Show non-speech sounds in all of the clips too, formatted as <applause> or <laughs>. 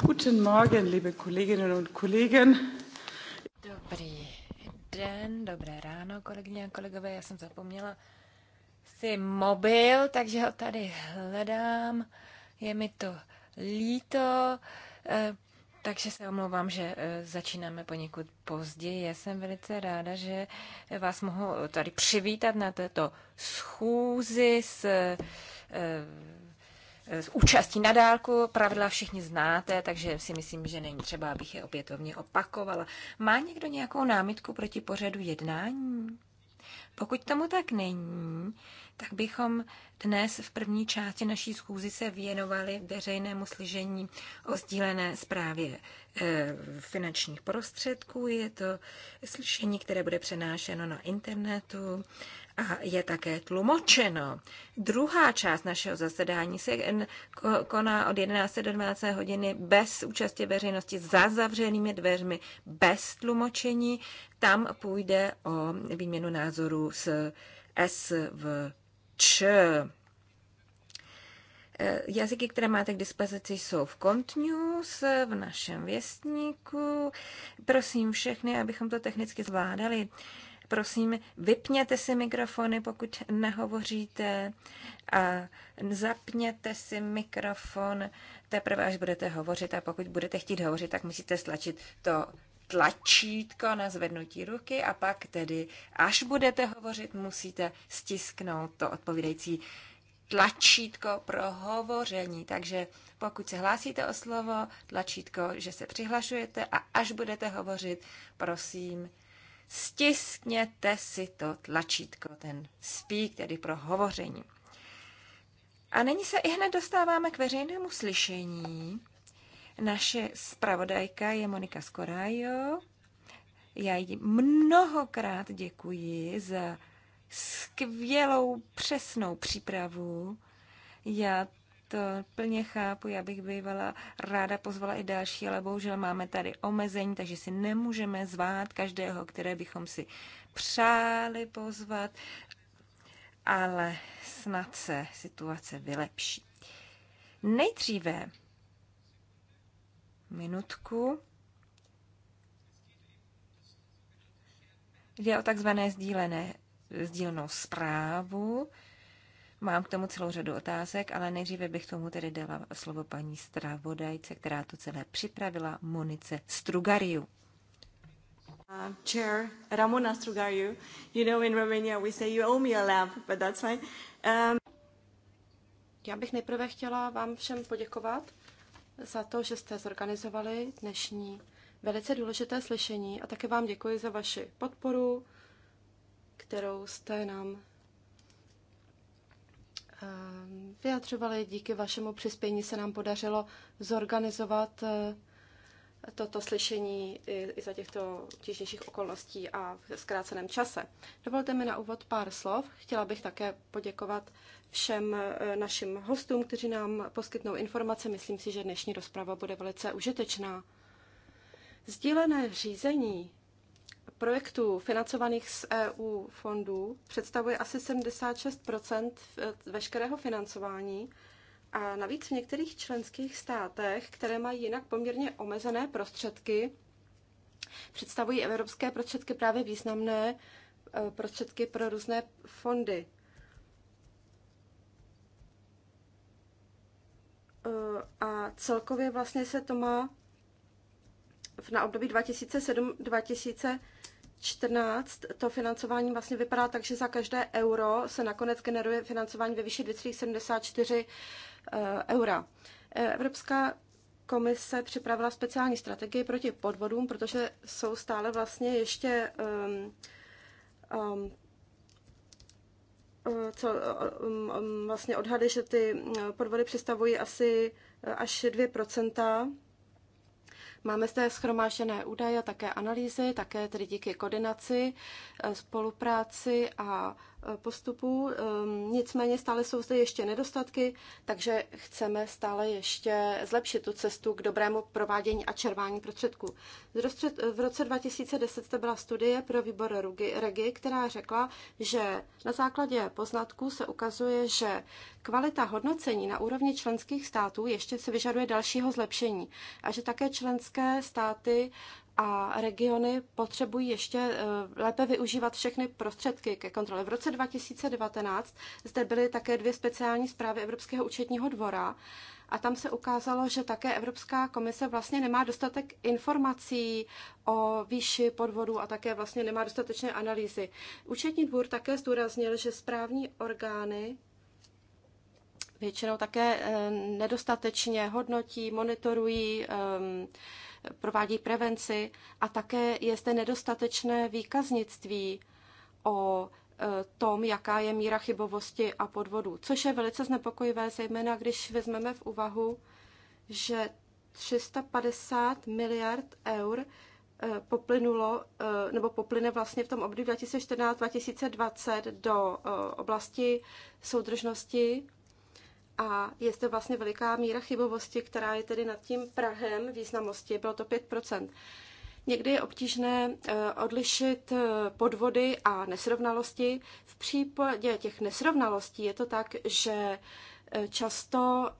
Guten Morgen, liebe Kolleginnen und Kollegen. Dobrý den, dobré ráno, kolegyně a kolegové. Já jsem zapomněla si mobil, takže ho tady hledám. Je mi to líto, eh, takže se omlouvám, že eh, začínáme poněkud později. Já jsem velice ráda, že vás mohu tady přivítat na této schůzi s eh, s účastí na dálku. Pravidla všichni znáte, takže si myslím, že není třeba, abych je opětovně opakovala. Má někdo nějakou námitku proti pořadu jednání? Pokud tomu tak není, tak bychom dnes v první části naší schůzi se věnovali veřejnému slyžení o sdílené zprávě e, finančních prostředků. Je to slyšení, které bude přenášeno na internetu a je také tlumočeno. Druhá část našeho zasedání se koná od 11 do 12 hodiny bez účasti veřejnosti, za zavřenými dveřmi, bez tlumočení. Tam půjde o výměnu názorů s SVČ. E, jazyky, které máte k dispozici, jsou v Contnews, v našem věstníku. Prosím všechny, abychom to technicky zvládali. Prosím, vypněte si mikrofony, pokud nehovoříte a zapněte si mikrofon teprve, až budete hovořit a pokud budete chtít hovořit, tak musíte stlačit to tlačítko na zvednutí ruky a pak tedy, až budete hovořit, musíte stisknout to odpovídající tlačítko pro hovoření. Takže pokud se hlásíte o slovo, tlačítko, že se přihlašujete a až budete hovořit, prosím, stiskněte si to tlačítko, ten speak, tedy pro hovoření. A nyní se i hned dostáváme k veřejnému slyšení. Naše zpravodajka je Monika Skorájo. Já jí mnohokrát děkuji za skvělou, přesnou přípravu. Já to plně chápu, já bych bývala ráda pozvala i další, ale bohužel máme tady omezení, takže si nemůžeme zvát každého, které bychom si přáli pozvat, ale snad se situace vylepší. Nejdříve minutku. Jde o takzvané sdílené, sdílenou zprávu. Mám k tomu celou řadu otázek, ale nejdříve bych tomu tedy dala slovo paní stravodajce, která to celé připravila, Monice Strugariu. Uh, chair Ramona Strugariu, you know in Romania we say you owe me a lamp, but that's fine. Um... Já bych nejprve chtěla vám všem poděkovat za to, že jste zorganizovali dnešní velice důležité slyšení a také vám děkuji za vaši podporu, kterou jste nám Eh, vyjadřovali. Díky vašemu přispění se nám podařilo zorganizovat eh, toto slyšení i za těchto těžnějších okolností a v zkráceném čase. Dovolte mi na úvod pár slov. Chtěla bych také poděkovat všem eh, našim hostům, kteří nám poskytnou informace. Myslím si, že dnešní rozprava bude velice užitečná. Sdílené řízení projektů financovaných z EU fondů představuje asi 76 veškerého financování a navíc v některých členských státech, které mají jinak poměrně omezené prostředky, představují evropské prostředky právě významné e, prostředky pro různé fondy. E, a celkově vlastně se to má na období 2007-2000 14 to financování vlastně vypadá tak, že za každé euro se nakonec generuje financování ve výši 2,74 eh, eura. Eh, Evropská komise připravila speciální strategii proti podvodům, protože jsou stále vlastně ještě um, um, co, um, um, vlastně odhady, že ty podvody představují asi až 2 Máme zde schromážené údaje, také analýzy, také tedy díky koordinaci, eh, spolupráci a Eh, postupů, ehm, nicméně stále jsou zde ještě nedostatky, takže chceme stále ještě zlepšit tu cestu k dobrému provádění a červání prostředků. V roce 2010 to byla studie pro výbor Regi, která řekla, že na základě poznatků se ukazuje, že kvalita hodnocení na úrovni členských států ještě se vyžaduje dalšího zlepšení a že také členské státy a regiony potřebují ještě eh, lépe využívat všechny prostředky ke kontrole. V roce 2019 zde byly také dvě speciální zprávy Evropského účetního dvora a tam se ukázalo, že také Evropská komise vlastně nemá dostatek informací o výši podvodu a také vlastně nemá dostatečné analýzy. Účetní dvůr také zdůraznil, že správní orgány většinou také eh, nedostatečně hodnotí, monitorují um, provádí prevenci a také je zde nedostatečné výkaznictví o e, tom, jaká je míra chybovosti a podvodů, což je velice znepokojivé, zejména když vezmeme v úvahu, že 350 miliard eur e, poplynulo, e, nebo poplyne vlastně v tom období 2014-2020 do oblasti soudržnosti a je to vlastně veliká míra chybovosti, která je tedy nad tím Prahem významnosti, bylo to 5 Někdy je obtížné eh, odlišit eh, podvody a nesrovnalosti. V případě těch nesrovnalostí je to tak, že eh, často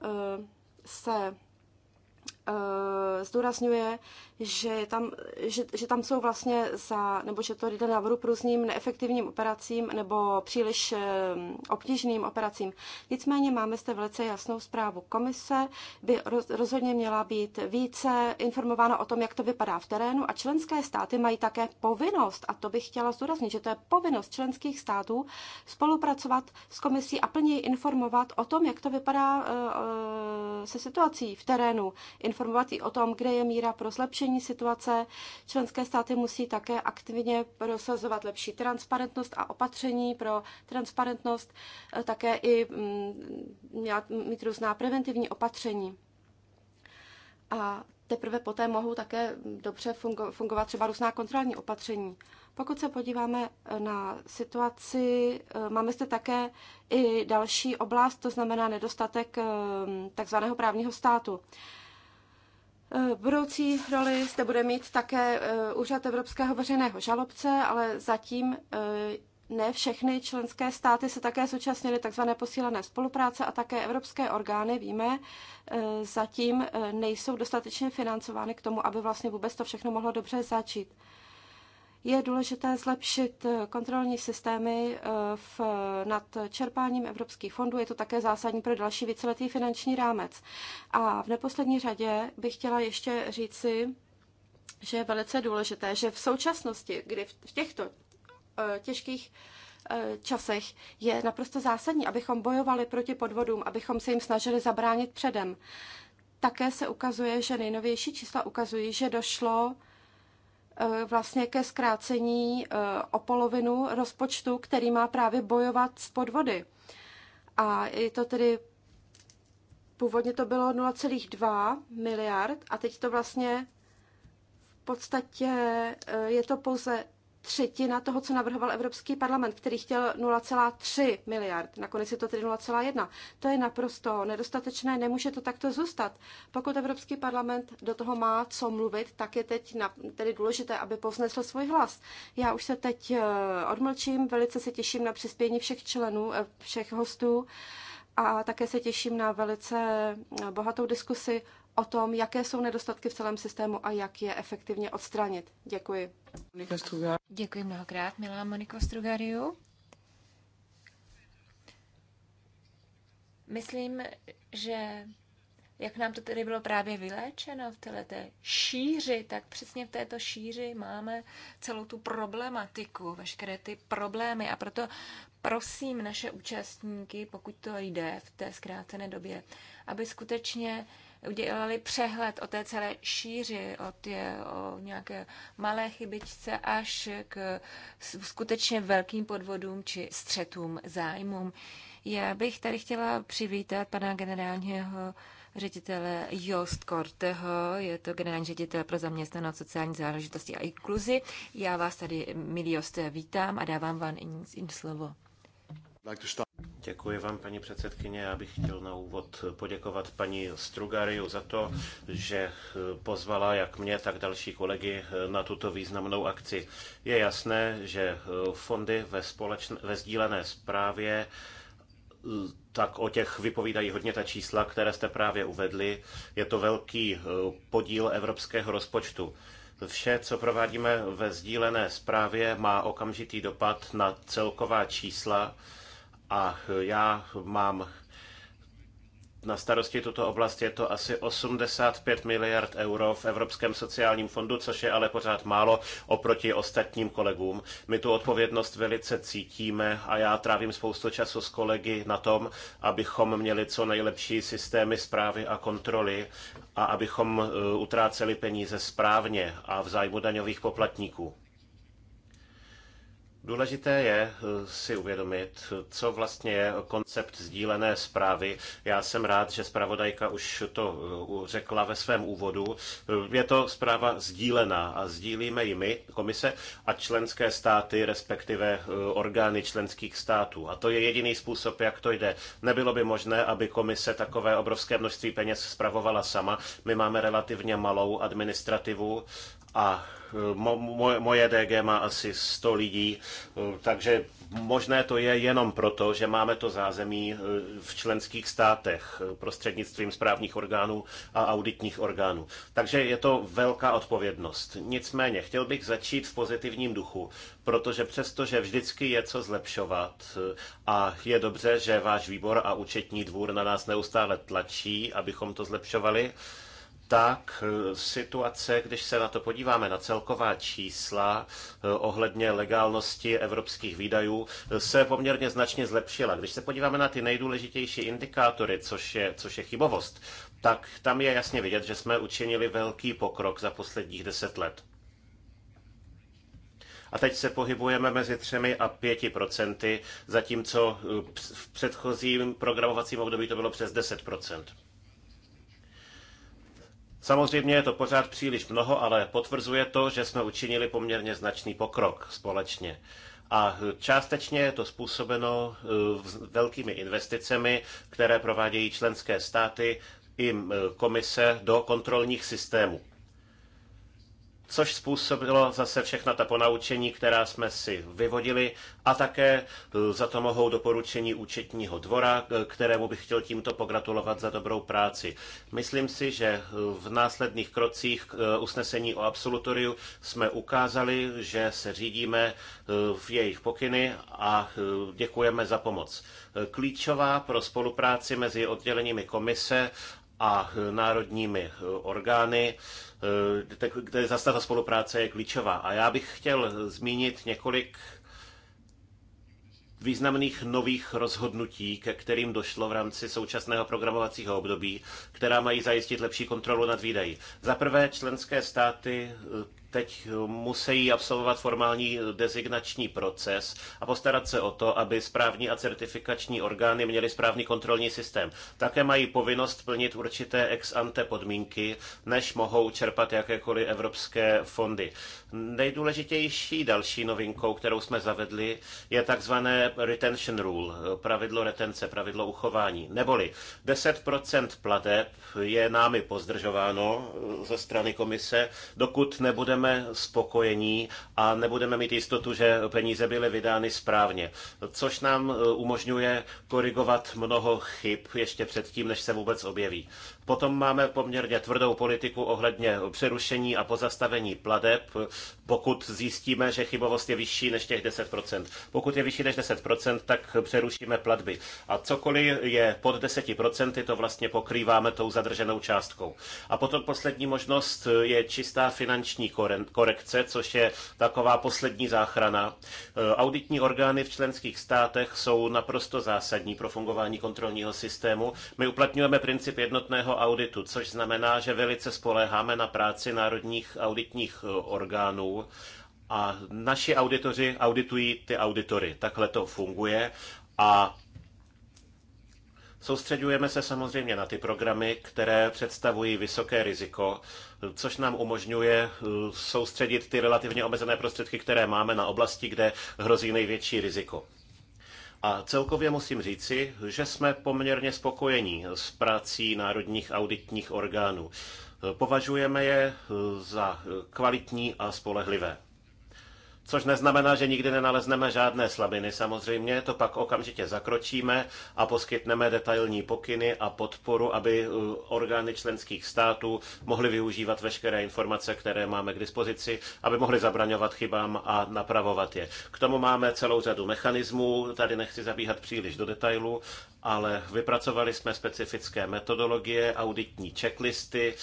se Eh, zdůrazňuje, že tam, že, že tam jsou vlastně za, nebo že to jde na vrub různým neefektivním operacím nebo příliš eh, obtížným operacím. Nicméně máme zde velice jasnou zprávu. Komise by rozhodně měla být více informována o tom, jak to vypadá v terénu a členské státy mají také povinnost, a to bych chtěla zdůraznit, že to je povinnost členských států spolupracovat s komisí a plně informovat o tom, jak to vypadá eh, se situací v terénu informovat i o tom, kde je míra pro zlepšení situace. Členské státy musí také aktivně prosazovat lepší transparentnost a opatření pro transparentnost, eh, také i mm, mít různá preventivní opatření. A teprve poté mohou také dobře fungo- fungovat třeba různá kontrolní opatření. Pokud se podíváme eh, na situaci, eh, máme zde také i další oblast, to znamená nedostatek takzvaného právního státu. Eh, budoucí roli zde bude mít také eh, Úřad Evropského veřejného žalobce, ale zatím eh, ne všechny členské státy se také zúčastnily tzv. posílené spolupráce a také evropské orgány, víme, zatím nejsou dostatečně financovány k tomu, aby vlastně vůbec to všechno mohlo dobře začít. Je důležité zlepšit eh, kontrolní systémy eh, v, nad čerpáním evropských fondů. Je to také zásadní pro další víceletý finanční rámec. A v neposlední řadě bych chtěla ještě říci, že je velice důležité, že v současnosti, kdy v těchto eh, těžkých časech je naprosto zásadní, abychom bojovali proti podvodům, abychom se jim snažili zabránit předem. Také se ukazuje, že nejnovější čísla ukazují, že došlo Eh, vlastně ke zkrácení eh, o polovinu rozpočtu, který má právě bojovat s podvody. A je to tedy původně to bylo 0,2 miliard a teď to vlastně v podstatě eh, je to pouze třetina toho, co navrhoval Evropský parlament, který chtěl 0,3 miliard, nakonec je to tedy 0,1. To je naprosto nedostatečné, nemůže to takto zůstat. Pokud Evropský parlament do toho má co mluvit, tak je teď na, tedy důležité, aby povznesl svůj hlas. Já už se teď eh, odmlčím, velice se těším na přispění všech členů, eh, všech hostů a také se těším na velice eh, bohatou diskusi o tom, jaké jsou nedostatky v celém systému a jak je efektivně odstranit. Děkuji. Monika Děkuji mnohokrát, milá Moniko Strugariu. Myslím, že jak nám to tedy bylo právě vyléčeno v této šíři, tak přesně v této šíři máme celou tu problematiku, veškeré ty problémy a proto prosím naše účastníky, pokud to jde v té zkrácené době, aby skutečně udělali přehled o té celé šíři, o, tě, o nějaké malé chybičce až k skutečně velkým podvodům či střetům zájmům. Já bych tady chtěla přivítat pana generálního ředitele Jost Korteho, je to generální ředitel pro zaměstnanost sociální záležitosti a inkluzi. Já vás tady, milí Joste, vítám a dávám vám in, in slovo. Děkuji vám, paní předsedkyně. Já bych chtěl na úvod poděkovat paní Strugariu za to, že eh, pozvala jak mě, tak další kolegy eh, na tuto významnou akci. Je jasné, že eh, fondy ve, společn- ve sdílené zprávě tak o těch vypovídají hodně ta čísla, které jste právě uvedli. Je to velký podíl evropského rozpočtu. Vše, co provádíme ve sdílené zprávě, má okamžitý dopad na celková čísla a já mám na starosti tuto oblast je to asi 85 miliard euro v Evropském sociálním fondu, což je ale pořád málo oproti ostatním kolegům. My tu odpovědnost velice cítíme a já trávím spoustu času s kolegy na tom, abychom měli co nejlepší systémy zprávy a kontroly a abychom eh, utráceli peníze správně a v zájmu daňových poplatníků. Důležité je eh, si uvědomit, co vlastně je koncept sdílené zprávy. Já jsem rád, že zpravodajka už to eh, řekla ve svém úvodu. Eh, je to zpráva sdílená a sdílíme ji my, komise, a členské státy, respektive orgány členských států. A to je jediný způsob, jak to jde. Nebylo by možné, aby komise takové obrovské množství peněz zpravovala sama. My máme relativně malou administrativu a mo, moje, DG má asi 100 lidí, eh, takže možné to je jenom proto, že máme to zázemí eh, v členských státech eh, prostřednictvím správních orgánů a auditních orgánů. Takže je to velká odpovědnost. Nicméně, chtěl bych začít v pozitivním duchu, protože že vždycky je co zlepšovat a je dobře, že váš výbor a účetní dvůr na nás neustále tlačí, abychom to zlepšovali, tak eh, situace, když se na to podíváme na celková čísla eh, ohledně legálnosti evropských výdajů, eh, se poměrně značně zlepšila. Když se podíváme na ty nejdůležitější indikátory, což je, což je chybovost, tak tam je jasně vidět, že jsme učinili velký pokrok za posledních deset let. A teď se pohybujeme mezi 3 a 5 procenty, zatímco v předchozím programovacím období to bylo přes 10 procent. Samozřejmě je to pořád příliš mnoho, ale potvrzuje to, že jsme učinili poměrně značný pokrok společně. A částečně je to způsobeno eh, velkými investicemi, které provádějí členské státy i eh, komise do kontrolních systémů což způsobilo zase všechna ta ponaučení, která jsme si vyvodili a také eh, za to mohou doporučení účetního dvora, eh, kterému bych chtěl tímto pogratulovat za dobrou práci. Myslím si, že eh, v následných krocích usnesení o absolutoriu jsme ukázali, že se řídíme v jejich pokyny a děkujeme za pomoc. Klíčová pro spolupráci mezi odděleními komise a národními eh, orgány, eh, kde zase ta spolupráce je klíčová. A já bych chtěl zmínit několik významných nových rozhodnutí, ke kterým došlo v rámci současného programovacího období, která mají zajistit lepší kontrolu nad výdají. Za prvé, členské státy eh, teď musí absolvovat formální designační proces a postarat se o to, aby správní a certifikační orgány měly správný kontrolní systém. Také mají povinnost plnit určité ex ante podmínky, než mohou čerpat jakékoliv evropské fondy. Nejdůležitější další novinkou, kterou jsme zavedli, je takzvané retention rule, pravidlo retence, pravidlo uchování. Neboli 10% plateb je námi pozdržováno ze strany komise, dokud nebudeme spokojení a nebudeme mít jistotu, že peníze byly vydány správně. Což nám umožňuje korigovat mnoho chyb ještě předtím, než se vůbec objeví. Potom máme poměrně tvrdou politiku ohledně přerušení a pozastavení pladeb, pokud zjistíme, že chybovost je vyšší než těch 10%. Pokud je vyšší než 10%, tak přerušíme platby. A cokoliv je pod 10%, to vlastně pokrýváme tou zadrženou částkou. A potom poslední možnost je čistá finanční korekce, což je taková poslední záchrana. E, auditní orgány v členských státech jsou naprosto zásadní pro fungování kontrolního systému. My uplatňujeme princip jednotného auditu, což znamená, že velice spoléháme na práci národních auditních eh, orgánů a naši auditoři auditují ty auditory. Takhle to funguje a Soustředujeme se samozřejmě na ty programy, které představují vysoké riziko, což nám umožňuje eh, soustředit ty relativně omezené prostředky, které máme na oblasti, kde hrozí největší riziko. A celkově musím říci, že jsme poměrně spokojení s prací národních auditních orgánů. Považujeme je eh, za eh, kvalitní a spolehlivé. Což neznamená, že nikdy nenalezneme žádné slabiny. Samozřejmě to pak okamžitě zakročíme a poskytneme detailní pokyny a podporu, aby uh, orgány členských států mohly využívat veškeré informace, které máme k dispozici, aby mohly zabraňovat chybám a napravovat je. K tomu máme celou řadu mechanismů, tady nechci zabíhat příliš do detailů, ale vypracovali jsme specifické metodologie, auditní checklisty,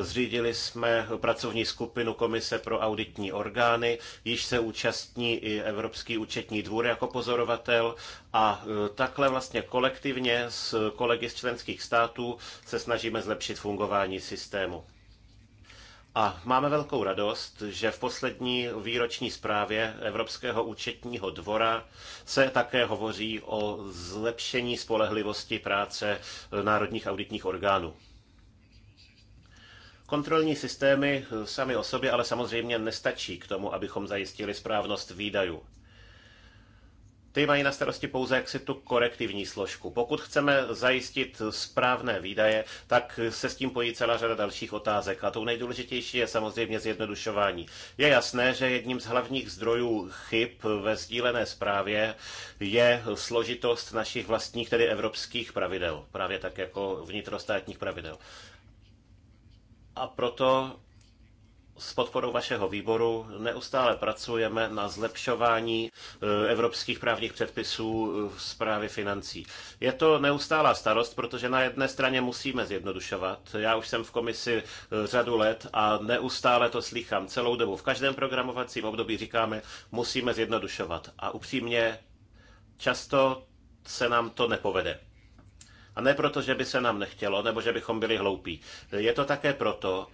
zřídili jsme pracovní skupinu Komise pro auditní orgány, již se účastní i Evropský účetní dvůr jako pozorovatel a e, takhle vlastně kolektivně s kolegy z členských států se snažíme zlepšit fungování systému. A máme velkou radost, že v poslední výroční zprávě Evropského účetního dvora se také hovoří o zlepšení spolehlivosti práce národních auditních orgánů. Kontrolní systémy sami o sobě ale samozřejmě nestačí k tomu, abychom zajistili správnost výdajů ty mají na starosti pouze jaksi tu korektivní složku. Pokud chceme zajistit správné výdaje, tak se s tím pojí celá řada dalších otázek. A tou nejdůležitější je samozřejmě zjednodušování. Je jasné, že jedním z hlavních zdrojů chyb ve sdílené zprávě je složitost našich vlastních, tedy evropských pravidel, právě tak jako vnitrostátních pravidel. A proto s podporou vašeho výboru neustále pracujeme na zlepšování e, evropských právních předpisů v e, zprávy financí. Je to neustálá starost, protože na jedné straně musíme zjednodušovat. Já už jsem v komisi e, řadu let a neustále to slychám celou dobu. V každém programovacím období říkáme, musíme zjednodušovat. A upřímně, často se nám to nepovede. A ne proto, že by se nám nechtělo, nebo že bychom byli hloupí. Je to také proto,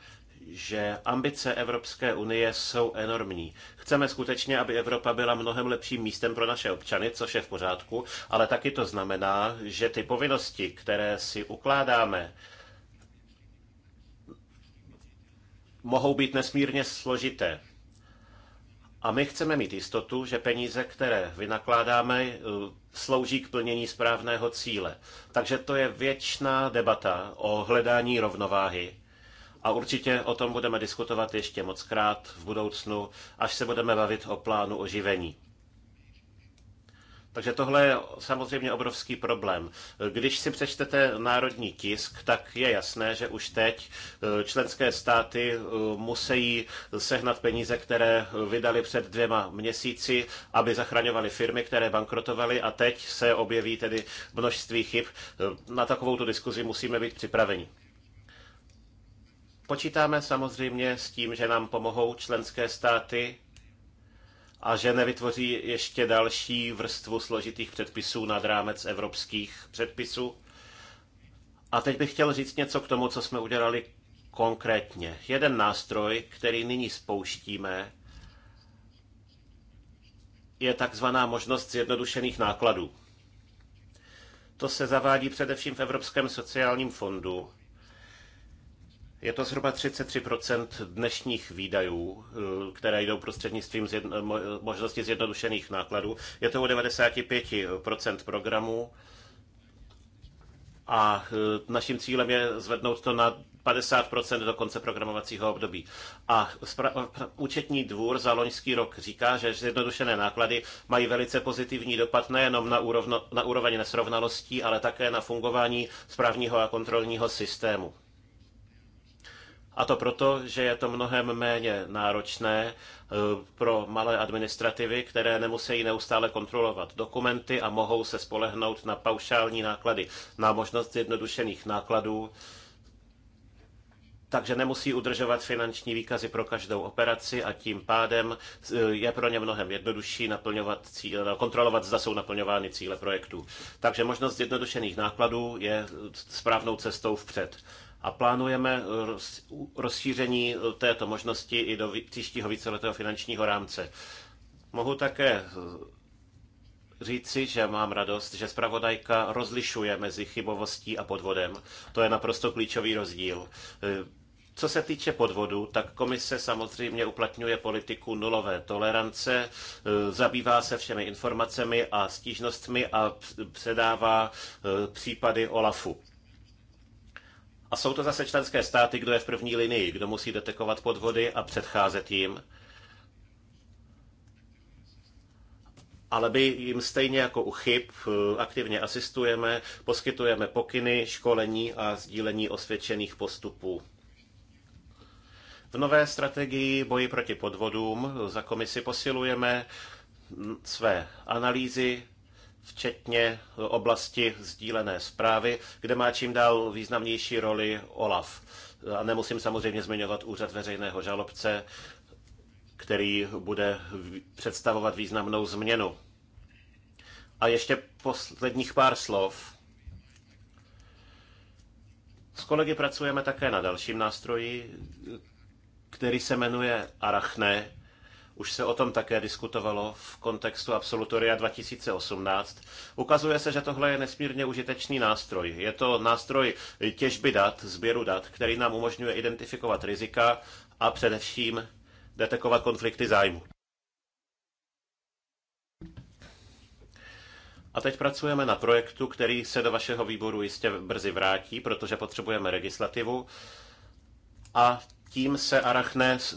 že ambice Evropské unie jsou enormní. Chceme skutečně, aby Evropa byla mnohem lepším místem pro naše občany, což je v pořádku, ale taky to znamená, že ty povinnosti, které si ukládáme, mohou být nesmírně složité. A my chceme mít jistotu, že peníze, které vynakládáme, slouží k plnění správného cíle. Takže to je věčná debata o hledání rovnováhy a určitě o tom budeme diskutovat ještě moc krát v budoucnu, až se budeme bavit o plánu oživení. Takže tohle je samozřejmě obrovský problém. Když si přečtete národní tisk, tak je jasné, že už teď eh, členské státy eh, musí sehnat peníze, které eh, vydali před dvěma měsíci, aby zachraňovali firmy, které bankrotovaly a teď se objeví tedy množství chyb. Na takovou tu diskuzi musíme být připraveni. Počítáme samozřejmě s tím, že nám pomohou členské státy a že nevytvoří ještě další vrstvu složitých předpisů nad rámec evropských předpisů. A teď bych chtěl říct něco k tomu, co jsme udělali konkrétně. Jeden nástroj, který nyní spouštíme, je takzvaná možnost zjednodušených nákladů. To se zavádí především v Evropském sociálním fondu je to zhruba 33% dnešních výdajů, eh, které jdou prostřednictvím zjedno, možnosti zjednodušených nákladů. Je to u 95% programů a eh, naším cílem je zvednout to na 50% do konce programovacího období. A účetní dvůr za loňský rok říká, že zjednodušené náklady mají velice pozitivní dopad nejenom na, úrovno, na úroveň nesrovnalostí, ale také na fungování správního a kontrolního systému. A to proto, že je to mnohem méně náročné eh, pro malé administrativy, které nemusí neustále kontrolovat dokumenty a mohou se spolehnout na paušální náklady, na možnost zjednodušených nákladů, takže nemusí udržovat finanční výkazy pro každou operaci a tím pádem eh, je pro ně mnohem jednodušší naplňovat cíle, eh, kontrolovat, zda jsou naplňovány cíle projektů. Takže možnost zjednodušených nákladů je správnou cestou vpřed a plánujeme eh, rozšíření eh, této možnosti i do příštího víceletého finančního rámce. Mohu také eh, říci, že mám radost, že zpravodajka rozlišuje mezi chybovostí a podvodem. To je naprosto klíčový rozdíl. Co se týče podvodu, tak komise samozřejmě uplatňuje politiku nulové tolerance, zabývá se všemi informacemi a stížnostmi a předává případy OLAFu. A jsou to zase členské státy, kdo je v první linii, kdo musí detekovat podvody a předcházet jim. ale my jim stejně jako u chyb eh, aktivně asistujeme, poskytujeme pokyny, školení a sdílení osvědčených postupů. V nové strategii boji proti podvodům za komisi posilujeme své analýzy, včetně oblasti sdílené zprávy, kde má čím dál významnější roli OLAF. A nemusím samozřejmě zmiňovat úřad veřejného žalobce, který bude představovat významnou změnu. A ještě posledních pár slov. S kolegy pracujeme také na dalším nástroji, který se jmenuje Arachne, už se o tom také diskutovalo v kontextu absolutoria 2018. Ukazuje se, že tohle je nesmírně užitečný nástroj. Je to nástroj těžby dat, sběru dat, který nám umožňuje identifikovat rizika a především detekovat konflikty zájmu. A teď pracujeme na projektu, který se do vašeho výboru jistě brzy vrátí, protože potřebujeme legislativu. A tím se arachne eh,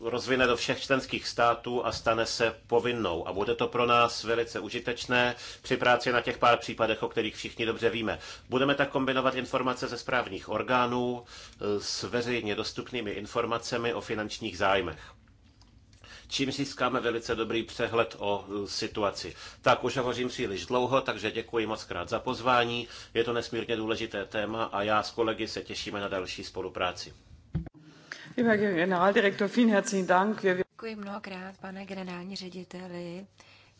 rozvine do všech členských států a stane se povinnou. A bude to pro nás velice užitečné při práci na těch pár případech, o kterých všichni dobře víme. Budeme tak kombinovat informace ze správních orgánů eh, s veřejně dostupnými informacemi o finančních zájmech čím získáme velice dobrý přehled o eh, situaci. Tak už hovořím příliš dlouho, takže děkuji moc krát za pozvání. Je to nesmírně důležité téma a já s kolegy se těšíme na další spolupráci. Děkuji mnohokrát, pane generální řediteli.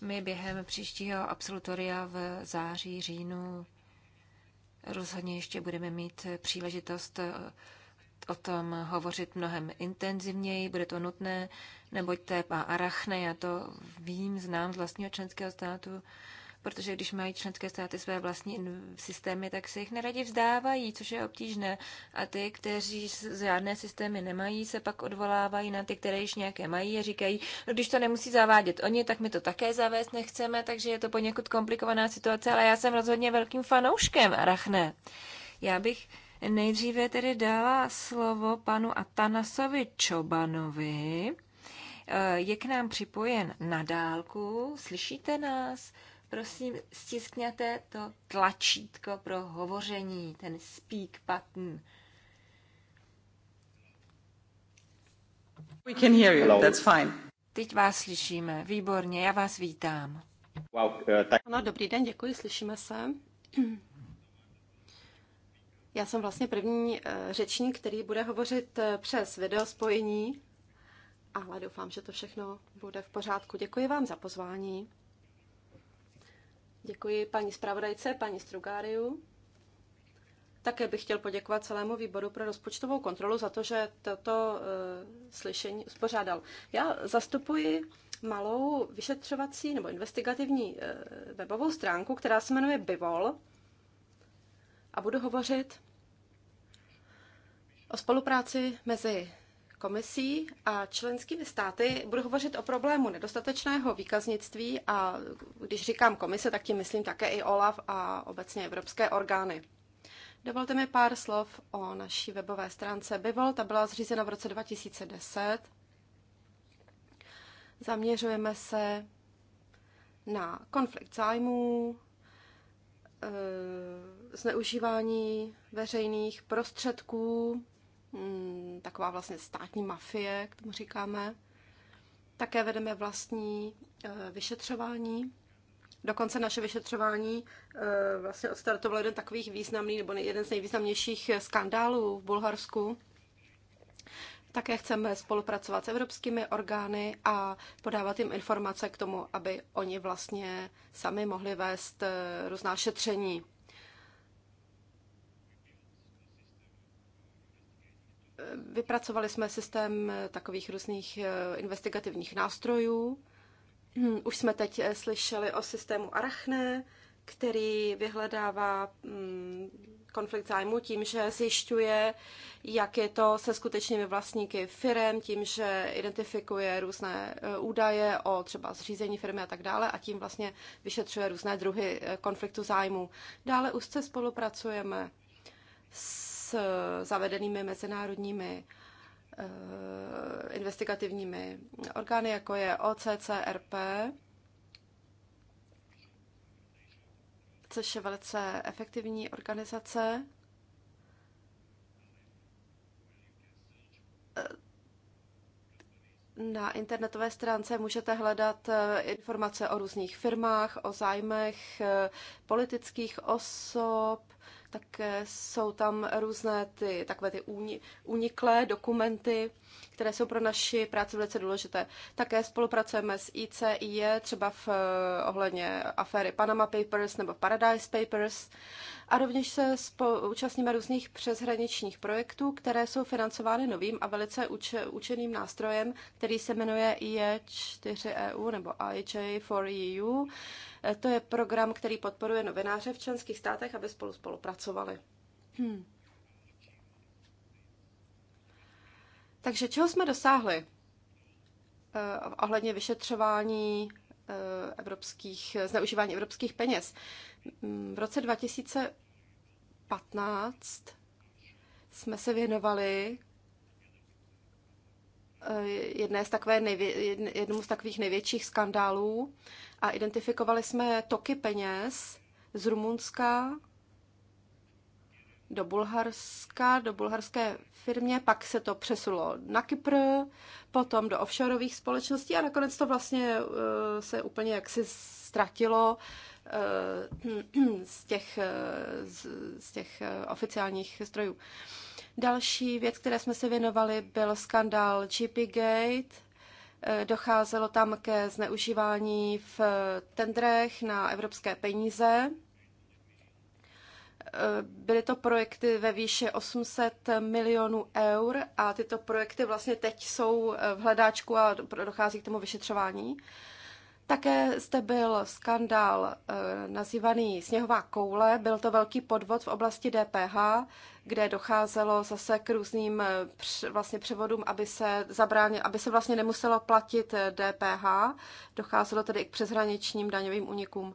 My během příštího absolutoria v září, říjnu rozhodně ještě budeme mít příležitost eh, o tom hovořit mnohem intenzivněji, bude to nutné, neboť tépa arachne, já to vím, znám z vlastního členského státu, protože když mají členské státy své vlastní systémy, tak se jich neradi vzdávají, což je obtížné. A ty, kteří žádné systémy nemají, se pak odvolávají na ty, které již nějaké mají a říkají, no, když to nemusí zavádět oni, tak my to také zavést nechceme, takže je to poněkud komplikovaná situace, ale já jsem rozhodně velkým fanouškem Rachne. Já bych nejdříve tedy dala slovo panu Atanasovi Čobanovi. Eh, je k nám připojen na dálku, slyšíte nás? prosím stiskněte to tlačítko pro hovoření, ten speak button. We can hear you, that's fine. Teď vás slyšíme, výborně, já vás vítám. Wow, uh, tak... no, dobrý den, děkuji, slyšíme se. Já jsem vlastně první eh, řečník, který bude hovořit eh, přes videospojení, ale doufám, že to všechno bude v pořádku. Děkuji vám za pozvání. Děkuji paní zpravodajce, paní Strugáriu. Také bych chtěl poděkovat celému výboru pro rozpočtovou kontrolu za to, že toto uh, slyšení uspořádal. Já zastupuji malou vyšetřovací nebo investigativní uh, webovou stránku, která se jmenuje Bivol a budu hovořit o spolupráci mezi komisí a členskými státy budu hovořit o problému nedostatečného výkaznictví a když říkám komise, tak tím myslím také i OLAF a obecně evropské orgány. Dovolte mi pár slov o naší webové stránce Bivol. Ta byla zřízena v roce 2010. Zaměřujeme se na konflikt zájmů, eh, zneužívání veřejných prostředků, Mm, taková vlastně státní mafie, k tomu říkáme. Také vedeme vlastní eh, vyšetřování. Dokonce naše vyšetřování eh, vlastně odstartovalo jeden takových významný, nebo jeden z nejvýznamnějších skandálů v Bulharsku. Také chceme spolupracovat s evropskými orgány a podávat jim informace k tomu, aby oni vlastně sami mohli vést eh, různá šetření. Vypracovali jsme systém eh, takových různých eh, investigativních nástrojů. Hm, už jsme teď eh, slyšeli o systému Arachne, který vyhledává hm, konflikt zájmu tím, že zjišťuje, jak je to se skutečnými vlastníky firem, tím, že identifikuje různé údaje o třeba zřízení firmy a tak dále a tím vlastně vyšetřuje různé druhy konfliktu zájmu. Dále úzce spolupracujeme s s eh, zavedenými mezinárodními eh, investigativními orgány, jako je OCCRP, což je velice efektivní organizace. Eh, na internetové stránce můžete hledat informace o různých firmách, o zájmech politických osob, tak eh, jsou tam různé ty takové ty uniklé dokumenty, které jsou pro naši práci velice důležité. Také spolupracujeme s ICIE, třeba v eh, ohledně aféry Panama Papers nebo Paradise Papers. A rovněž se účastníme různých přeshraničních projektů, které jsou financovány novým a velice uč- účinným nástrojem, který se jmenuje IE4EU nebo IJ4EU. Eh, to je program, který podporuje novináře v členských státech, aby spolu spolupracovali. Hmm. Takže čeho jsme dosáhli eh, ohledně vyšetřování eh, evropských, zneužívání evropských peněz? Mm, v roce 2015 jsme se věnovali eh, jedné z takové nejvě, jednomu z takových největších skandálů a identifikovali jsme toky peněz z Rumunska do Bulharska, do bulharské firmě, pak se to přesulo na Kypr, potom do offshoreových společností a nakonec to vlastně eh, se úplně jaksi ztratilo eh, <clears throat> z těch, eh, z těch oficiálních strojů. Další věc, které jsme se věnovali, byl skandál GP Gate. Docházelo tam ke zneužívání v tendrech na evropské peníze. Byly to projekty ve výše 800 milionů eur a tyto projekty vlastně teď jsou v hledáčku a dochází k tomu vyšetřování. Také zde byl skandál eh, nazývaný Sněhová koule. Byl to velký podvod v oblasti DPH, kde docházelo zase k různým eh, vlastně převodům, aby se, zabránil, aby se vlastně nemuselo platit DPH. Eh, docházelo tedy i k přeshraničním daňovým unikům.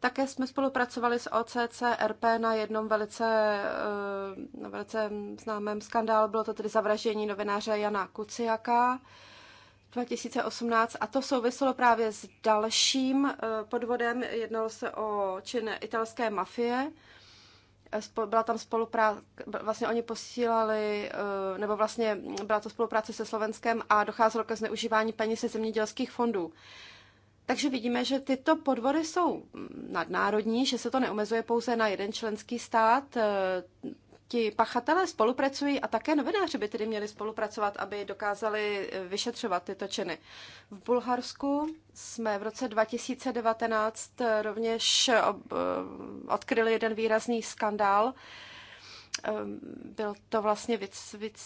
Také jsme spolupracovali s OCCRP na jednom velice, eh, na velice známém skandálu, bylo to tedy zavraždění novináře Jana Kuciaka. 2018 a to souviselo právě s dalším eh, podvodem. Jednalo se o čin italské mafie. Eh, byla tam spolupráce, vlastně oni posílali, nebo vlastně byla to spolupráce se Slovenskem a docházelo ke zneužívání peněz ze zemědělských fondů. Takže vidíme, že tyto podvody jsou nadnárodní, že se to neomezuje pouze na jeden členský stát. E, ti pachatelé spolupracují a také novináři by tedy měli spolupracovat, aby dokázali e, vyšetřovat tyto činy. V Bulharsku jsme v roce 2019 e, rovněž odkryli jeden výrazný skandál. Byl to vlastně vic, vic,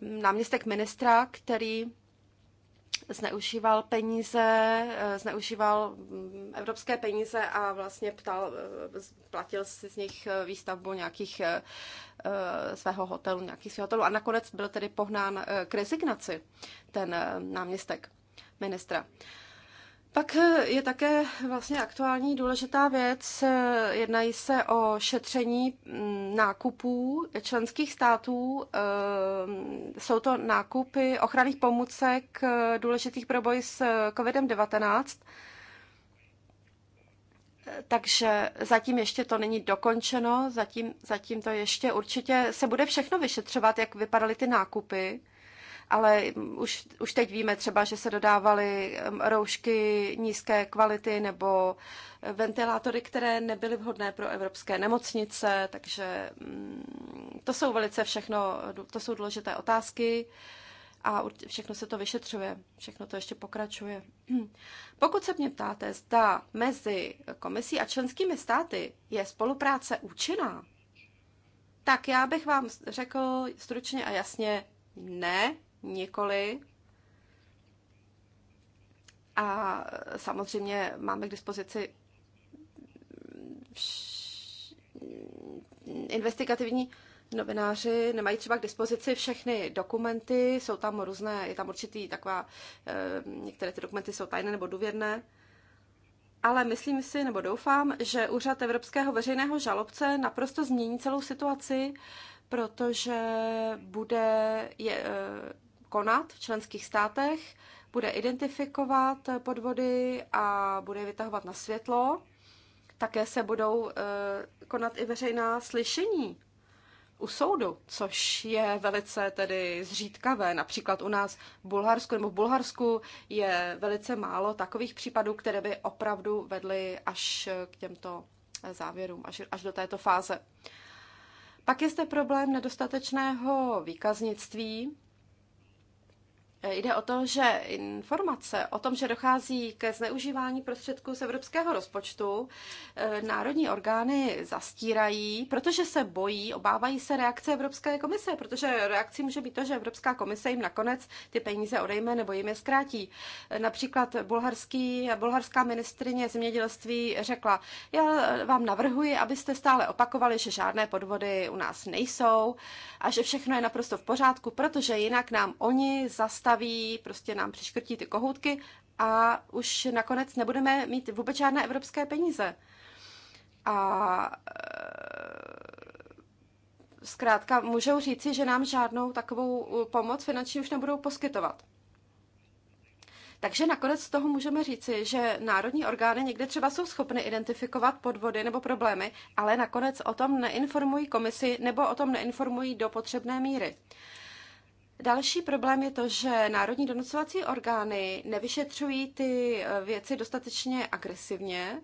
náměstek ministra, který zneužíval peníze, eh, zneužíval mm, evropské peníze a vlastně ptal, eh, platil si z nich eh, výstavbu nějakých svého hotelu, nějakých svého hotelu a nakonec byl tedy pohnán k rezignaci ten náměstek ministra. Pak eh, je také vlastně aktuální důležitá věc. Eh, jednají se o šetření mm, nákupů členských států. Eh, jsou to nákupy ochranných pomůcek důležitých pro boj s COVID-19. Takže zatím ještě to není dokončeno, zatím, zatím to ještě určitě se bude všechno vyšetřovat, jak vypadaly ty nákupy ale už, už teď víme třeba, že se dodávaly roušky nízké kvality nebo eh, ventilátory, které nebyly vhodné pro evropské nemocnice, takže mm, to jsou velice všechno, to jsou důležité otázky a všechno se to vyšetřuje, všechno to ještě pokračuje. <clears throat> Pokud se mě ptáte, zda mezi komisí a členskými státy je spolupráce účinná, tak já bych vám řekl stručně a jasně ne, nikoli. A samozřejmě máme k dispozici investigativní novináři nemají třeba k dispozici všechny dokumenty, jsou tam různé, je tam určitý taková, eh, některé ty dokumenty jsou tajné nebo důvěrné, ale myslím si, nebo doufám, že úřad Evropského veřejného žalobce naprosto změní celou situaci, protože bude je, eh, konat v členských státech, bude identifikovat podvody a bude vytahovat na světlo. Také se budou eh, konat i veřejná slyšení u soudu, což je velice tedy zřídkavé. Například u nás v Bulharsku nebo v Bulharsku je velice málo takových případů, které by opravdu vedly až k těmto eh, závěrům, až, až do této fáze. Pak je zde problém nedostatečného výkaznictví. Eh, jde o to, že informace o tom, že dochází ke zneužívání prostředků z evropského rozpočtu, eh, národní orgány zastírají, protože se bojí, obávají se reakce Evropské komise, protože reakcí může být to, že Evropská komise jim nakonec ty peníze odejme nebo jim je zkrátí. Eh, například bulharský, bulharská ministrině zemědělství řekla, já vám navrhuji, abyste stále opakovali, že žádné podvody u nás nejsou a že všechno je naprosto v pořádku, protože jinak nám oni zastávají zastaví, prostě nám přiškrtí ty kohoutky a už nakonec nebudeme mít vůbec žádné evropské peníze. A e, zkrátka můžou říci, že nám žádnou takovou e, pomoc finanční už nebudou poskytovat. Takže nakonec z toho můžeme říci, že národní orgány někde třeba jsou schopny identifikovat podvody nebo problémy, ale nakonec o tom neinformují komisi nebo o tom neinformují do potřebné míry. Další problém je to, že národní donucovací orgány nevyšetřují ty eh, věci dostatečně agresivně.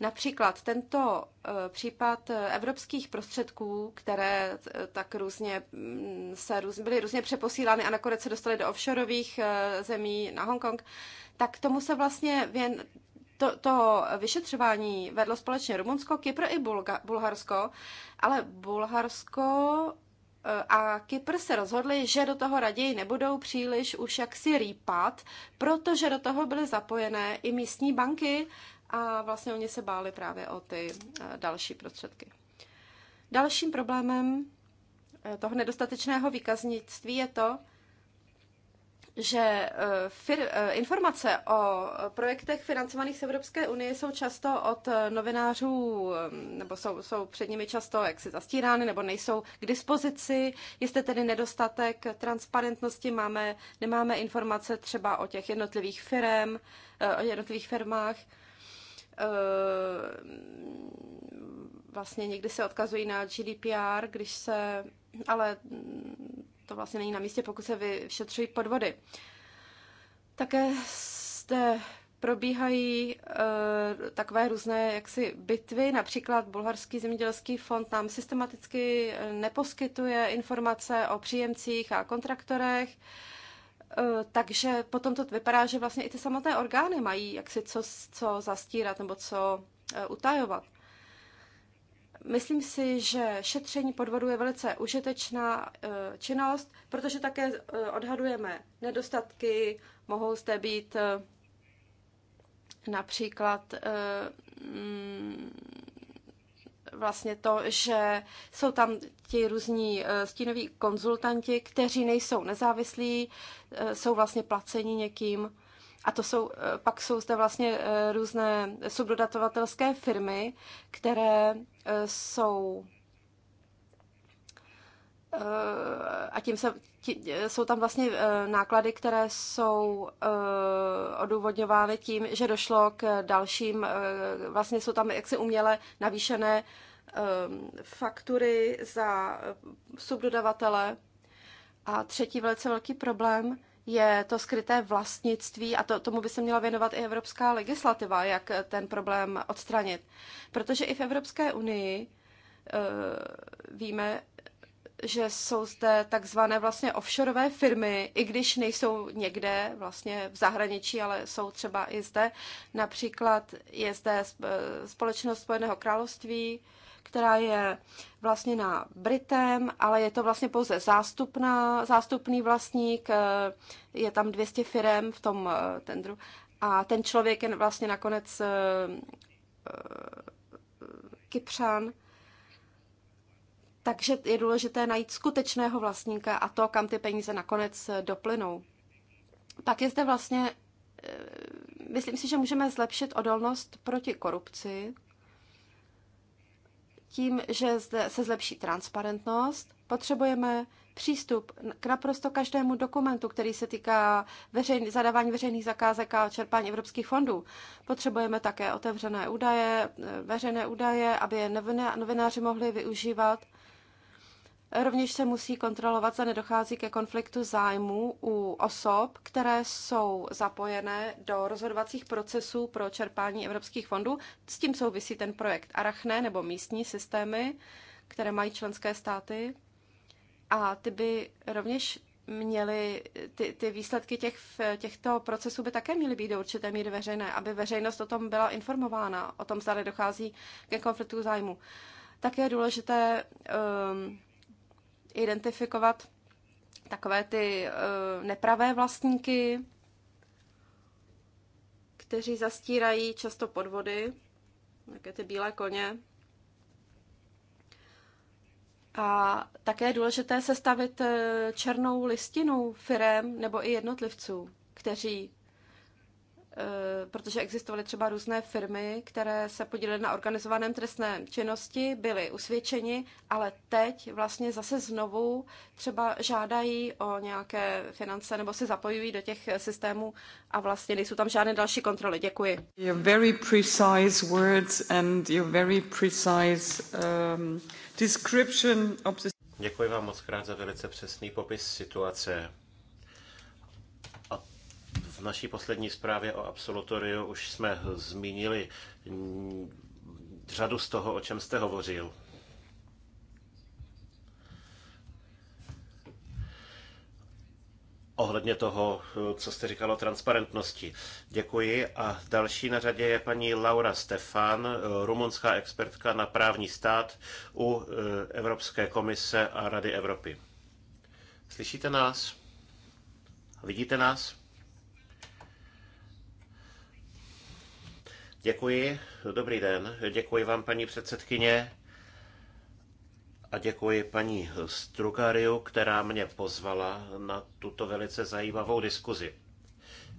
Například tento eh, případ eh, evropských prostředků, které tak různě mm, se byly různě přeposílány a nakonec se dostaly do offshoreových zemí na Hongkong, tak tomu se vlastně věn, to, to vyšetřování vedlo společně Rumunsko, Kypro i Bulga, Bulharsko, ale Bulharsko a Kypr se rozhodli, že do toho raději nebudou příliš už jaksi rýpat, protože do toho byly zapojené i místní banky a vlastně oni se báli právě o ty eh, další prostředky. Dalším problémem eh, toho nedostatečného výkaznictví je to, že eh, fir, eh, informace o projektech financovaných z Evropské unie jsou často od eh, novinářů, nebo jsou, jsou před nimi často jaksi zastírány, nebo nejsou k dispozici. Jste tedy nedostatek transparentnosti, máme, nemáme informace třeba o těch jednotlivých firm, o jednotlivých firmách. Vlastně někdy se odkazují na GDPR, když se, ale to vlastně není na místě, pokud se vyšetřují podvody. Také zde probíhají e, takové různé jaksi bitvy, například Bulharský zemědělský fond nám systematicky eh, neposkytuje informace o příjemcích a kontraktorech, e, takže potom to vypadá, že vlastně i ty samotné orgány mají jaksi co, co zastírat nebo co e, utajovat. Myslím si, že šetření podvodů je velice užitečná eh, činnost, protože také eh, odhadujeme nedostatky, mohou zde být eh, například mm, vlastně to, že jsou tam ti různí stínoví konzultanti, kteří nejsou nezávislí, jsou vlastně placeni někým. A to jsou, eh, pak jsou zde vlastně eh, různé subdodatovatelské firmy, které eh, jsou a tím se, tí, jsou tam vlastně náklady, které jsou odůvodňovány tím, že došlo k dalším, vlastně jsou tam jaksi uměle navýšené faktury za subdodavatele. A třetí velice velký problém je to skryté vlastnictví a to, tomu by se měla věnovat i evropská legislativa, jak ten problém odstranit. Protože i v Evropské unii eh, víme, že jsou zde takzvané vlastně offshoreové firmy, i když nejsou někde vlastně v zahraničí, ale jsou třeba i zde. Například je zde společnost Spojeného království, která je vlastně na Britem, ale je to vlastně pouze zástupná, zástupný vlastník, eh, je tam 200 firm v tom eh, tendru a ten člověk je vlastně nakonec eh, Kypřan. Takže je důležité najít skutečného vlastníka a to, kam ty peníze nakonec doplynou. Pak je zde vlastně, myslím si, že můžeme zlepšit odolnost proti korupci, tím, že zde se zlepší transparentnost, potřebujeme přístup k naprosto každému dokumentu, který se týká veřejný, zadávání veřejných zakázek a čerpání evropských fondů. Potřebujeme také otevřené údaje, e, veřejné údaje, aby je novináři mohli využívat Rovněž se musí kontrolovat, zda nedochází ke konfliktu zájmu u osob, které jsou zapojené do rozhodovacích procesů pro čerpání evropských fondů. S tím souvisí ten projekt Arachne nebo místní systémy, které mají členské státy. A ty by rovněž měly, ty, ty výsledky těch, těchto procesů by také měly být do určité míry veřejné, aby veřejnost o tom byla informována, o tom, zda nedochází ke konfliktu zájmu. Také je důležité um, identifikovat takové ty eh, nepravé vlastníky, kteří zastírají často podvody, také ty bílé koně. A také je důležité sestavit eh, černou listinu firem nebo i jednotlivců, kteří Eh, protože existovaly třeba různé firmy, které se podílely na organizovaném trestné činnosti, byly usvědčeni, ale teď vlastně zase znovu třeba žádají o nějaké finance nebo se zapojují do těch systémů a vlastně nejsou tam žádné další kontroly. Děkuji. Your very precise words and your very precise um, description of the... Děkuji vám moc krát za velice přesný popis situace. V naší poslední zprávě o absolutoriu už jsme zmínili řadu z toho, o čem jste hovořil. ohledně toho, co jste říkal o transparentnosti. Děkuji a další na řadě je paní Laura Stefan, rumunská expertka na právní stát u e, Evropské komise a Rady Evropy. Slyšíte nás? Vidíte nás? Děkuji, dobrý den. Děkuji vám, paní předsedkyně. A děkuji paní Strugariu, která mě pozvala na tuto velice zajímavou diskuzi.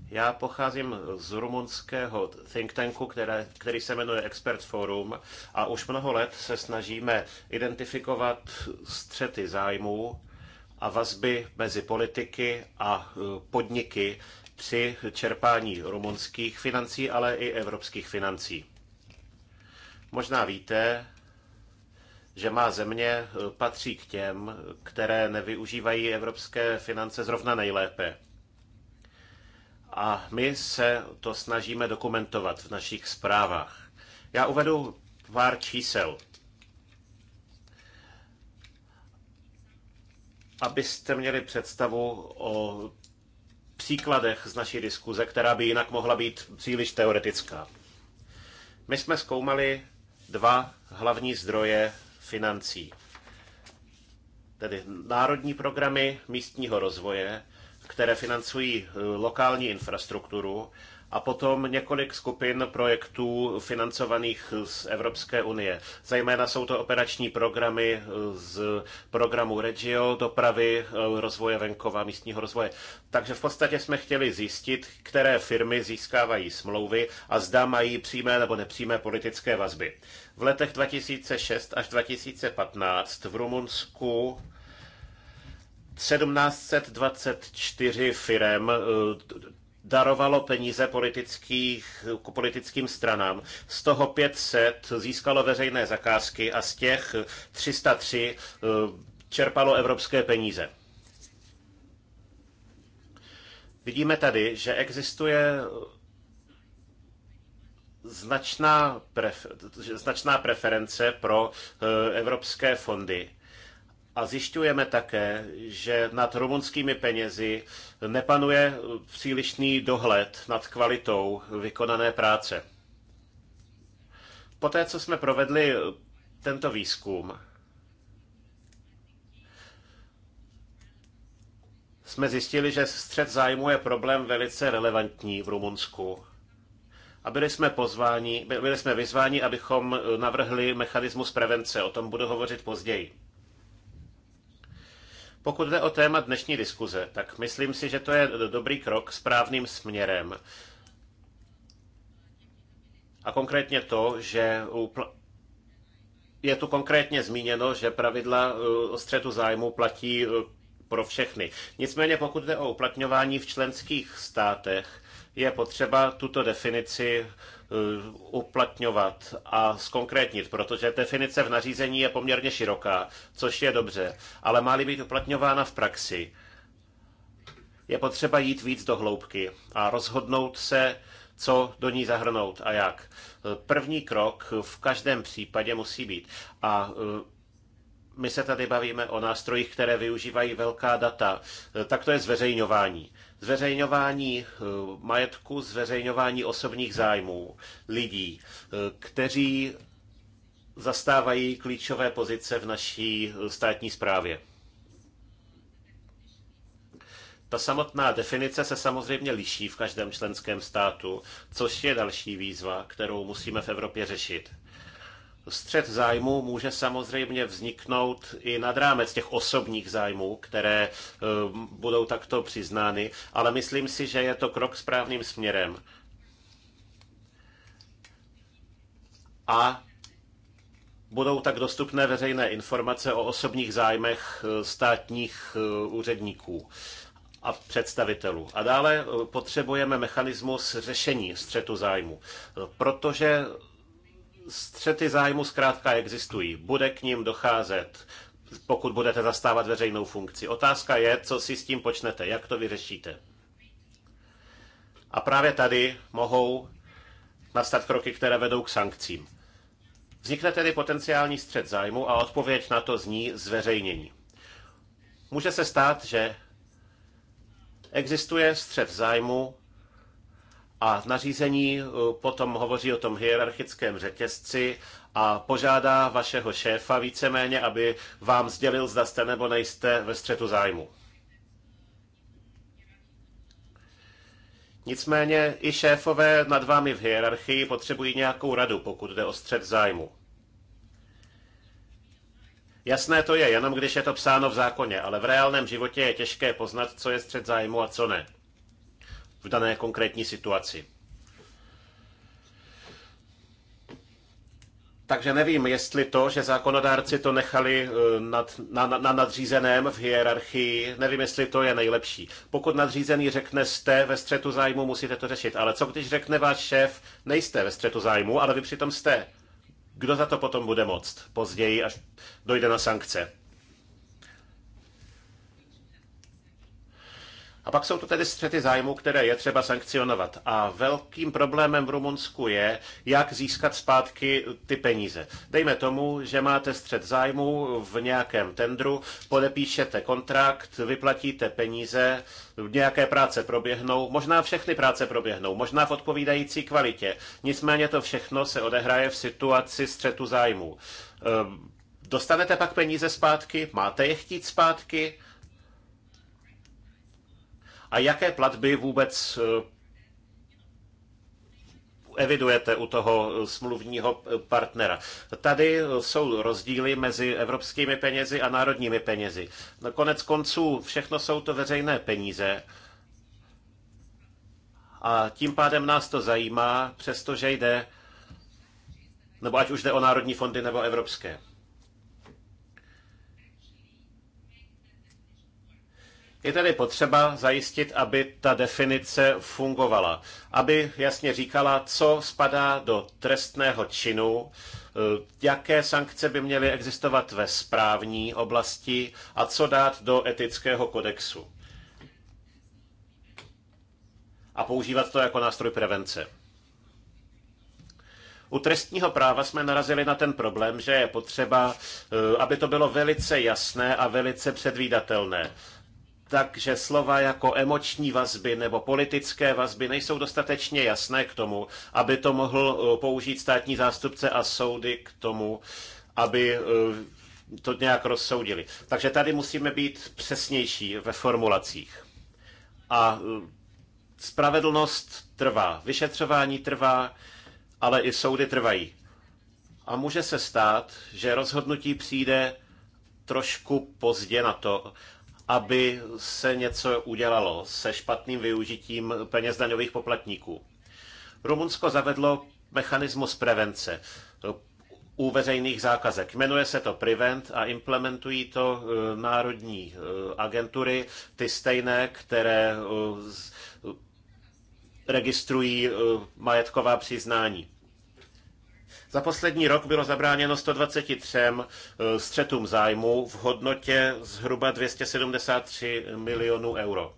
Já pocházím z rumunského think tanku, které, který se jmenuje Expert Forum a už mnoho let se snažíme identifikovat střety zájmů a vazby mezi politiky a podniky, při čerpání rumunských financí, ale i evropských financí. Možná víte, že má země eh, patří k těm, které nevyužívají evropské finance zrovna nejlépe. A my se to snažíme dokumentovat v našich zprávách. Já uvedu pár čísel, abyste měli představu o příkladech z naší diskuze, která by jinak mohla být příliš teoretická. My jsme zkoumali dva hlavní zdroje financí, tedy národní programy místního rozvoje, které financují eh, lokální infrastrukturu a potom několik skupin projektů financovaných z Evropské unie. Zajména jsou to operační programy eh, z programu Regio, dopravy, eh, rozvoje venkova, místního rozvoje. Takže v podstatě jsme chtěli zjistit, které firmy získávají smlouvy a zda mají přímé nebo nepřímé politické vazby. V letech 2006 až 2015 v Rumunsku 1724 firem eh, darovalo peníze politických, politickým stranám. Z toho 500 získalo veřejné zakázky a z těch 303 eh, čerpalo evropské peníze. Vidíme tady, že existuje eh, značná, prefer, značná preference pro eh, evropské fondy. A zjišťujeme také, že nad rumunskými penězi nepanuje přílišný dohled nad kvalitou vykonané práce. Poté, co jsme provedli tento výzkum, jsme zjistili, že střed zájmu je problém velice relevantní v Rumunsku. A byli jsme, pozváni, byli jsme vyzváni, abychom navrhli mechanismus prevence. O tom budu hovořit později. Pokud jde o téma dnešní diskuze, tak myslím si, že to je dobrý krok správným směrem. A konkrétně to, že je tu konkrétně zmíněno, že pravidla e, o střetu zájmu platí e, pro všechny. Nicméně pokud jde o uplatňování v členských státech, je potřeba tuto definici Eh, uplatňovat a zkonkrétnit, protože definice v nařízení je poměrně široká, což je dobře, ale má-li být uplatňována v praxi, je potřeba jít víc do hloubky a rozhodnout se, co do ní zahrnout a jak. Eh, první krok v každém případě musí být. A eh, my se tady bavíme o nástrojích, které využívají velká data, tak to je zveřejňování zveřejňování eh, majetku, zveřejňování osobních zájmů lidí, eh, kteří zastávají klíčové pozice v naší eh, státní správě. Ta samotná definice se samozřejmě liší v každém členském státu, což je další výzva, kterou musíme v Evropě řešit. Střed zájmu může samozřejmě vzniknout i nad rámec těch osobních zájmů, které eh, budou takto přiznány, ale myslím si, že je to krok správným směrem. A budou tak dostupné veřejné informace o osobních zájmech eh, státních eh, úředníků a představitelů. A dále potřebujeme mechanismus řešení střetu zájmu, protože střety zájmu zkrátka existují, bude k ním docházet, pokud budete zastávat veřejnou funkci. Otázka je, co si s tím počnete, jak to vyřešíte. A právě tady mohou nastat kroky, které vedou k sankcím. Vznikne tedy potenciální střet zájmu a odpověď na to zní zveřejnění. Může se stát, že existuje střet zájmu a nařízení eh, potom hovoří o tom hierarchickém řetězci a požádá vašeho šéfa víceméně, aby vám sdělil, zda jste nebo nejste ve střetu zájmu. Nicméně i šéfové nad vámi v hierarchii potřebují nějakou radu, pokud jde o střed zájmu. Jasné to je, jenom když je to psáno v zákoně, ale v reálném životě je těžké poznat, co je střed zájmu a co ne v dané konkrétní situaci. Takže nevím, jestli to, že zákonodárci to nechali eh, nad, na, na nadřízeném v hierarchii, nevím, jestli to je nejlepší. Pokud nadřízený řekne jste ve střetu zájmu, musíte to řešit. Ale co když řekne váš šéf, nejste ve střetu zájmu, ale vy přitom jste? Kdo za to potom bude moct? Později, až dojde na sankce. A pak jsou to tedy střety zájmu, které je třeba sankcionovat. A velkým problémem v Rumunsku je, jak získat zpátky ty peníze. Dejme tomu, že máte střet zájmu v nějakém tendru, podepíšete kontrakt, vyplatíte peníze, nějaké práce proběhnou, možná všechny práce proběhnou, možná v odpovídající kvalitě. Nicméně to všechno se odehraje v situaci střetu zájmu. Ehm, dostanete pak peníze zpátky, máte je chtít zpátky, a jaké platby vůbec eh, evidujete u toho eh, smluvního eh, partnera. Tady jsou rozdíly mezi evropskými penězi a národními penězi. No, konec konců všechno jsou to veřejné peníze. A tím pádem nás to zajímá, přestože jde, nebo ať už jde o národní fondy nebo evropské. Je tedy potřeba zajistit, aby ta definice fungovala, aby jasně říkala, co spadá do trestného činu, eh, jaké sankce by měly existovat ve správní oblasti a co dát do etického kodexu. A používat to jako nástroj prevence. U trestního práva jsme narazili na ten problém, že je potřeba, eh, aby to bylo velice jasné a velice předvídatelné takže slova jako emoční vazby nebo politické vazby nejsou dostatečně jasné k tomu, aby to mohl eh, použít státní zástupce a soudy k tomu, aby eh, to nějak rozsoudili. Takže tady musíme být přesnější ve formulacích. A eh, spravedlnost trvá, vyšetřování trvá, ale i soudy trvají. A může se stát, že rozhodnutí přijde trošku pozdě na to aby se něco udělalo se špatným využitím peněz daňových poplatníků. Rumunsko zavedlo mechanismus prevence eh, u veřejných zákazek. Jmenuje se to Prevent a implementují to eh, národní eh, agentury, ty stejné, které registrují majetková přiznání. Za poslední rok bylo zabráněno 123 eh, střetům zájmu v hodnotě zhruba 273 milionů euro.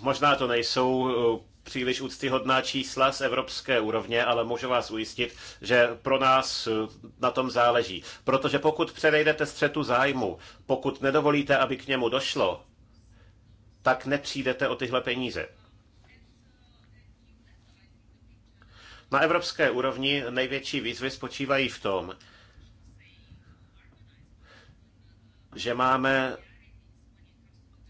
Možná to nejsou eh, příliš úctyhodná čísla z evropské úrovně, ale můžu vás ujistit, že pro nás eh, na tom záleží. Protože pokud předejdete střetu zájmu, pokud nedovolíte, aby k němu došlo, tak nepřijdete o tyhle peníze. Na evropské úrovni největší výzvy spočívají v tom, že máme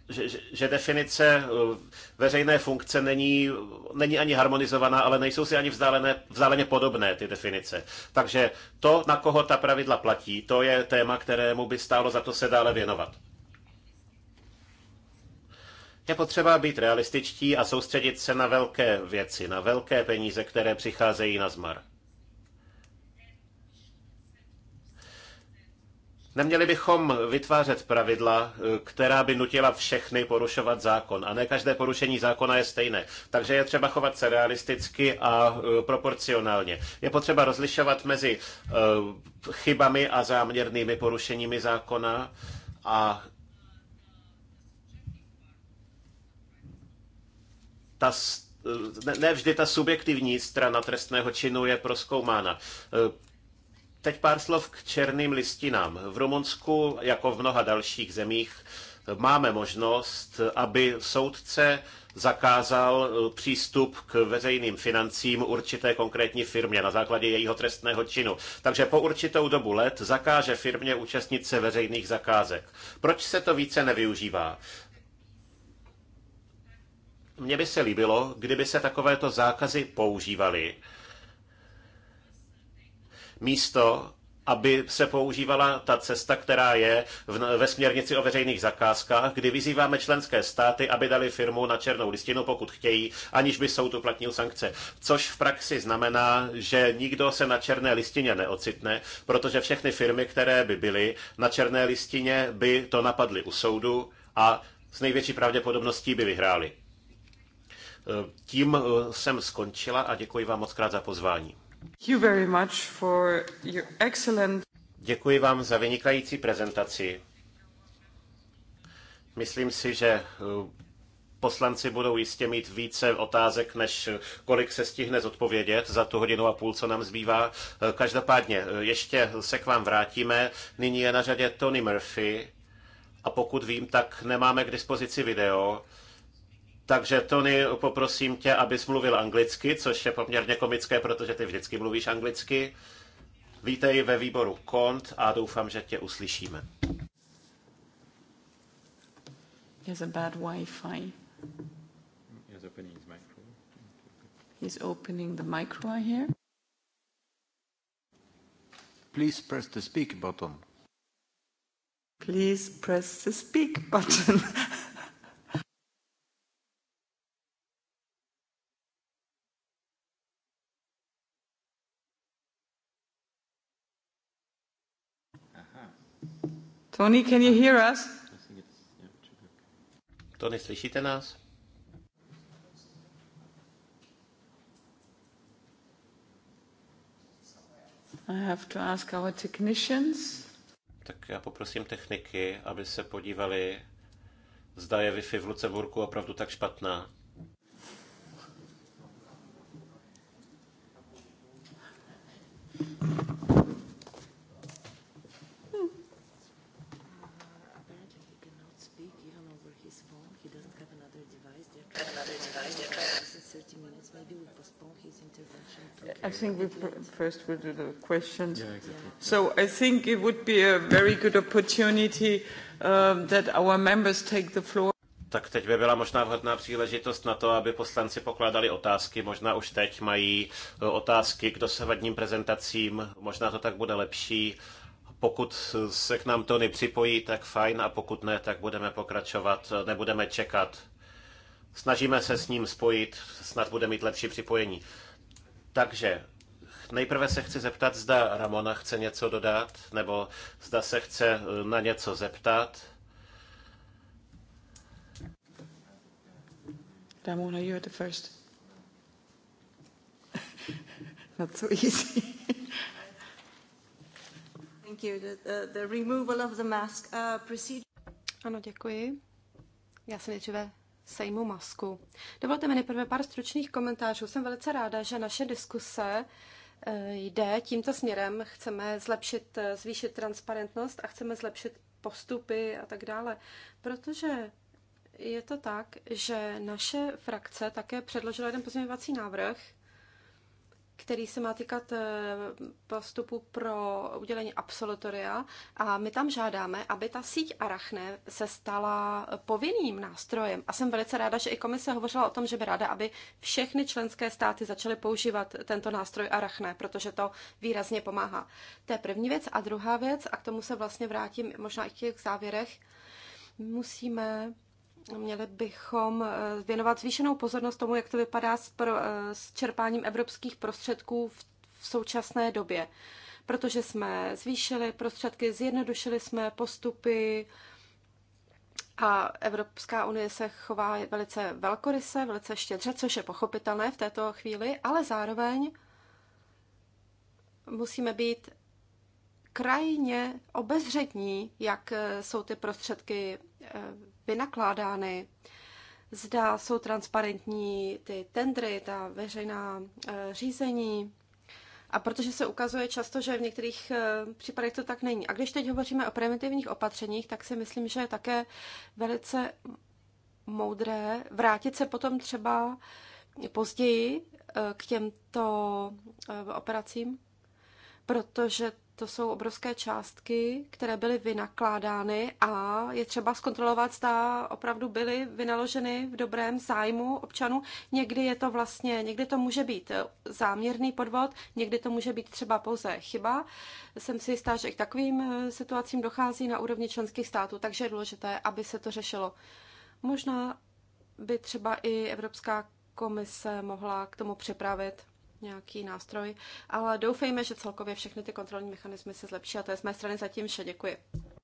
že, že, že definice eh, veřejné funkce není, není ani harmonizovaná, ale nejsou si ani vzdálené, vzdáleně podobné ty definice. Takže to, na koho ta pravidla platí, to je téma, kterému by stálo za to se dále věnovat. Je potřeba být realističtí a soustředit se na velké věci, na velké peníze, které přicházejí na zmar. Neměli bychom vytvářet pravidla, která by nutila všechny porušovat zákon. A ne každé porušení zákona je stejné. Takže je třeba chovat se realisticky a e, proporcionálně. Je potřeba rozlišovat mezi e, chybami a záměrnými porušeními zákona a ta ne, ne vždy ta subjektivní strana trestného činu je proskoumána. E, teď pár slov k černým listinám. V Rumunsku, jako v mnoha dalších zemích, máme možnost, aby soudce zakázal e, přístup k veřejným financím určité konkrétní firmě na základě jejího trestného činu. Takže po určitou dobu let zakáže firmě účastnit se veřejných zakázek. Proč se to více nevyužívá? Mně by se líbilo, kdyby se takovéto zákazy používaly místo, aby se používala ta cesta, která je v, ve směrnici o veřejných zakázkách, kdy vyzýváme členské státy, aby dali firmu na černou listinu, pokud chtějí, aniž by soud uplatnil sankce. Což v praxi znamená, že nikdo se na černé listině neocitne, protože všechny firmy, které by byly na černé listině, by to napadly u soudu a s největší pravděpodobností by vyhrály. Tím eh, jsem skončila a děkuji vám moc krát za pozvání. Děkuji vám za vynikající prezentaci. Myslím si, že eh, poslanci budou jistě mít více otázek, než eh, kolik se stihne zodpovědět za tu hodinu a půl, co nám zbývá. Každopádně ještě se k vám vrátíme. Nyní je na řadě Tony Murphy a pokud vím, tak nemáme k dispozici video. Takže Tony, poprosím tě, abys mluvil anglicky, což je poměrně komické, protože ty vždycky mluvíš anglicky. Vítej ve výboru KONT a doufám, že tě uslyšíme. There's a bad Wi-Fi. He's opening his micro. He's opening the micro, here. Please press the speak button. Please press the speak button. <laughs> Tony, can you hear us? Tony, slyšíte nás? I have to ask our technicians. Tak já poprosím techniky, aby se podívali, zda je Wi-Fi v Lucemburku opravdu tak špatná. I think we first will do the questions. Yeah, exactly. So I think it would be a very good opportunity um, that our members take the floor. Tak teď by byla možná vhodná příležitost na to, aby poslanci pokládali otázky. Možná už teď mají uh, otázky k dosavadním prezentacím. Možná to tak bude lepší. Pokud se k nám to nepřipojí, tak fajn, a pokud ne, tak budeme pokračovat, nebudeme čekat. Snažíme se s ním spojit, snad bude mít lepší připojení. Takže nejprve se chci zeptat, zda Ramona chce něco dodat, nebo zda se chce eh, na něco zeptat. Ramona, you are the first. <laughs> Not so easy. <laughs> Thank you. The, the, the removal of the mask uh, procedure. Ano, děkuji. Já se nejdříve Sejmu Masku. Dovolte mi nejprve pár stručných komentářů. Jsem velice ráda, že naše diskuse eh, jde tímto směrem. Chceme zlepšit, eh, zvýšit transparentnost a chceme zlepšit postupy a tak dále, protože je to tak, že naše frakce také předložila jeden pozměňovací návrh, který se má týkat eh, postupu pro udělení absolutoria. A my tam žádáme, aby ta síť Arachne se stala povinným nástrojem. A jsem velice ráda, že i komise hovořila o tom, že by ráda, aby všechny členské státy začaly používat tento nástroj Arachne, protože to výrazně pomáhá. To je první věc. A druhá věc, a k tomu se vlastně vrátím možná i v těch závěrech, musíme Měli bychom eh, věnovat zvýšenou pozornost tomu, jak to vypadá s, pro, eh, s čerpáním evropských prostředků v, v současné době. Protože jsme zvýšili prostředky, zjednodušili jsme postupy a Evropská unie se chová velice velkoryse, velice štědře, což je pochopitelné v této chvíli, ale zároveň musíme být krajně obezřetní, jak eh, jsou ty prostředky eh, vynakládány. Zda jsou transparentní ty tendry, ta veřejná eh, řízení. A protože se ukazuje často, že v některých případech to tak není. A když teď hovoříme o primitivních opatřeních, tak si myslím, že je také velice moudré vrátit se potom třeba později k těmto operacím, protože to jsou obrovské částky, které byly vynakládány a je třeba zkontrolovat, zda opravdu byly vynaloženy v dobrém zájmu občanů. Někdy je to vlastně, někdy to může být záměrný podvod, někdy to může být třeba pouze chyba. Jsem si jistá, že k takovým eh, situacím dochází na úrovni členských států, takže je důležité, aby se to řešilo. Možná by třeba i Evropská komise mohla k tomu připravit nějaký nástroj, ale doufejme, že celkově všechny ty kontrolní mechanismy se zlepší a to je z mé strany zatím vše. Děkuji.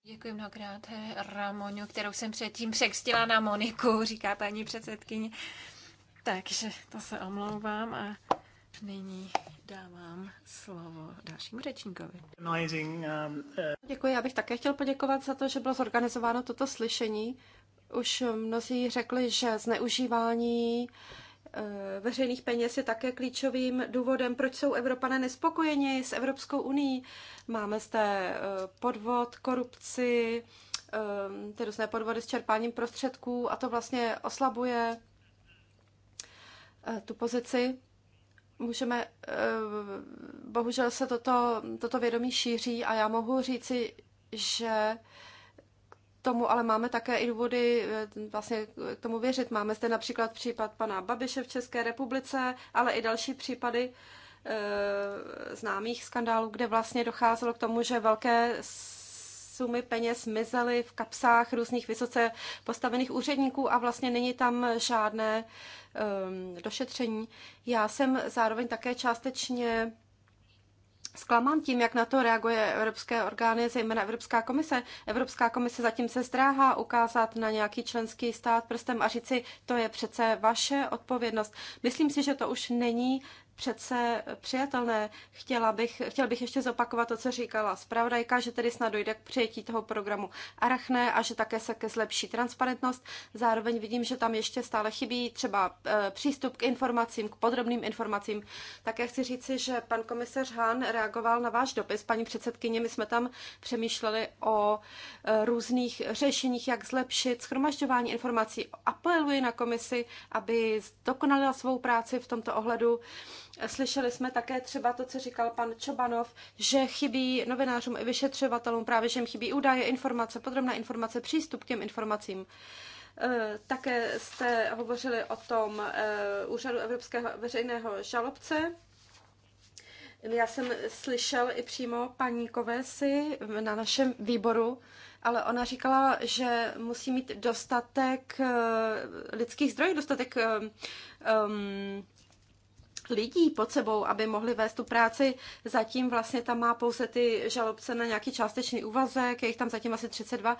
Děkuji mnohokrát eh, Ramonu, kterou jsem předtím překstila na Moniku, <laughs> říká paní předsedkyně. Takže to se omlouvám a nyní dávám slovo dalšímu řečníkovi. Um, uh, Děkuji, já bych také chtěl poděkovat za to, že bylo zorganizováno toto slyšení. Už mnozí řekli, že zneužívání Eh, veřejných peněz je také klíčovým důvodem, proč jsou Evropané nespokojeni s Evropskou uní. Máme zde eh, podvod, korupci, eh, ty různé podvody s čerpáním prostředků a to vlastně oslabuje tu pozici. Můžeme, bohužel se toto, toto vědomí šíří a já mohu říci, že tomu ale máme také i důvody eh, vlastně k tomu věřit. Máme zde například případ pana Babiše v České republice, ale i další případy eh, známých skandálů, kde vlastně docházelo k tomu, že velké sumy peněz mizely v kapsách různých vysoce postavených úředníků a vlastně není tam žádné um, došetření. Já jsem zároveň také částečně zklamán tím, jak na to reaguje evropské orgány, zejména Evropská komise. Evropská komise zatím se zdráhá ukázat na nějaký členský stát prstem a říci, to je přece vaše odpovědnost. Myslím si, že to už není přece přijatelné. Chtěla bych, chtěla bych ještě zopakovat to, co říkala zpravodajka, že tedy snad dojde k přijetí toho programu Arachne a že také se ke zlepší transparentnost. Zároveň vidím, že tam ještě stále chybí třeba eh, přístup k informacím, k podrobným informacím. Také chci říci, že pan komisař Hahn reagoval na váš dopis, paní předsedkyně. My jsme tam přemýšleli o eh, různých řešeních, jak zlepšit schromažďování informací. Apeluji na komisi, aby dokonalila svou práci v tomto ohledu. Slyšeli jsme také třeba to, co říkal pan Čobanov, že chybí novinářům i vyšetřovatelům, právě že jim chybí údaje, informace, podrobná informace, přístup k těm informacím. Eh, také jste hovořili o tom eh, úřadu Evropského veřejného žalobce. Já jsem slyšel i přímo paní Kovesi na našem výboru, ale ona říkala, že musí mít dostatek eh, lidských zdrojů, dostatek um, lidí pod sebou, aby mohli vést tu práci. Zatím vlastně tam má pouze ty žalobce na nějaký částečný úvazek, je jich tam zatím asi 32,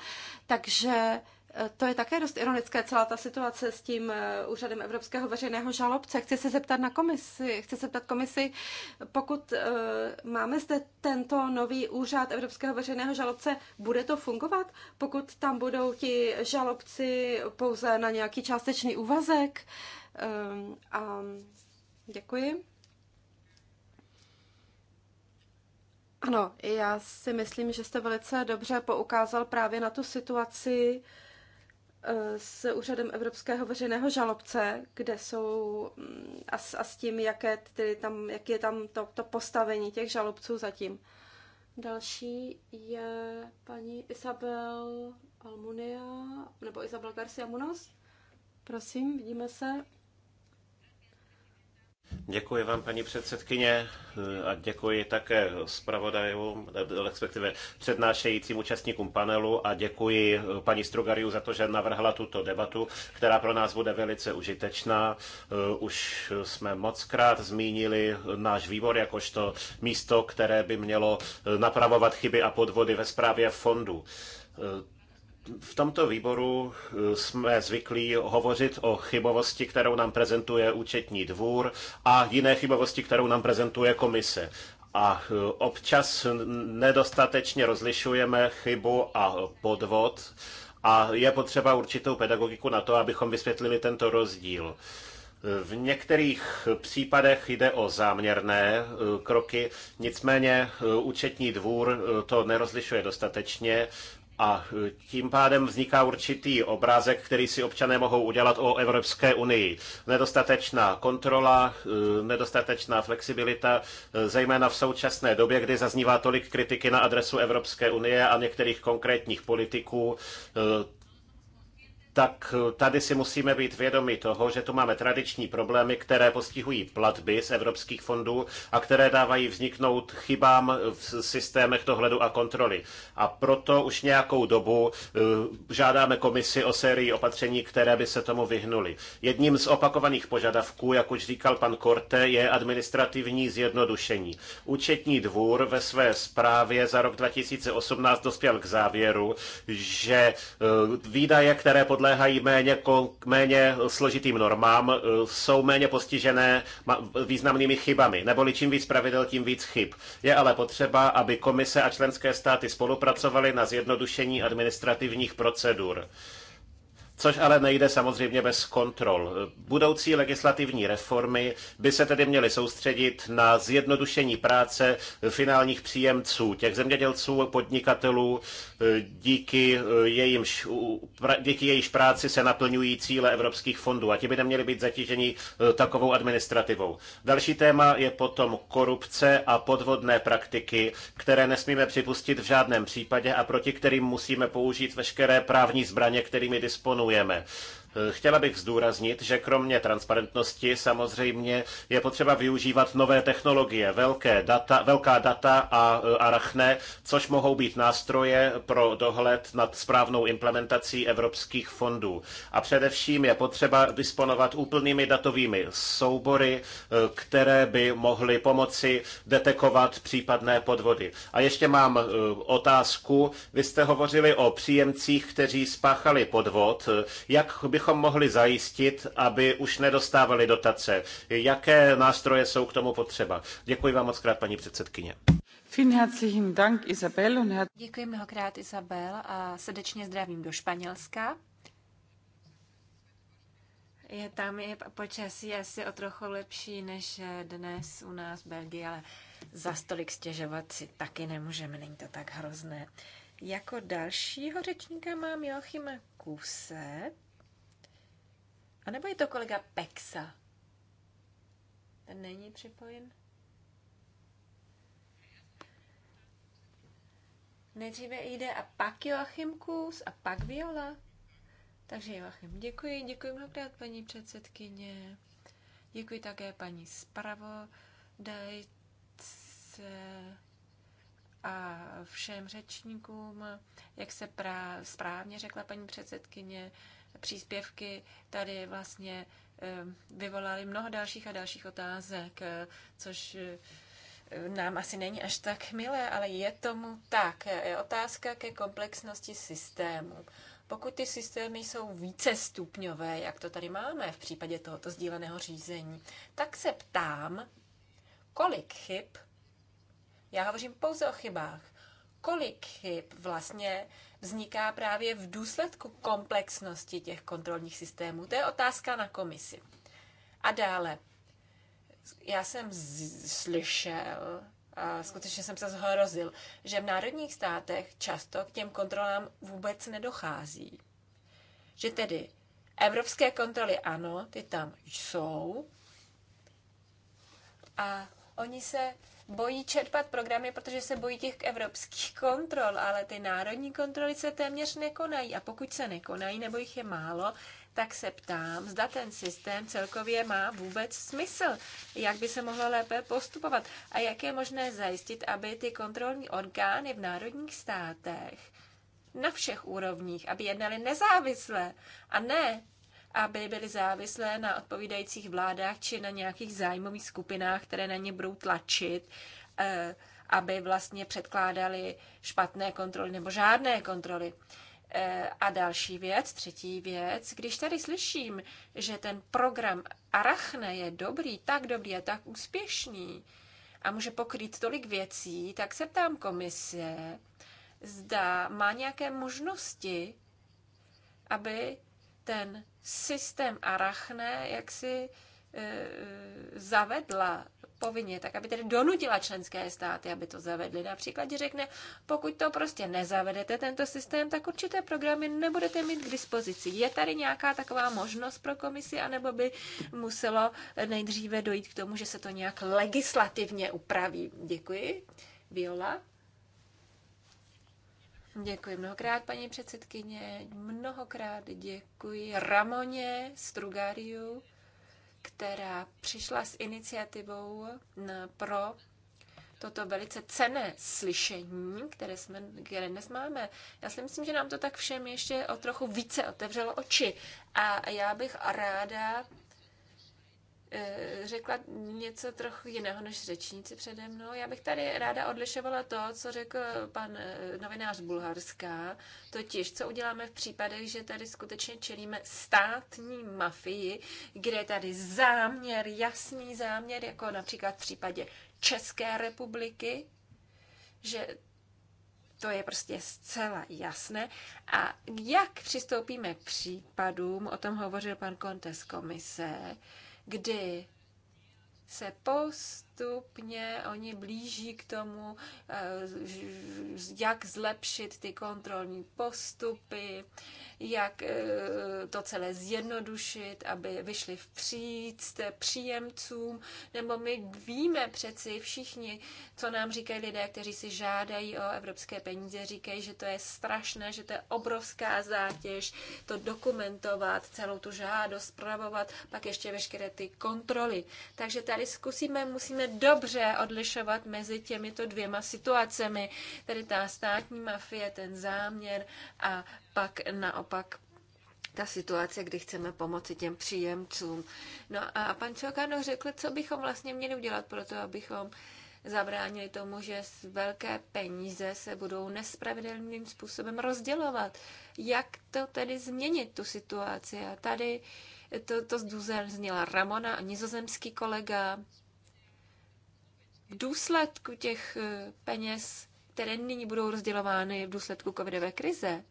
takže eh, to je také dost ironické, celá ta situace s tím eh, úřadem Evropského veřejného žalobce. Chci se zeptat na komisi, chci se zeptat komisi, pokud eh, máme zde tento nový úřad Evropského veřejného žalobce, bude to fungovat, pokud tam budou ti žalobci pouze na nějaký částečný úvazek? a Děkuji. Ano, já si myslím, že jste velice dobře poukázal právě na tu situaci eh, s úřadem Evropského veřejného žalobce, kde jsou mm, a s, a s tím, jaké tedy tam, jak je tam to, to postavení těch žalobců zatím. Další je paní Isabel Almunia, nebo Isabel Garcia Munoz. Prosím, vidíme se. Děkuji vám, paní předsedkyně, a děkuji také zpravodajům, respektive přednášejícím účastníkům panelu a děkuji paní Strugariu za to, že navrhla tuto debatu, která pro nás bude velice užitečná. Eh, už jsme mockrát zmínili náš výbor jakožto místo, které by mělo eh, napravovat chyby a podvody ve správě fondů eh, v tomto výboru eh, jsme zvyklí hovořit o chybovosti, kterou nám prezentuje účetní dvůr a jiné chybovosti, kterou nám prezentuje komise a eh, občas nedostatečně rozlišujeme chybu a podvod a je potřeba určitou pedagogiku na to, abychom vysvětlili tento rozdíl. Eh, v některých případech jde o záměrné kroky, nicméně účetní dvůr to nerozlišuje dostatečně a tím pádem vzniká určitý obrázek, který si občané mohou udělat o Evropské unii. Nedostatečná kontrola, eh, nedostatečná flexibilita, eh, zejména v současné době, kdy zaznívá tolik kritiky na adresu Evropské unie a některých konkrétních politiků, eh, tak eh, tady si musíme být vědomi toho, že tu máme tradiční problémy, které postihují platby z evropských fondů a které dávají vzniknout chybám v systémech dohledu a kontroly. A proto už nějakou dobu eh, žádáme komisi o sérii opatření, které by se tomu vyhnuly. Jedním z opakovaných požadavků, jak už říkal pan Korte, je administrativní zjednodušení. Účetní dvůr ve své zprávě za rok 2018 dospěl k závěru, že eh, výdaje, které podle podléhají méně, méně složitým normám, eh, jsou méně postižené významnými chybami, neboli čím víc pravidel, tím víc chyb. Je ale potřeba, aby komise a členské státy spolupracovaly na zjednodušení administrativních procedur což ale nejde samozřejmě bez kontrol. Budoucí legislativní reformy by se tedy měly soustředit na zjednodušení práce finálních příjemců, těch zemědělců, podnikatelů, díky, jejímž, díky jejíž práci se naplňují cíle evropských fondů a ti by neměli být zatíženi eh, takovou administrativou. Další téma je potom korupce a podvodné praktiky, které nesmíme připustit v žádném případě a proti kterým musíme použít veškeré právní zbraně, kterými disponujeme plánujeme. Chtěla bych zdůraznit, že kromě transparentnosti samozřejmě je potřeba využívat nové technologie, velké data, velká data a e, arachne, což mohou být nástroje pro dohled nad správnou implementací evropských fondů. A především je potřeba disponovat úplnými datovými soubory, e, které by mohly pomoci detekovat případné podvody. A ještě mám e, otázku. Vy jste hovořili o příjemcích, kteří spáchali podvod. Jak bych bychom mohli zajistit, aby už nedostávali dotace? Jaké nástroje jsou k tomu potřeba? Děkuji vám moc krát, paní předsedkyně. Děkuji mnohokrát, Isabel, a srdečně zdravím do Španělska. Je tam je počasí asi o trochu lepší než dnes u nás v Belgii, ale za stolik stěžovat si taky nemůžeme, není to tak hrozné. Jako dalšího řečníka mám Joachima Kuse, a nebo je to kolega Pexa? Ten není připojen? Nejdříve jde a pak Joachim Kus a pak Viola. Takže Joachim, děkuji, děkuji mnohokrát paní předsedkyně. Děkuji také paní zpravodajce a všem řečníkům. Jak se prá- správně řekla paní předsedkyně, příspěvky tady vlastně vyvolaly mnoho dalších a dalších otázek, eh, což eh, nám asi není až tak milé, ale je tomu tak. Je otázka ke komplexnosti systému. Pokud ty systémy jsou více stupňové, jak to tady máme v případě tohoto sdíleného řízení, tak se ptám, kolik chyb, já hovořím pouze o chybách, kolik chyb vlastně vzniká právě v důsledku komplexnosti těch kontrolních systémů. To je otázka na komisi. A dále, já jsem slyšel, a skutečně jsem se zhorozil, že v národních státech často k těm kontrolám vůbec nedochází. Že tedy evropské kontroly ano, ty tam jsou, a oni se bojí čerpat programy, protože se bojí těch evropských <laughs> kontrol, ale ty národní kontroly se téměř nekonají. A pokud se nekonají, nebo jich je málo, tak se ptám, zda ten systém celkově má vůbec smysl, jak by se mohlo lépe postupovat a jak je možné zajistit, aby ty kontrolní orgány v národních státech na všech úrovních, aby jednali nezávisle a ne aby byly závislé na odpovídajících vládách či na nějakých zájmových skupinách, které na ně budou tlačit, eh, aby vlastně předkládali špatné kontroly nebo žádné kontroly. Eh, a další věc, třetí věc, když tady slyším, že ten program Arachne je dobrý, tak dobrý a tak úspěšný a může pokrýt tolik věcí, tak se ptám komise, zda má nějaké možnosti, aby ten systém arachné jaksi e, zavedla povinně, tak aby tedy donutila členské státy, aby to zavedly. Například, že řekne, pokud to prostě nezavedete, tento systém, tak určité programy nebudete mít k dispozici. Je tady nějaká taková možnost pro komisi, anebo by muselo nejdříve dojít k tomu, že se to nějak legislativně upraví? Děkuji. Viola? Děkuji mnohokrát, paní předsedkyně. Mnohokrát děkuji Ramoně Strugariu, která přišla s iniciativou pro toto velice cené slyšení, které, jsme, které dnes máme. Já si myslím, že nám to tak všem ještě o trochu více otevřelo oči. A já bych ráda Eh, řekla něco trochu jiného než řečníci přede mnou. Já bych tady ráda odlišovala to, co řekl pan eh, novinář Bulharská, totiž co uděláme v případech, že tady skutečně čelíme státní mafii, kde je tady záměr, jasný záměr, jako například v případě České republiky, že to je prostě zcela jasné. A jak přistoupíme k případům, o tom hovořil pan Kontes komise, kdy se postupně oni blíží k tomu, eh, jak zlepšit ty kontrolní postupy, jak eh, to celé zjednodušit, aby vyšli vstříc příjemcům, nebo my víme přeci všichni, co nám říkají lidé, kteří si žádají o evropské peníze, říkají, že to je strašné, že to je obrovská zátěž, to dokumentovat, celou tu žádost spravovat, pak ještě veškeré ty kontroly. Takže tady zkusíme, musíme dobře odlišovat mezi těmito dvěma situacemi, tedy ta státní mafie, ten záměr a pak naopak ta situace, kdy chceme pomoci těm příjemcům. No a pan Čokano řekl, co bychom vlastně měli udělat pro to, abychom zabránili tomu, že velké peníze se budou nespravedlivým způsobem rozdělovat. Jak to tedy změnit, tu situaci? A tady to, to zdůraznila Ramona nizozemský kolega. V důsledku těch eh, peněz, které nyní budou rozdělovány v důsledku covidové krize,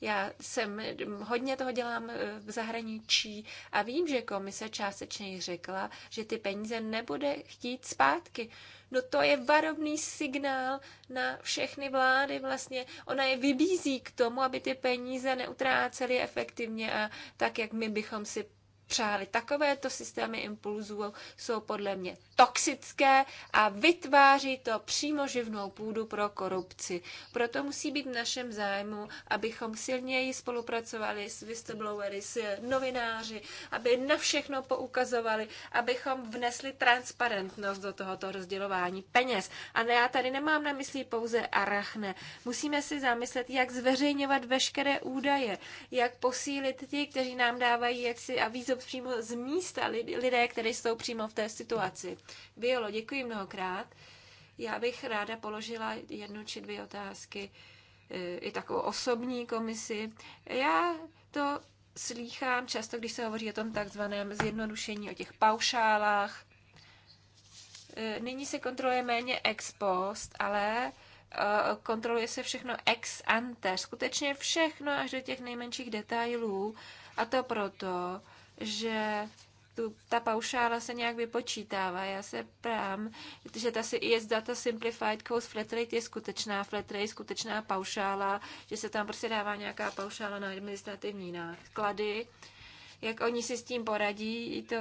já jsem hodně toho dělám eh, v zahraničí a vím, že komise částečně řekla, že ty peníze nebude chtít zpátky. No to je varovný signál na všechny vlády vlastně. Ona je vybízí k tomu, aby ty peníze neutrácely efektivně a tak, jak my bychom si přáli. Takovéto systémy impulzů jsou podle mě toxické a vytváří to přímo živnou půdu pro korupci. Proto musí být v našem zájmu, abychom silněji spolupracovali s whistleblowery, s novináři, aby na všechno poukazovali, abychom vnesli transparentnost do tohoto rozdělování peněz. A ne, já tady nemám na mysli pouze arachne. Musíme si zamyslet, jak zveřejňovat veškeré údaje, jak posílit ty, kteří nám dávají jaksi a vízové to přímo z místa lidé, kteří jsou přímo v té situaci. Violo, děkuji mnohokrát. Já bych ráda položila jednu či dvě otázky eh, i takovou osobní komisi. Já to slýchám často, když se hovoří o tom takzvaném zjednodušení, o těch paušálách. Eh, nyní se kontroluje méně ex post, ale eh, kontroluje se všechno ex ante, skutečně všechno až do těch nejmenších detailů. A to proto, že tu, ta paušála se nějak vypočítává. Já se prám, že ta si je data simplified cost flat rate je skutečná flat rate, skutečná paušála, že se tam prostě dává nějaká paušála na administrativní náklady. Jak oni si s tím poradí, to,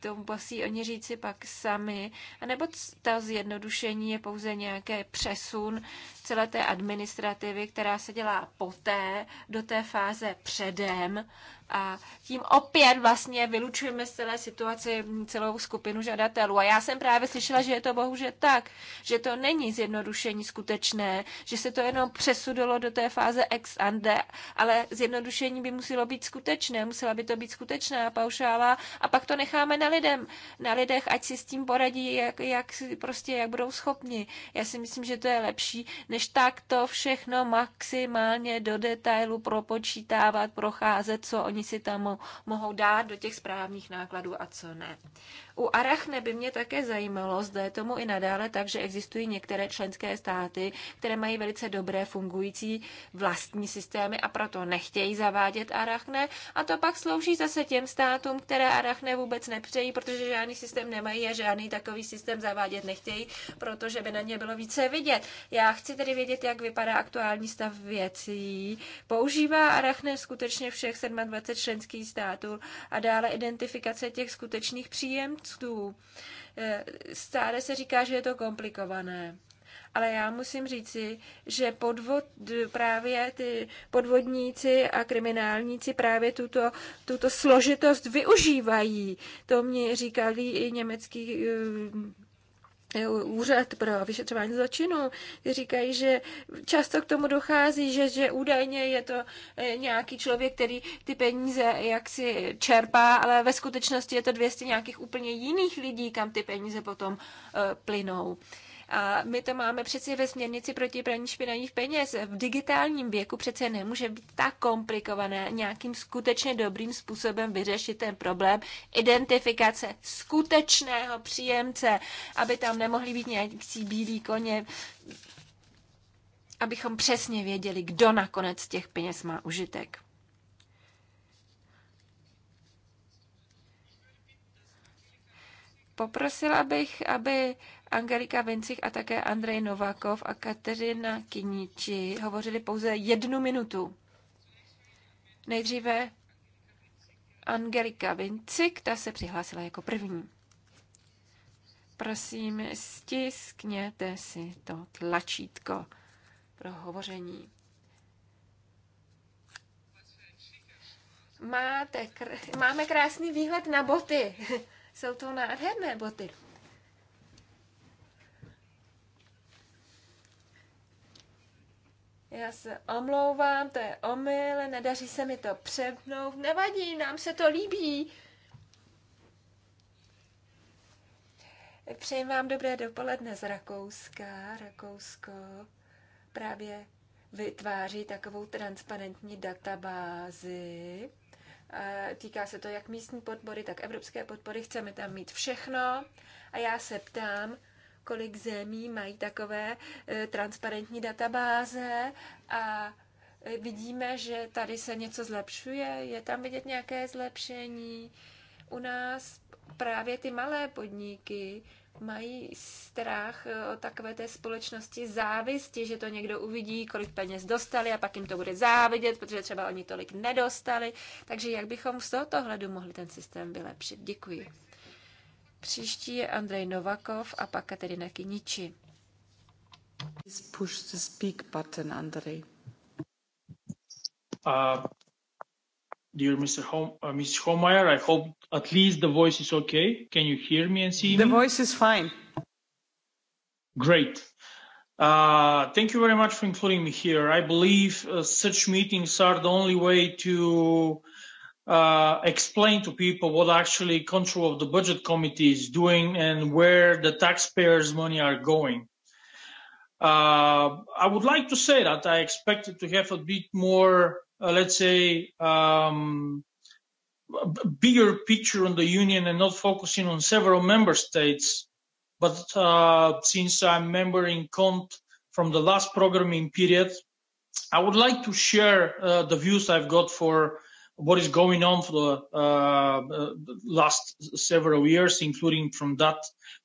to musí oni říci pak sami. A nebo to zjednodušení je pouze nějaké přesun celé té administrativy, která se dělá poté, do té fáze předem, a tím opět vlastně vylučujeme z celé situaci celou skupinu žadatelů. A já jsem právě slyšela, že je to bohužel tak, že to není zjednodušení skutečné, že se to jenom přesudilo do té fáze ex ante, ale zjednodušení by muselo být skutečné, musela by to být skutečná paušála a pak to necháme na lidem, na lidech, ať si s tím poradí, jak, jak prostě jak budou schopni. Já si myslím, že to je lepší, než tak to všechno maximálně do detailu propočítávat, procházet, co oni si tam mohou dát do těch správných nákladů a co ne. U Arachne by mě také zajímalo, zda je tomu i nadále tak, že existují některé členské státy, které mají velice dobré fungující vlastní systémy a proto nechtějí zavádět Arachne a to pak slouží zase těm státům, které Arachne vůbec nepřejí, protože žádný systém nemají a žádný takový systém zavádět nechtějí, protože by na ně bylo více vidět. Já chci tedy vědět, jak vypadá aktuální stav věcí. Používá Arachne skutečně všech 27 členských států a dále identifikace těch skutečných příjemců účtů. Eh, stále se říká, že je to komplikované. Ale já musím říci, že podvod, právě ty podvodníci a kriminálníci právě tuto, tuto složitost využívají. To mě říkali i německý eh, Eh, úřad pro vyšetřování zločinu, říkají, že často k tomu dochází, že, že údajně je to eh, nějaký člověk, který ty peníze jaksi čerpá, ale ve skutečnosti je to 200 nějakých úplně jiných lidí, kam ty peníze potom eh, plynou. A my to máme přeci ve směrnici proti praní špinavých peněz. V digitálním věku přece nemůže být tak komplikované nějakým skutečně dobrým způsobem vyřešit ten problém identifikace skutečného příjemce, aby tam nemohli být nějaký bílí koně, abychom přesně věděli, kdo nakonec těch peněz má užitek. Poprosila bych, aby Angelika Vincich a také Andrej Novakov a Kateřina Kiniči hovořili pouze jednu minutu. Nejdříve Angelika Vincik, ta se přihlásila jako první. Prosím, stiskněte si to tlačítko pro hovoření. Máte kr- máme krásný výhled na boty. <laughs> Jsou to nádherné boty. Já se omlouvám, to je omyl, nedaří se mi to přepnout, nevadí, nám se to líbí. Přeji vám dobré dopoledne z Rakouska. Rakousko právě vytváří takovou transparentní databázi. Týká se to jak místní podpory, tak evropské podpory. Chceme tam mít všechno. A já se ptám, kolik zemí mají takové eh, transparentní databáze a eh, vidíme, že tady se něco zlepšuje, je tam vidět nějaké zlepšení. U nás právě ty malé podniky mají strach eh, o takové té společnosti závisti, že to někdo uvidí, kolik peněz dostali a pak jim to bude závidět, protože třeba oni tolik nedostali. Takže jak bychom z tohoto hledu mohli ten systém vylepšit? Děkuji. Příští je Andrej Novakov a pak Katerina Kiniči. Please push the speak button, Andrej. Uh, dear Mr. Home, uh, Ms. Homeyer, I hope at least the voice is okay. Can you hear me and see the me? The voice is fine. Great. Uh, thank you very much for including me here. I believe uh, such meetings are the only way to Uh, explain to people what actually control of the budget committee is doing and where the taxpayers' money are going. Uh, I would like to say that I expected to have a bit more, uh, let's say, um, bigger picture on the union and not focusing on several member states. But uh, since I'm member in CONT from the last programming period, I would like to share uh, the views I've got for what is going on for the uh, last several years, including from that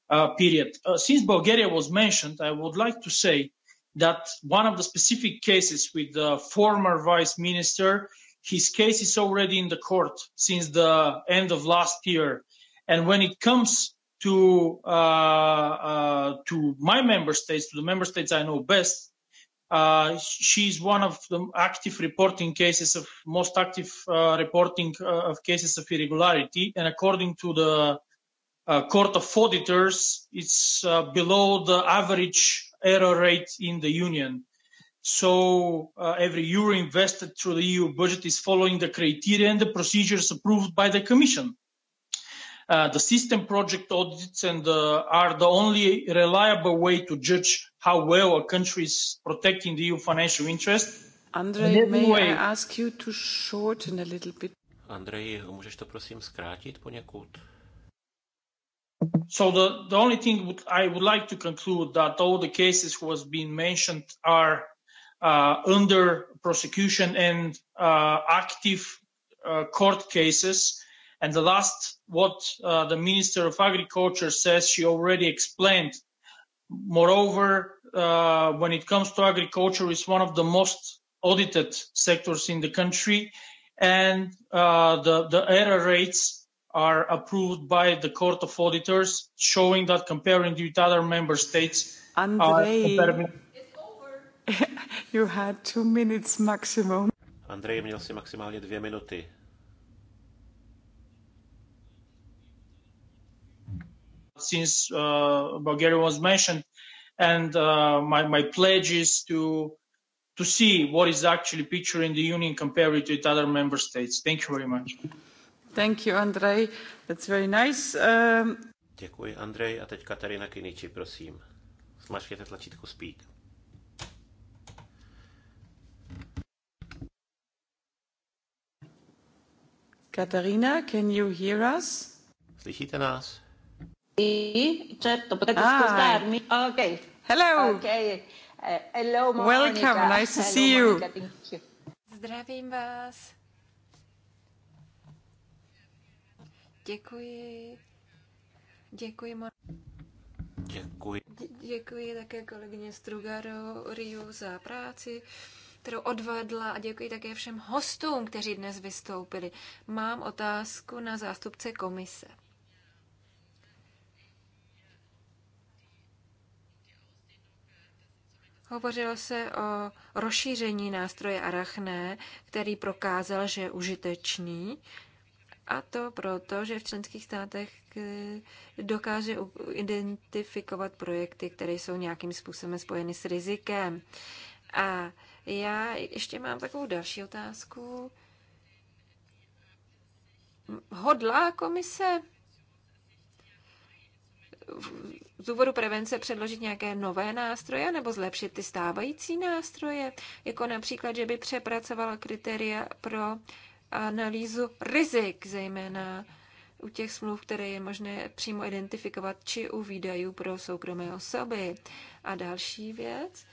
uh, period. Uh, since Bulgaria was mentioned, I would like to say that one of the specific cases with the former vice minister, his case is already in the court since the end of last year. And when it comes to uh, uh, to my member states, to the member states I know best, Uh, she is one of the active reporting cases of most active uh, reporting uh, of cases of irregularity. And according to the uh, Court of Auditors, it's uh, below the average error rate in the Union. So uh, every euro invested through the EU budget is following the criteria and the procedures approved by the Commission. Uh, the system project audits and uh, are the only reliable way to judge how well a country is protecting the EU financial interest. Andrej, may way, I ask you to shorten a little bit? Andrej, můžeš to prosím zkrátit poněkud? So the, the only thing would, I would like to conclude that all the cases who has been mentioned are uh, under prosecution and uh, active uh, court cases And the last, what uh, the Minister of Agriculture says, she already explained. Moreover, uh, when it comes to agriculture, it's one of the most audited sectors in the country, and uh, the the error rates are approved by the Court of Auditors, showing that comparing with other member states, Andrei, <laughs> you had two minutes maximum. Andrej, měl si maximálně dvě minuty. since uh, Bulgaria was mentioned, and uh, my, my pledge is to to see what is actually picture in the union compared to other member states. Thank you very much. Thank you, Andrej. That's very nice. Um... Děkuji, Andrej. A teď Katarina Kiniči, prosím. Smažkejte tlačítko Speak. Katarina, can you hear us? Slyšíte nás? Certo, potete ah. ascoltarmi? Ok. Hello. Okay. Uh, hello, Monica. Welcome, nice to hello, see you. Zdravím vás. Děkuji. Děkuji, Monika. Děkuji. Děkuji také kolegyně Strugaro Riu za práci, kterou odvedla a děkuji také všem hostům, kteří dnes vystoupili. Mám otázku na zástupce komise. Hovořilo se o rozšíření nástroje Arachné, který prokázal, že je užitečný. A to proto, že v členských státech eh, dokáže identifikovat projekty, které jsou nějakým způsobem spojeny s rizikem. A já ještě mám takovou další otázku. Hodlá komise z důvodu prevence předložit nějaké nové nástroje nebo zlepšit ty stávající nástroje, jako například, že by přepracovala kritéria pro analýzu rizik, zejména u těch smluv, které je možné přímo identifikovat, či u výdajů pro soukromé osoby. A další věc.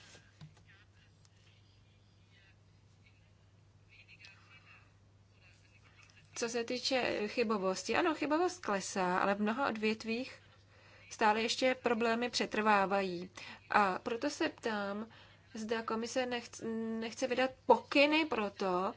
Co se týče chybovosti, ano, chybovost klesá, ale v mnoha odvětvích stále ještě problémy přetrvávají. A proto se ptám, zda komise nechce, nechce vydat pokyny pro to,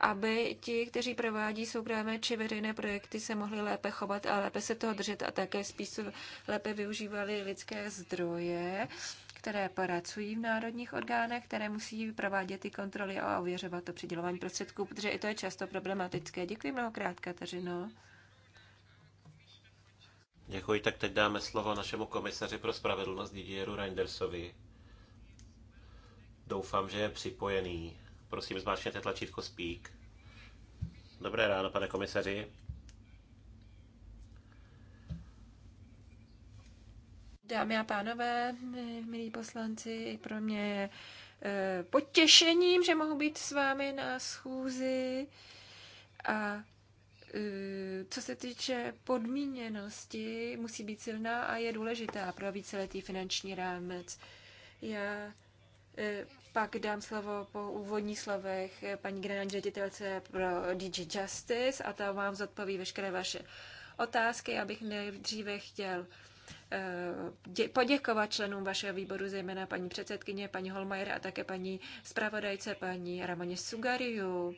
aby ti, kteří provádí soukromé či veřejné projekty, se mohli lépe chovat a lépe se toho držet a také spíš lépe využívali lidské zdroje, které pracují v národních orgánech, které musí provádět ty kontroly a ověřovat to přidělování prostředků, protože i to je často problematické. Děkuji mnohokrát, Kateřino. Děkuji, tak teď dáme slovo našemu komisaři pro spravedlnost Didieru Reindersovi. Doufám, že je připojený. Prosím, zmáčkněte tlačítko Speak. Dobré ráno, pane komisaři. Dámy a pánové, milí poslanci, pro mě je eh, potěšením, že mohu být s vámi na schůzi a Eh, co se týče podmíněnosti, musí být silná a je důležitá pro víceletý finanční rámec. Já eh, pak dám slovo po úvodních slovech paní generální ředitelce pro DG Justice a ta vám zodpoví veškeré vaše otázky. Já bych nejdříve chtěl eh, poděkovat členům vašeho výboru, zejména paní předsedkyně, paní Holmajer a také paní zpravodajce, paní Ramoně Sugariu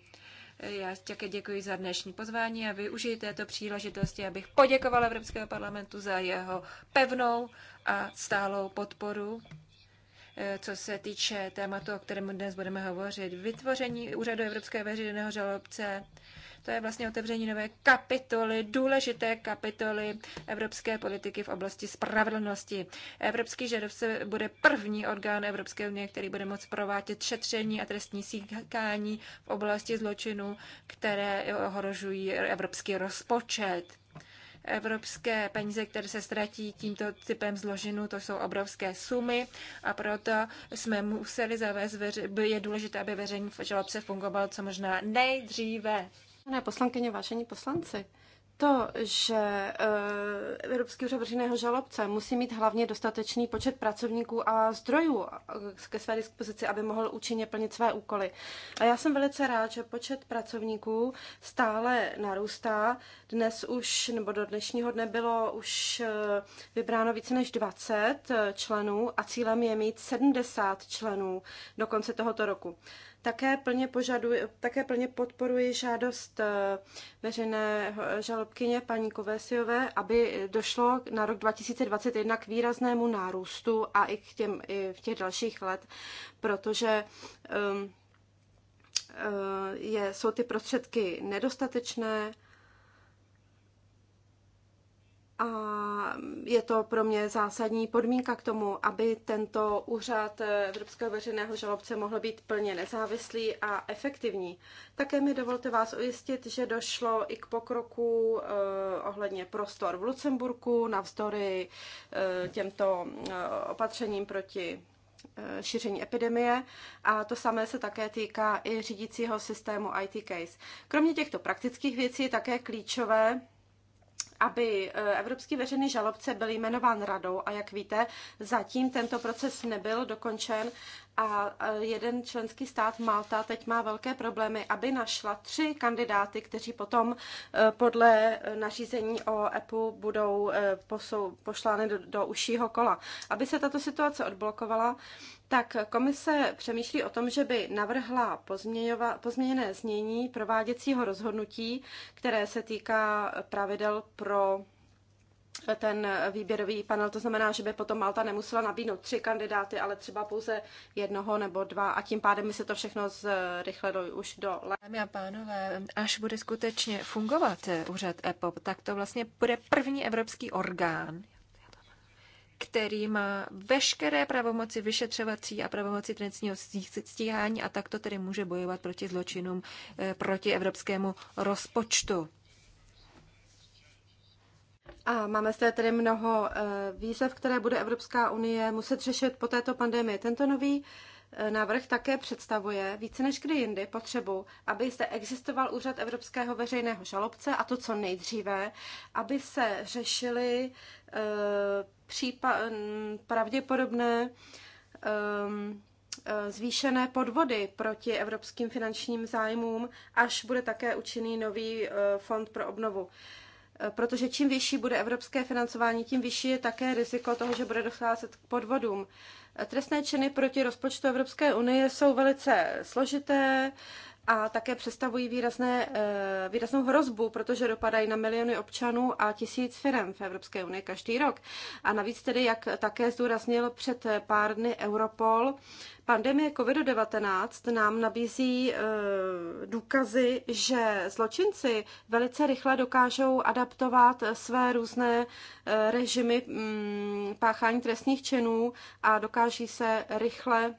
já také děkuji za dnešní pozvání a využiji této příležitosti, abych poděkovala Evropského parlamentu za jeho pevnou a stálou podporu eh, co se týče tématu, o kterém dnes budeme hovořit, vytvoření úřadu Evropské veřejného žalobce to je vlastně otevření nové kapitoly, důležité kapitoly evropské politiky v oblasti spravedlnosti. Evropský žadovce bude první orgán Evropské unie, který bude moct provádět šetření a trestní síkání v oblasti zločinů, které ohrožují evropský rozpočet evropské peníze, které se ztratí tímto typem zložinu, to jsou obrovské sumy a proto jsme museli zavést, je důležité, aby veřejný žalobce fungoval co možná nejdříve. Pane poslankyně, vážení poslanci, to, že eh, Evropský úřad veřejného žalobce musí mít hlavně dostatečný počet pracovníků a zdrojů eh, ke své dispozici, aby mohl účinně plnit své úkoly. A já jsem velice rád, že počet pracovníků stále narůstá. Dnes už, nebo do dnešního dne bylo už eh, vybráno více než 20 členů a cílem je mít 70 členů do konce tohoto roku. Také plně, požaduji, také plně podporuji žádost eh, veřejné žalobkyně paní Kovesiové, aby došlo na rok 2021 k výraznému nárůstu a i, k těm, i v těch dalších let, protože um, je, jsou ty prostředky nedostatečné a je to pro mě zásadní podmínka k tomu, aby tento úřad Evropského veřejného žalobce mohl být plně nezávislý a efektivní. Také mi dovolte vás ujistit, že došlo i k pokroku eh, ohledně prostor v Lucemburku navzdory eh, těmto eh, opatřením proti šíření epidemie a to samé se také týká i řídícího systému IT Case. Kromě těchto praktických věcí je také klíčové, aby eh, Evropský veřejný žalobce byl jmenován radou a jak víte, zatím tento proces nebyl dokončen a eh, jeden členský stát Malta teď má velké problémy, aby našla tři kandidáty, kteří potom eh, podle nařízení o EPU budou poslány pošlány do, do užšího kola. Aby se tato situace odblokovala, tak komise přemýšlí o tom, že by navrhla pozměněné znění prováděcího rozhodnutí, které se týká pravidel pro ten výběrový panel. To znamená, že by potom Malta nemusela nabídnout tři kandidáty, ale třeba pouze jednoho nebo dva a tím pádem by se to všechno zrychlilo už do Dámy a pánové, až bude skutečně fungovat eh, úřad EPOP, tak to vlastně bude první evropský orgán který má veškeré pravomoci vyšetřovací a pravomoci trestního stíhání a takto tedy může bojovat proti zločinům eh, proti evropskému rozpočtu. A máme zde tedy mnoho eh, výzev, které bude Evropská unie muset řešit po této pandemii. Tento nový eh, návrh také představuje více než kdy jindy potřebu, aby zde existoval úřad Evropského veřejného žalobce a to co nejdříve, aby se řešily případ, pravděpodobné um, e, zvýšené podvody proti evropským finančním zájmům, až bude také učiný nový e, fond pro obnovu. E, protože čím vyšší bude evropské financování, tím vyšší je také riziko toho, že bude docházet k podvodům. Trestné činy proti rozpočtu Evropské unie jsou velice složité, a také představují výrazné, eh, výraznou hrozbu, protože dopadají na miliony občanů a tisíc firm v Evropské unii každý rok. A navíc tedy, jak také zdůraznil před pár dny Europol, pandemie COVID-19 nám nabízí eh, důkazy, že zločinci velice rychle dokážou adaptovat své různé eh, režimy mm, páchání trestních činů a dokáží se rychle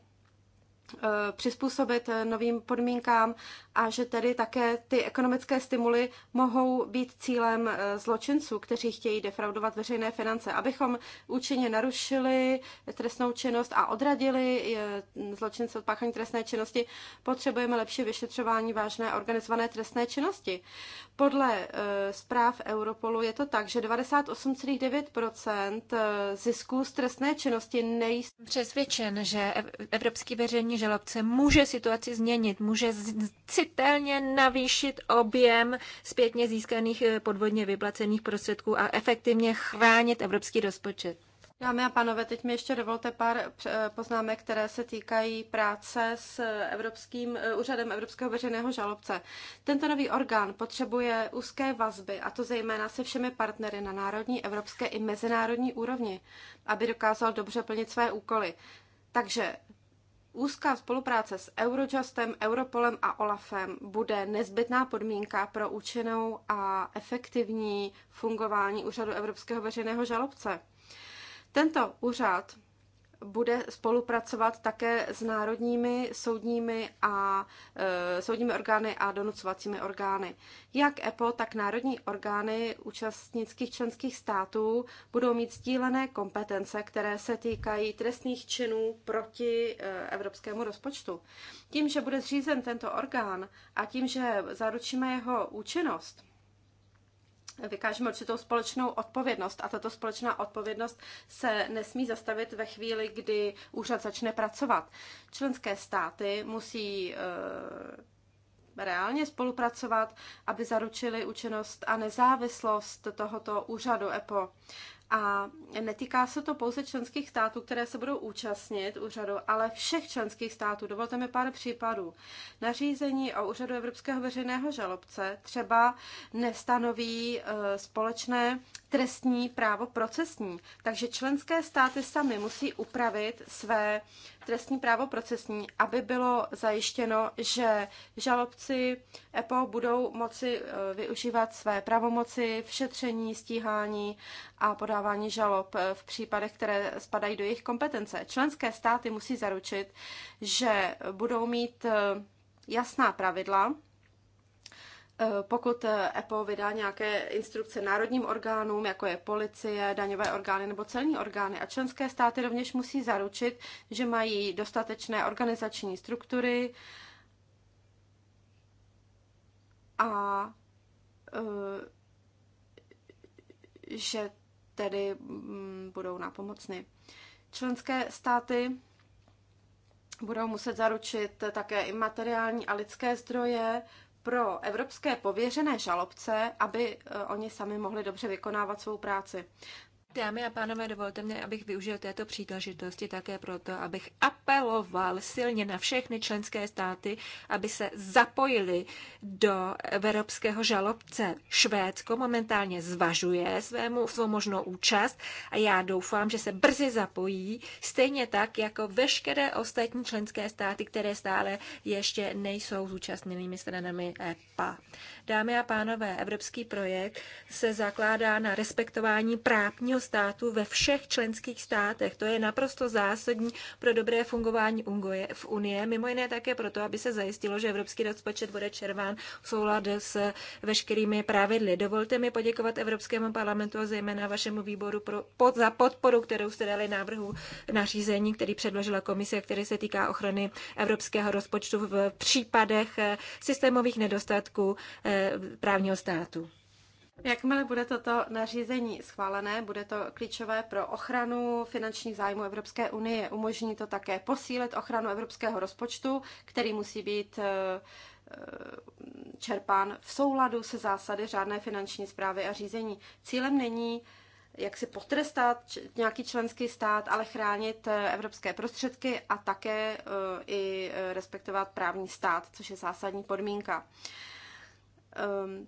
Eh, přizpůsobit eh, novým podmínkám a že tedy také ty ekonomické stimuly mohou být cílem eh, zločinců, kteří chtějí defraudovat veřejné finance, abychom účinně narušili trestnou činnost a odradili zločince od páchání trestné činnosti, potřebujeme lepší vyšetřování vážné organizované trestné činnosti. Podle zpráv Europolu je to tak, že 98,9 zisků z trestné činnosti nejsou. Přesvědčen, že Evropský veřejný žalobce může situaci změnit, může citelně navýšit objem zpětně získaných eh, podvodně vyplacených prostředků a efektivně chránit evropský rozpočet. Dámy a pánové, teď mi ještě dovolte pár eh, poznámek, které se týkají práce s eh, Evropským úřadem Evropského veřejného žalobce. Tento nový orgán potřebuje úzké vazby, a to zejména se všemi partnery na národní, evropské i mezinárodní úrovni, aby dokázal dobře plnit své úkoly. Takže Úzká spolupráce s Eurojustem, Europolem a OLAFem bude nezbytná podmínka pro účinnou a efektivní fungování úřadu Evropského veřejného žalobce. Tento úřad bude spolupracovat také s národními soudními a e, soudními orgány a donucovacími orgány. Jak EPO, tak národní orgány účastnických členských států budou mít sdílené kompetence, které se týkají trestných činů proti e, evropskému rozpočtu. Tím, že bude zřízen tento orgán a tím, že zaručíme jeho účinnost, vykážeme určitou společnou odpovědnost a tato společná odpovědnost se nesmí zastavit ve chvíli, kdy úřad začne pracovat. Členské státy musí eh, reálně spolupracovat, aby zaručili účinnost a nezávislost tohoto úřadu EPO. A netýká se to pouze členských států, které se budou účastnit úřadu, ale všech členských států. Dovolte mi pár případů. Nařízení o úřadu Evropského veřejného žalobce třeba nestanoví eh, společné trestní právo procesní, takže členské státy sami musí upravit své trestní právo procesní, aby bylo zajištěno, že žalobci EPO budou moci e, využívat své pravomoci v šetření, stíhání a podávání žalob e, v případech, které spadají do jejich kompetence. Členské státy musí zaručit, že budou mít e, jasná pravidla, Eh, pokud EPO eh, e vydá nějaké instrukce národním orgánům, jako je policie, daňové orgány nebo celní orgány, a členské státy rovněž musí zaručit, že mají dostatečné organizační struktury a eh, že tedy mm, budou nápomocny. Členské státy budou muset zaručit také i materiální a lidské zdroje pro evropské pověřené žalobce, aby eh, oni sami mohli dobře vykonávat svou práci. Dámy a pánové, dovolte mě, abych využil této příležitosti také proto, abych apeloval silně na všechny členské státy, aby se zapojili do evropského žalobce. Švédsko momentálně zvažuje svému, svou možnou účast a já doufám, že se brzy zapojí, stejně tak jako veškeré ostatní členské státy, které stále ještě nejsou zúčastněnými stranami EPA. Dámy a pánové, evropský projekt se zakládá na respektování právního států ve všech členských státech. To je naprosto zásadní pro dobré fungování v Unie, mimo jiné také proto, aby se zajistilo, že evropský rozpočet bude červán v souladu s veškerými pravidly. Dovolte mi poděkovat Evropskému parlamentu a zejména vašemu výboru pro, pod, za podporu, kterou jste dali návrhu nařízení, který předložila komise, který se týká ochrany evropského rozpočtu v případech eh, systémových nedostatků eh, právního státu. Jakmile bude toto nařízení schválené, bude to klíčové pro ochranu finančních zájmů Evropské unie. Umožní to také posílit ochranu evropského rozpočtu, který musí být eh, eh, čerpán v souladu se zásady řádné finanční zprávy a řízení. Cílem není jak si potrestat nějaký členský stát, ale chránit eh, evropské prostředky a také i respektovat právní stát, což je zásadní podmínka ehm,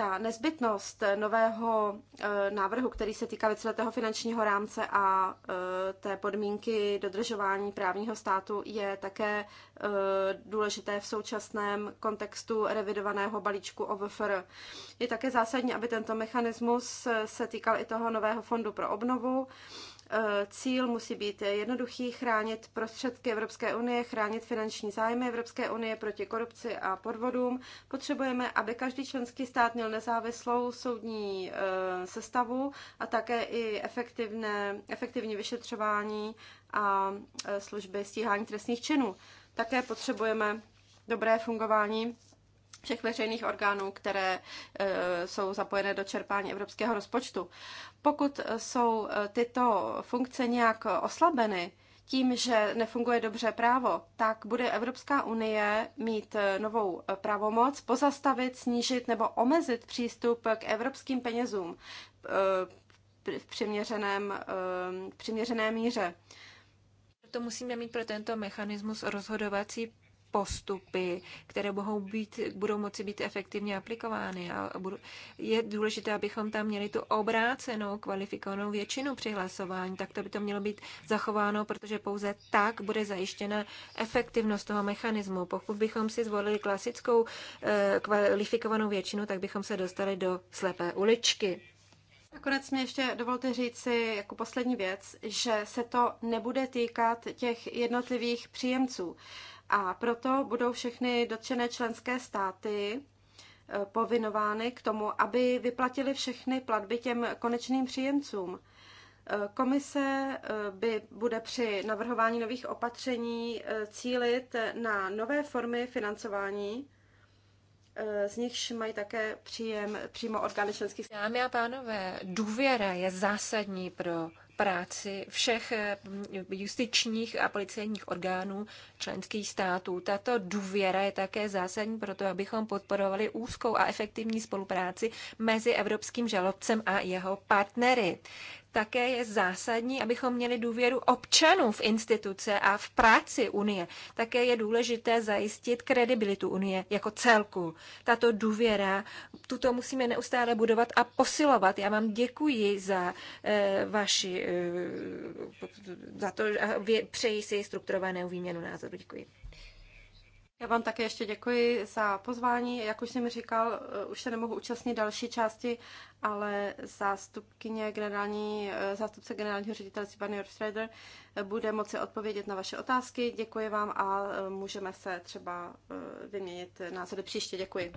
ta nezbytnost nového eh, návrhu, který se týká víceletého finančního rámce a eh, té podmínky dodržování právního státu, je také eh, důležité v současném kontextu revidovaného balíčku OVFR. Je také zásadní, aby tento mechanismus se týkal i toho nového fondu pro obnovu. Eh, cíl musí být jednoduchý, chránit prostředky Evropské unie, chránit finanční zájmy Evropské unie proti korupci a podvodům. Potřebujeme, aby každý členský stát měl nezávislou soudní eh, sestavu a také i efektivné, efektivní vyšetřování a eh, služby stíhání trestných činů. Také potřebujeme dobré fungování všech veřejných orgánů, které e, jsou zapojené do čerpání evropského rozpočtu. Pokud jsou e, tyto funkce nějak oslabeny, tím, že nefunguje dobře právo, tak bude Evropská unie mít e, novou pravomoc pozastavit, snížit nebo omezit přístup k evropským penězům v přiměřeném, v přiměřeném míře. To musíme mít pro tento mechanismus rozhodovací postupy, které mohou být, budou moci být efektivně aplikovány. A budu, je důležité, abychom tam měli tu obrácenou kvalifikovanou většinu při hlasování. Tak to by to mělo být zachováno, protože pouze tak bude zajištěna efektivnost toho mechanismu. Pokud bychom si zvolili klasickou eh, kvalifikovanou většinu, tak bychom se dostali do slepé uličky. Nakonec mě ještě dovolte říct si jako poslední věc, že se to nebude týkat těch jednotlivých příjemců. A proto budou všechny dotčené členské státy e, povinovány k tomu, aby vyplatili všechny platby těm konečným příjemcům. E, komise e, by bude při navrhování nových opatření cílit na nové formy financování, z nichž mají také příjem přímo orgány členských států. Dámy a pánové, důvěra je zásadní pro práci všech eh, justičních a policejních orgánů členských států. Tato důvěra je také zásadní pro to, abychom podporovali úzkou a efektivní spolupráci mezi evropským žalobcem a jeho partnery také je zásadní, abychom měli důvěru občanů v instituce a v práci Unie. Také je důležité zajistit kredibilitu Unie jako celku. Tato důvěra, tuto musíme neustále budovat a posilovat. Já vám děkuji za e, vaši, e, za to, a přeji si strukturovanou výměnu názoru. Děkuji. Já vám také ještě děkuji za pozvání. Jak už jsem říkal, eh, už se nemohu účastnit další části, ale zástupkyně generální, eh, zástupce generálního ředitele Sibany Orfreder eh, bude moci odpovědět na vaše otázky. Děkuji vám a můžeme se třeba vyměnit názory příště. Děkuji.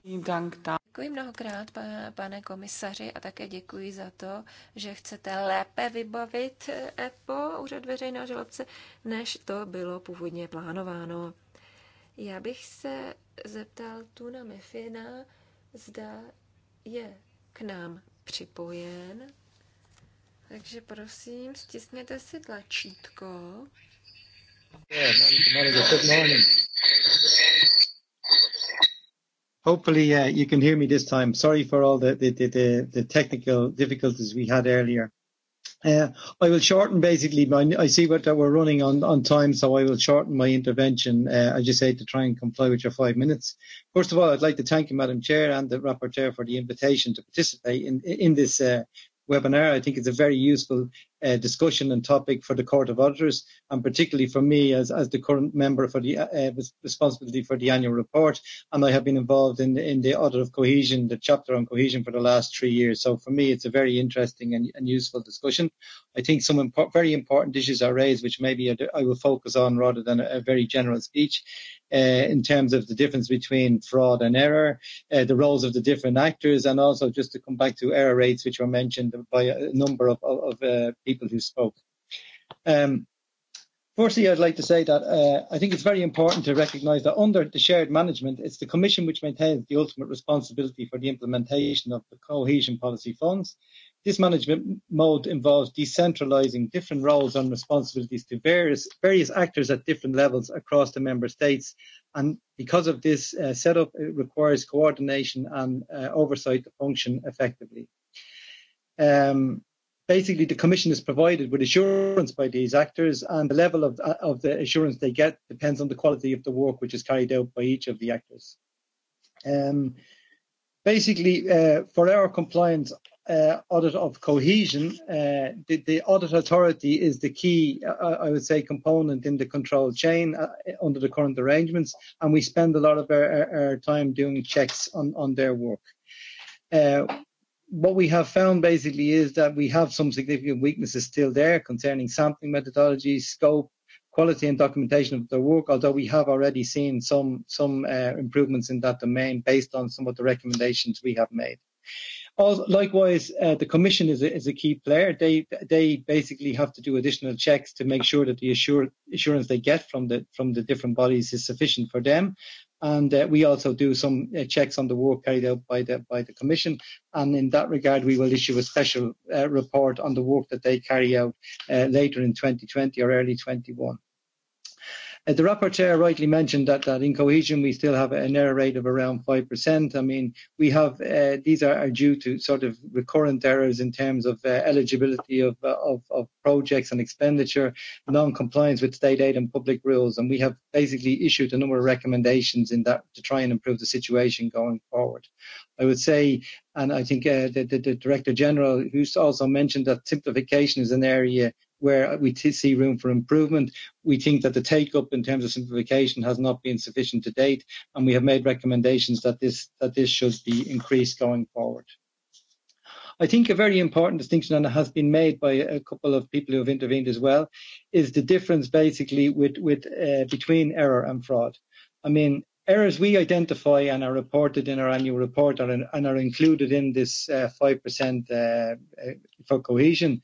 Děkuji mnohokrát, pane komisaři, a také děkuji za to, že chcete lépe vybavit EPO, úřad veřejného žalobce, než to bylo původně plánováno. Já bych se zeptal tu na Mefina, zda je k nám připojen. Takže prosím, stisněte si tlačítko. good morning. Hopefully uh, you can hear me this time. Sorry for all the, the, the, the technical difficulties we had earlier. Uh, I will shorten basically my, I see what that we're running on, on time, so I will shorten my intervention. Uh, as you say to try and comply with your five minutes. First of all, I'd like to thank you, Madam Chair and the Rapporteur for the invitation to participate in, in this uh, webinar. I think it's a very useful uh, discussion and topic for the Court of Auditors, and particularly for me as, as the current member for the uh, responsibility for the annual report. And I have been involved in, in the audit of cohesion, the chapter on cohesion for the last three years. So for me, it's a very interesting and, and useful discussion. I think some impo- very important issues are raised, which maybe I will focus on rather than a, a very general speech. Uh, in terms of the difference between fraud and error, uh, the roles of the different actors, and also just to come back to error rates, which were mentioned by a number of, of, uh, people people who spoke. Um, Firstly, I'd like to say that uh, I think it's very important to recognise that under the shared management, it's the Commission which maintains the ultimate responsibility for the implementation of the cohesion policy funds. This management mode involves decentralising different roles and responsibilities to various, various actors at different levels across the member states. And because of this uh, setup, it requires coordination and uh, oversight to function effectively. Um, basically the commission is provided with assurance by these actors and the level of, of the assurance they get depends on the quality of the work which is carried out by each of the actors. Um, basically, uh, for our compliance uh, audit of cohesion, uh, the, the audit authority is the key, uh, I would say, component in the control chain uh, under the current arrangements, and we spend a lot of our, our, time doing checks on, on their work. Uh, what we have found basically is that we have some significant weaknesses still there concerning sampling methodology, scope, quality and documentation of the work, although we have already seen some, some uh, improvements in that domain based on some of the recommendations we have made. Also, likewise, uh, the Commission is a, is a key player. They they basically have to do additional checks to make sure that the assure, assurance they get from the from the different bodies is sufficient for them, and uh, we also do some uh, checks on the work carried out by the by the commission and in that regard we will issue a special uh, report on the work that they carry out uh, later in 2020 or early 21 Uh, the rapporteur rightly mentioned that, that in cohesion we still have an error rate of around 5%. I mean, we have uh, these are, are due to sort of recurrent errors in terms of uh, eligibility of, uh, of, of projects and expenditure, non-compliance with state aid and public rules. And we have basically issued a number of recommendations in that to try and improve the situation going forward. I would say, and I think uh, the, the, the Director General, who's also mentioned that simplification is an area where we t- see room for improvement. We think that the take-up in terms of simplification has not been sufficient to date, and we have made recommendations that this, that this should be increased going forward. I think a very important distinction, and it has been made by a couple of people who have intervened as well, is the difference basically with, with uh, between error and fraud. I mean, errors we identify and are reported in our annual report are in, and are included in this uh, 5% uh, uh, for cohesion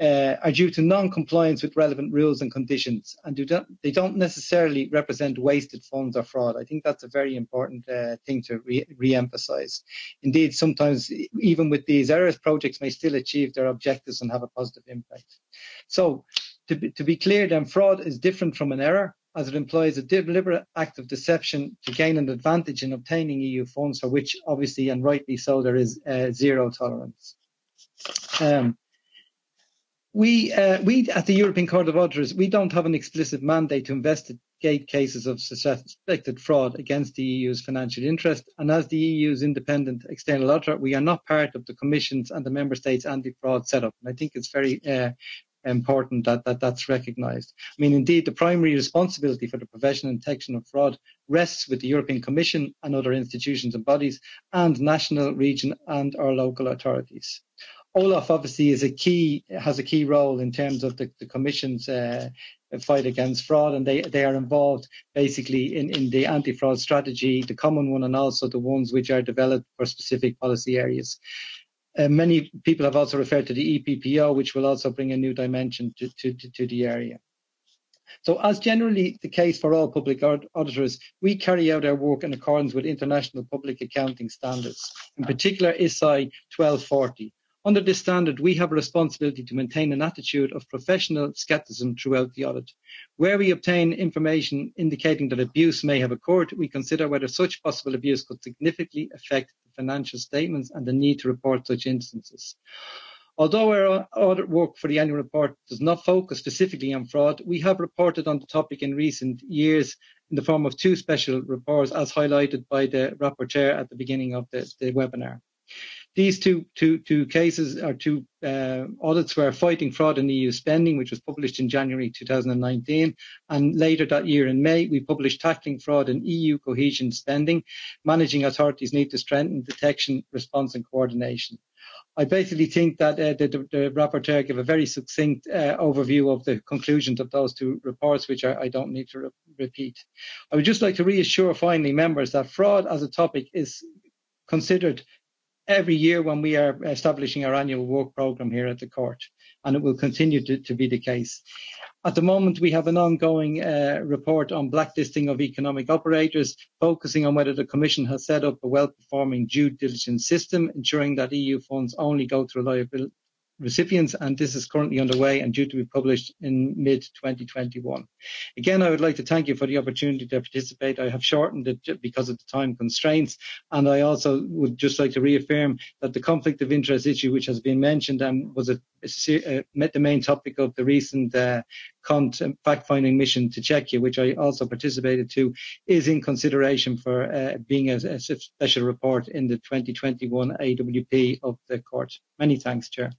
uh, are due to non-compliance with relevant rules and conditions and do not, they don't necessarily represent wasted funds or fraud. I think that's a very important uh, thing to re- re-emphasize. Indeed, sometimes e, even with these errors, projects may still achieve their objectives and have a positive impact. So to be, to be clear then, fraud is different from an error as it employs a deliberate act of deception to gain an advantage in obtaining EU funds, for which obviously and rightly so there is uh, zero tolerance. Um, we, uh, we at the European Court of Auditors, we don't have an explicit mandate to investigate cases of suspected fraud against the EU's financial interest. And as the EU's independent external auditor, we are not part of the Commission's and the Member States' anti-fraud setup. And I think it's very uh, important that, that that's recognised. I mean, indeed, the primary responsibility for the prevention and detection of fraud rests with the European Commission and other institutions and bodies and national, region and our local authorities. Olaf obviously is a key has a key role in terms of the, the Commission's uh, fight against fraud, and they they are involved basically in in the anti fraud strategy, the common one, and also the ones which are developed for specific policy areas. Uh, many people have also referred to the EPPO, which will also bring a new dimension to, to, to the area. So, as generally the case for all public auditors, we carry out our work in accordance with international public accounting standards, in particular ISI 1240. Under this standard, we have a responsibility to maintain an attitude of professional skepticism throughout the audit. Where we obtain information indicating that abuse may have occurred, we consider whether such possible abuse could significantly affect financial statements and the need to report such instances. Although our audit work for the annual report does not focus specifically on fraud, we have reported on the topic in recent years in the form of two special reports, as highlighted by the rapporteur at the beginning of the, the webinar. These two, two, two cases are two uh, audits were fighting fraud in EU spending, which was published in January 2019. And later that year in May, we published Tackling Fraud in EU Cohesion Spending. Managing authorities need to strengthen detection, response and coordination. I basically think that uh, the, the, the rapporteur gave a very succinct uh, overview of the conclusions of those two reports, which I, I don't need to re- repeat. I would just like to reassure finally members that fraud as a topic is considered every year when we are establishing our annual work program here at the court, and it will continue to, to be the case. At the moment, we have an ongoing uh, report on blacklisting of economic operators, focusing on whether the Commission has set up a well-performing due diligence system, ensuring that EU funds only go to reliable, recipients, and this is currently underway and due to be published in mid-2021. Again, I would like to thank you for the opportunity to participate. I have shortened it because of the time constraints, and I also would just like to reaffirm that the conflict of interest issue, which has been mentioned and was a, a, a, uh, the main topic of the recent uh, um, fact-finding mission to Czechia, which I also participated to, is in consideration for uh, being a, a special report in the 2021 AWP of the court. Many thanks, Chair.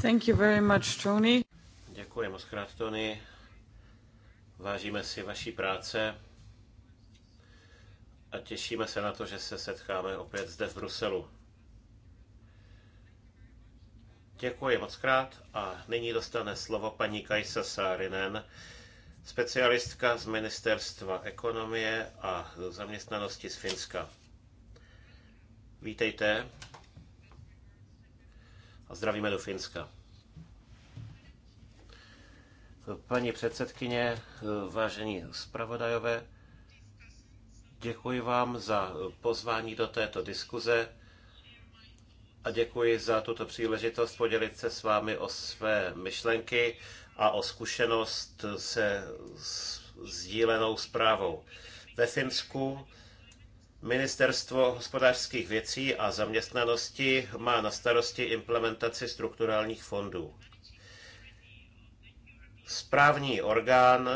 Thank you very much, Tony. Děkuji moc krát, Tony. Vážíme si vaší práce a těšíme se na to, že se setkáme opět zde v Bruselu. Děkuji moc krát a nyní dostane slovo paní Kajsa Sárinen, specialistka z Ministerstva ekonomie a zaměstnanosti z Finska. Vítejte a zdravíme do Finska. Paní předsedkyně, vážení zpravodajové, děkuji vám za pozvání do této diskuze a děkuji za tuto příležitost podělit se s vámi o své myšlenky a o zkušenost se sdílenou zprávou. Ve Finsku Ministerstvo hospodářských věcí a zaměstnanosti má na starosti implementaci strukturálních fondů. Správní orgán e,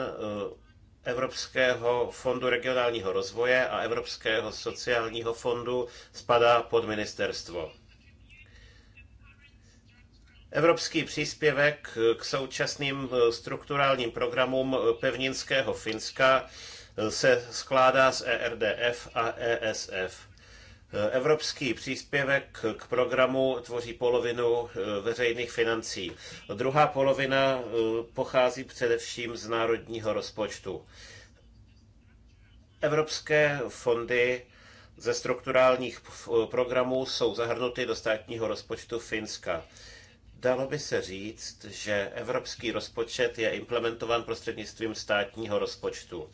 Evropského fondu regionálního rozvoje a Evropského sociálního fondu spadá pod ministerstvo. Evropský příspěvek k současným e, strukturálním programům e, pevninského Finska se skládá z ERDF a ESF. Evropský příspěvek k programu tvoří polovinu eh, veřejných financí. Druhá polovina eh, pochází především z národního rozpočtu. Evropské fondy ze strukturálních eh, programů jsou zahrnuty do státního rozpočtu Finska. Dalo by se říct, že evropský rozpočet je implementován prostřednictvím státního rozpočtu.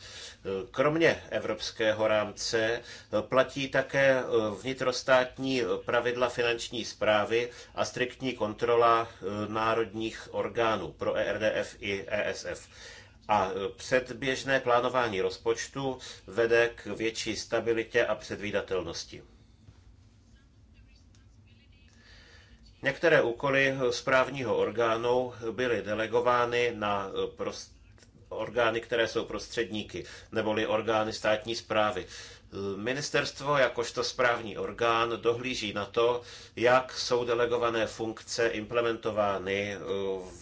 Kromě evropského rámce platí také vnitrostátní pravidla finanční zprávy a striktní kontrola národních orgánů pro ERDF i ESF. A předběžné plánování rozpočtu vede k větší stabilitě a předvídatelnosti. Některé úkoly správního orgánu byly delegovány na prost orgány, které jsou prostředníky, neboli orgány státní zprávy. Ministerstvo jakožto správní orgán dohlíží na to, jak jsou delegované funkce implementovány eh,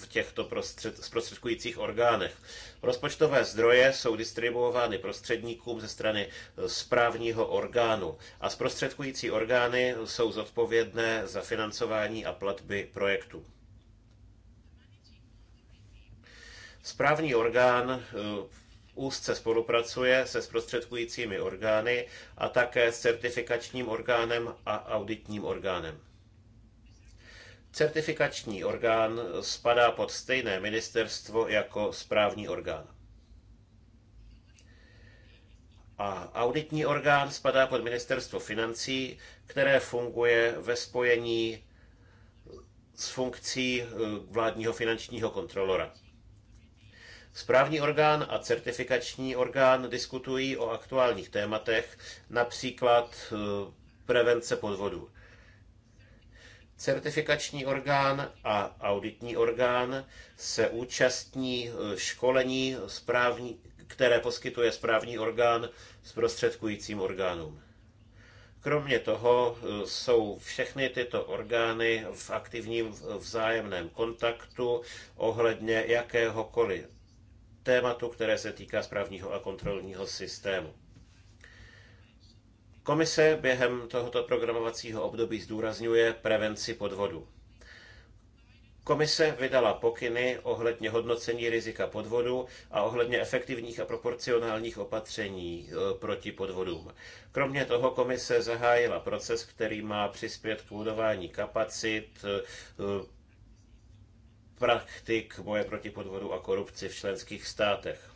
v těchto prostřed, zprostředkujících orgánech. Rozpočtové zdroje jsou distribuovány prostředníkům ze strany eh, správního orgánu a zprostředkující orgány jsou zodpovědné za financování a platby projektů. Správní orgán eh, úzce spolupracuje se zprostředkujícími orgány a také s certifikačním orgánem a auditním orgánem. Certifikační orgán spadá pod stejné ministerstvo jako správní orgán. A auditní orgán spadá pod ministerstvo financí, které funguje ve spojení s funkcí eh, vládního finančního kontrolora. Správní orgán a certifikační orgán diskutují o aktuálních tématech, například eh, prevence podvodu. Certifikační orgán a auditní orgán se účastní eh, školení správní, které poskytuje správní orgán zprostředkujícím orgánům. Kromě toho eh, jsou všechny tyto orgány v aktivním vzájemném kontaktu ohledně jakéhokoliv tématu, které se týká správního a kontrolního systému. Komise během tohoto programovacího období zdůrazňuje prevenci podvodu. Komise vydala pokyny ohledně hodnocení rizika podvodu a ohledně efektivních a proporcionálních opatření e, proti podvodům. Kromě toho komise zahájila proces, který má přispět k budování kapacit e, praktik boje proti podvodu a korupci v členských státech.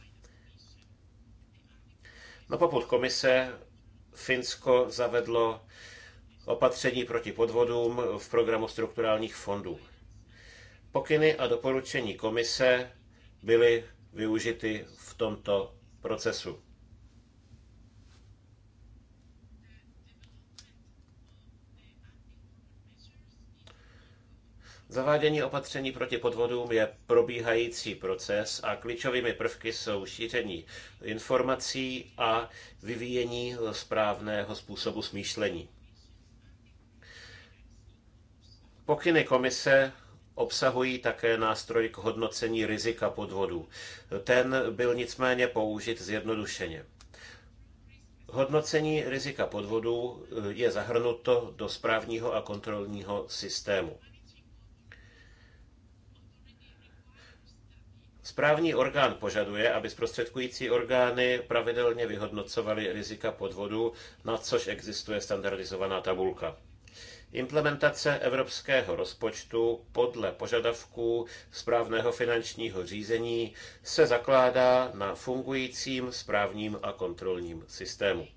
Na no poput komise Finsko zavedlo opatření proti podvodům v programu strukturálních fondů. Pokyny a doporučení komise byly využity v tomto procesu. Zavádění opatření proti podvodům je probíhající proces a klíčovými prvky jsou šíření informací a vyvíjení správného způsobu smýšlení. Pokyny komise obsahují také nástroj k hodnocení rizika podvodů. Ten byl nicméně použit zjednodušeně. Hodnocení rizika podvodů je zahrnuto do správního a kontrolního systému. Správní orgán požaduje, aby zprostředkující orgány pravidelně vyhodnocovaly rizika podvodu, na což existuje standardizovaná tabulka. Implementace evropského rozpočtu podle požadavků správného finančního řízení se zakládá na fungujícím správním a kontrolním systému.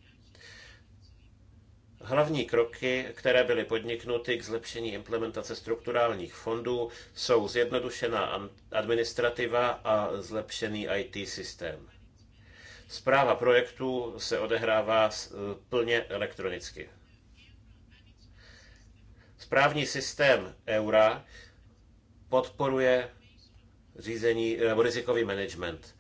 Hlavní kroky, které byly podniknuty k zlepšení implementace strukturálních fondů, jsou zjednodušená administrativa a zlepšený IT systém. Zpráva projektů se odehrává e, plně elektronicky. Správní systém Eura podporuje řízení e, nebo rizikový management.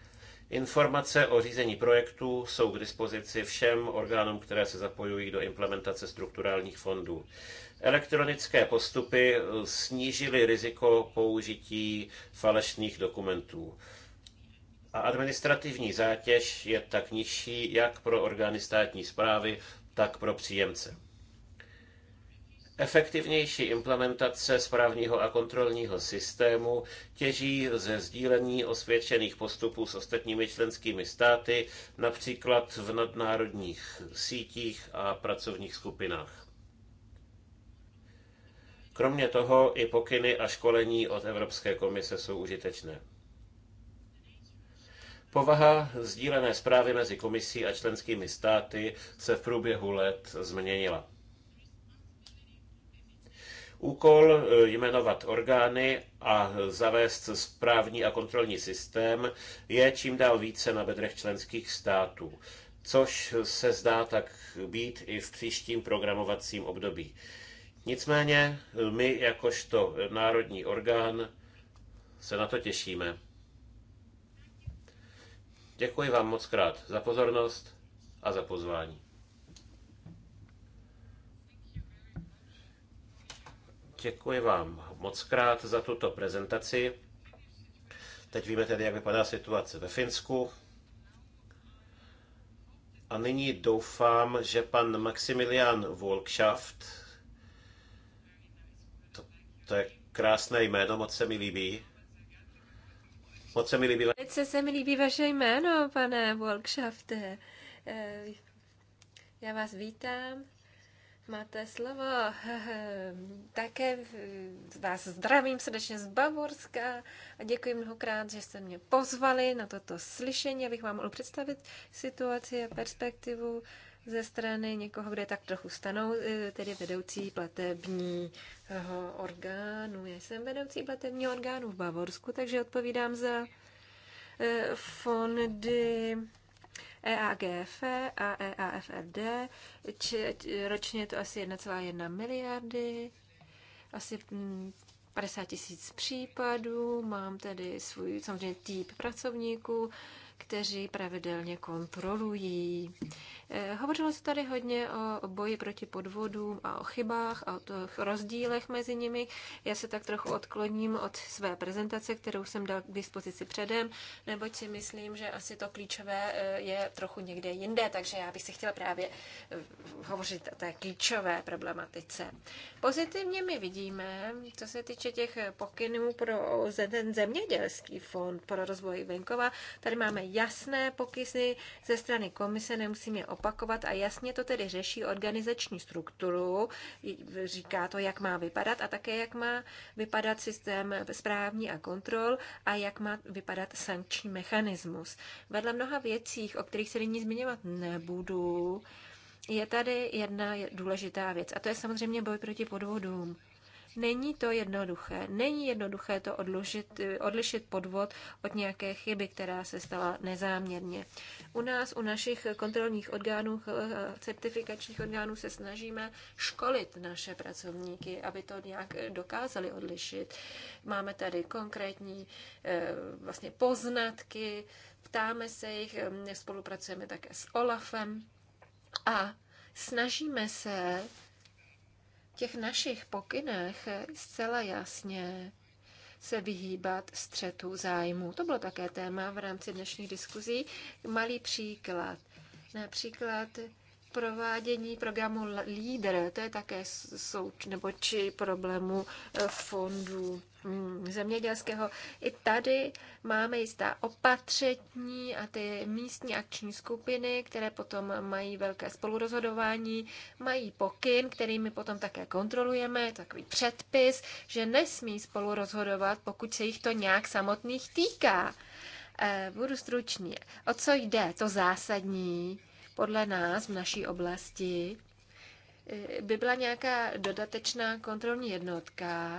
Informace o řízení projektů jsou k dispozici všem orgánům, které se zapojují do implementace strukturálních fondů. Elektronické postupy snížily riziko použití falešných dokumentů. A administrativní zátěž je tak nižší jak pro orgány státní zprávy, tak pro příjemce. Efektivnější implementace správního a kontrolního systému těží ze sdílení osvědčených postupů s ostatními členskými státy, například v nadnárodních sítích a pracovních skupinách. Kromě toho i pokyny a školení od Evropské komise jsou užitečné. Povaha sdílené zprávy mezi komisí a členskými státy se v průběhu let změnila. Úkol eh, jmenovat orgány a zavést správní a kontrolní systém je čím dál více na bedrech členských států, což se zdá tak být i v příštím programovacím období. Nicméně eh, my jakožto národní orgán se na to těšíme. Děkuji vám moc krát za pozornost a za pozvání. Děkuji vám moc krát za tuto prezentaci. Teď víme tedy, jak vypadá situace ve Finsku. A nyní doufám, že pan Maximilian Volkschaft, to, to je krásné jméno, moc se mi líbí. Moc se mi líbí. Velice se mi líbí vaše jméno, pane Volkschafte. Eh, já vás vítám. Máte slovo. <laughs> Také vás zdravím srdečně z Bavorska a děkuji mnohokrát, že jste mě pozvali na toto slyšení, abych vám mohl představit situaci a perspektivu ze strany někoho, kde je tak trochu stanou, eh, tedy vedoucí platebního orgánu. Já jsem vedoucí platebního orgánu v Bavorsku, takže odpovídám za eh, fondy EAGF a EAFRD. Či, ročně je to asi 1,1 miliardy, asi 50 hm, tisíc případů. Mám tedy svůj samozřejmě typ pracovníků, kteří pravidelně kontrolují Eh, hovořilo se tady hodně o boji proti podvodům a o chybách a o rozdílech mezi nimi. Já se tak trochu odkloním od své prezentace, kterou jsem dal k dispozici předem, neboť si myslím, že asi to klíčové eh, je trochu někde jinde, takže já bych si chtěla právě eh, hovořit o té klíčové problematice. Pozitivně my vidíme, co se týče těch pokynů pro ten zemědělský fond pro rozvoj venkova, tady máme jasné pokyny ze strany komise, nemusíme opakovat a jasně to tedy řeší organizační strukturu, říká to, jak má vypadat a také jak má vypadat systém správní a kontrol a jak má vypadat sankční mechanismus. Vedle mnoha věcí, o kterých se nyní zmiňovat nebudu, je tady jedna důležitá věc a to je samozřejmě boj proti podvodům. Není to jednoduché. Není jednoduché to odložit, odlišit podvod od nějaké chyby, která se stala nezáměrně. U nás, u našich kontrolních orgánů, certifikačních orgánů se snažíme školit naše pracovníky, aby to nějak dokázali odlišit. Máme tady konkrétní eh, vlastně poznatky, ptáme se jich, eh, spolupracujeme také s OLAFem a snažíme se těch našich pokynech zcela jasně se vyhýbat střetu zájmu To bylo také téma v rámci dnešních diskuzí. Malý příklad. Například provádění programu LEADER, to je také souč nebo či problému eh, fondů Mm, zemědělského. I tady máme jistá opatření a ty místní akční skupiny, které potom mají velké spolurozhodování, mají pokyn, který my potom také kontrolujeme, takový předpis, že nesmí spolurozhodovat, pokud se jich to nějak samotných týká. Eh, budu stručný. O co jde? To zásadní podle nás v naší oblasti eh, by byla nějaká dodatečná kontrolní jednotka,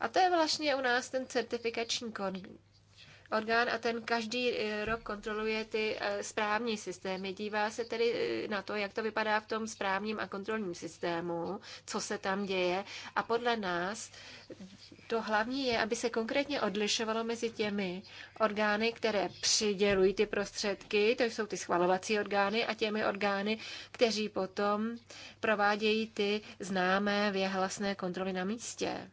a to je vlastně u nás ten certifikační orgán a ten každý eh, rok kontroluje ty eh, správní systémy. Dívá se tedy eh, na to, jak to vypadá v tom správním a kontrolním systému, co se tam děje a podle nás to hlavní je, aby se konkrétně odlišovalo mezi těmi orgány, které přidělují ty prostředky, to jsou ty schvalovací orgány, a těmi orgány, kteří potom provádějí ty známé věhlasné kontroly na místě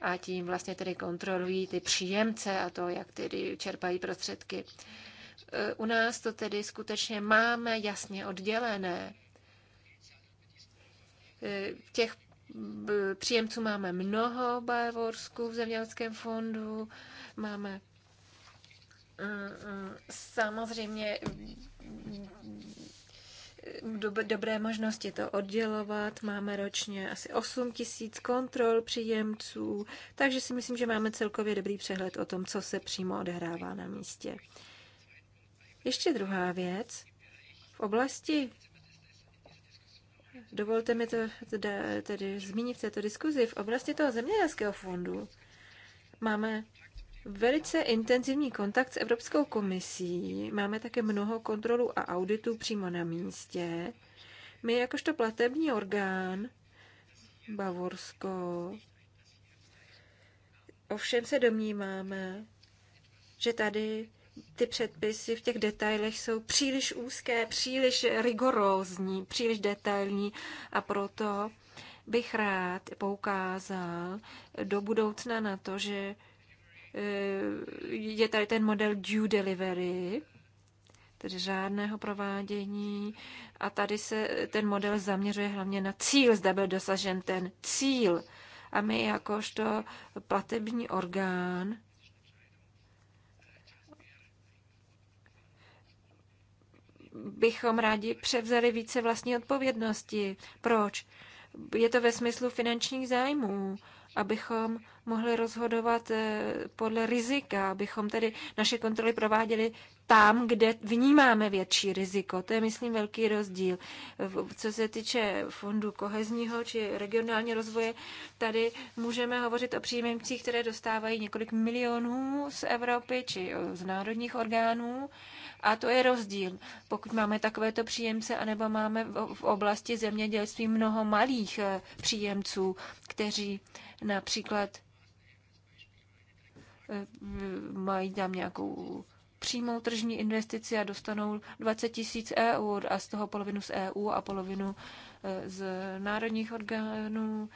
a tím vlastně tedy kontrolují ty příjemce a to, jak tedy čerpají prostředky. E, u nás to tedy skutečně máme jasně oddělené. E, těch příjemců máme mnoho Bavorsku v Zemědělském fondu, máme mm, mm, samozřejmě dobré možnosti to oddělovat. Máme ročně asi 8 tisíc kontrol příjemců, takže si myslím, že máme celkově dobrý přehled o tom, co se přímo odehrává na místě. Ještě druhá věc. V oblasti Dovolte mi to teda, tedy zmínit v této diskuzi. V oblasti toho zemědělského fondu máme velice intenzivní kontakt s Evropskou komisí. Máme také mnoho kontrolů a auditů přímo na místě. My jakožto platební orgán Bavorsko ovšem se domníváme, že tady ty předpisy v těch detailech jsou příliš úzké, příliš rigorózní, příliš detailní a proto bych rád poukázal do budoucna na to, že Eh, je tady ten model due delivery, tedy řádného provádění. A tady se ten model zaměřuje hlavně na cíl, zda byl dosažen ten cíl. A my jakožto platební orgán bychom rádi převzali více vlastní odpovědnosti. Proč? Je to ve smyslu finančních zájmů abychom mohli rozhodovat eh, podle rizika, abychom tedy naše kontroly prováděli tam, kde vnímáme větší riziko. To je, myslím, velký rozdíl. Co se týče fondu kohezního či regionální rozvoje, tady můžeme hovořit o příjemcích, které dostávají několik milionů z Evropy či z národních orgánů. A to je rozdíl, pokud máme takovéto příjemce, anebo máme v oblasti zemědělství mnoho malých eh, příjemců, kteří Například eh, mají tam nějakou přímou tržní investici a dostanou 20 tisíc eur a z toho polovinu z EU a polovinu eh, z národních orgánů.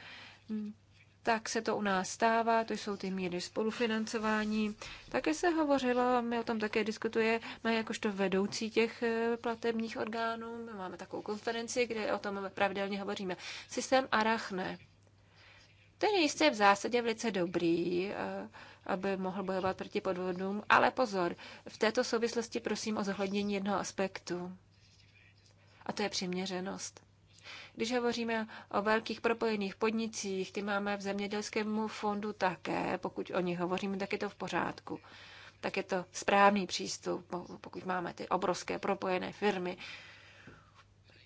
Tak se to u nás stává, to jsou ty míry spolufinancování. Také se hovořilo, my o tom také diskutujeme, jakožto vedoucí těch eh, platebních orgánů. My máme takovou konferenci, kde o tom pravidelně hovoříme. Systém Arachne. Ten jistě je v zásadě velice dobrý, eh, aby mohl bojovat proti podvodům, ale pozor, v této souvislosti prosím o zohlednění jednoho aspektu. A to je přiměřenost. Když hovoříme o velkých propojených podnicích, ty máme v zemědělském fondu také, pokud o nich hovoříme, tak je to v pořádku. Tak je to správný přístup, pokud máme ty obrovské propojené firmy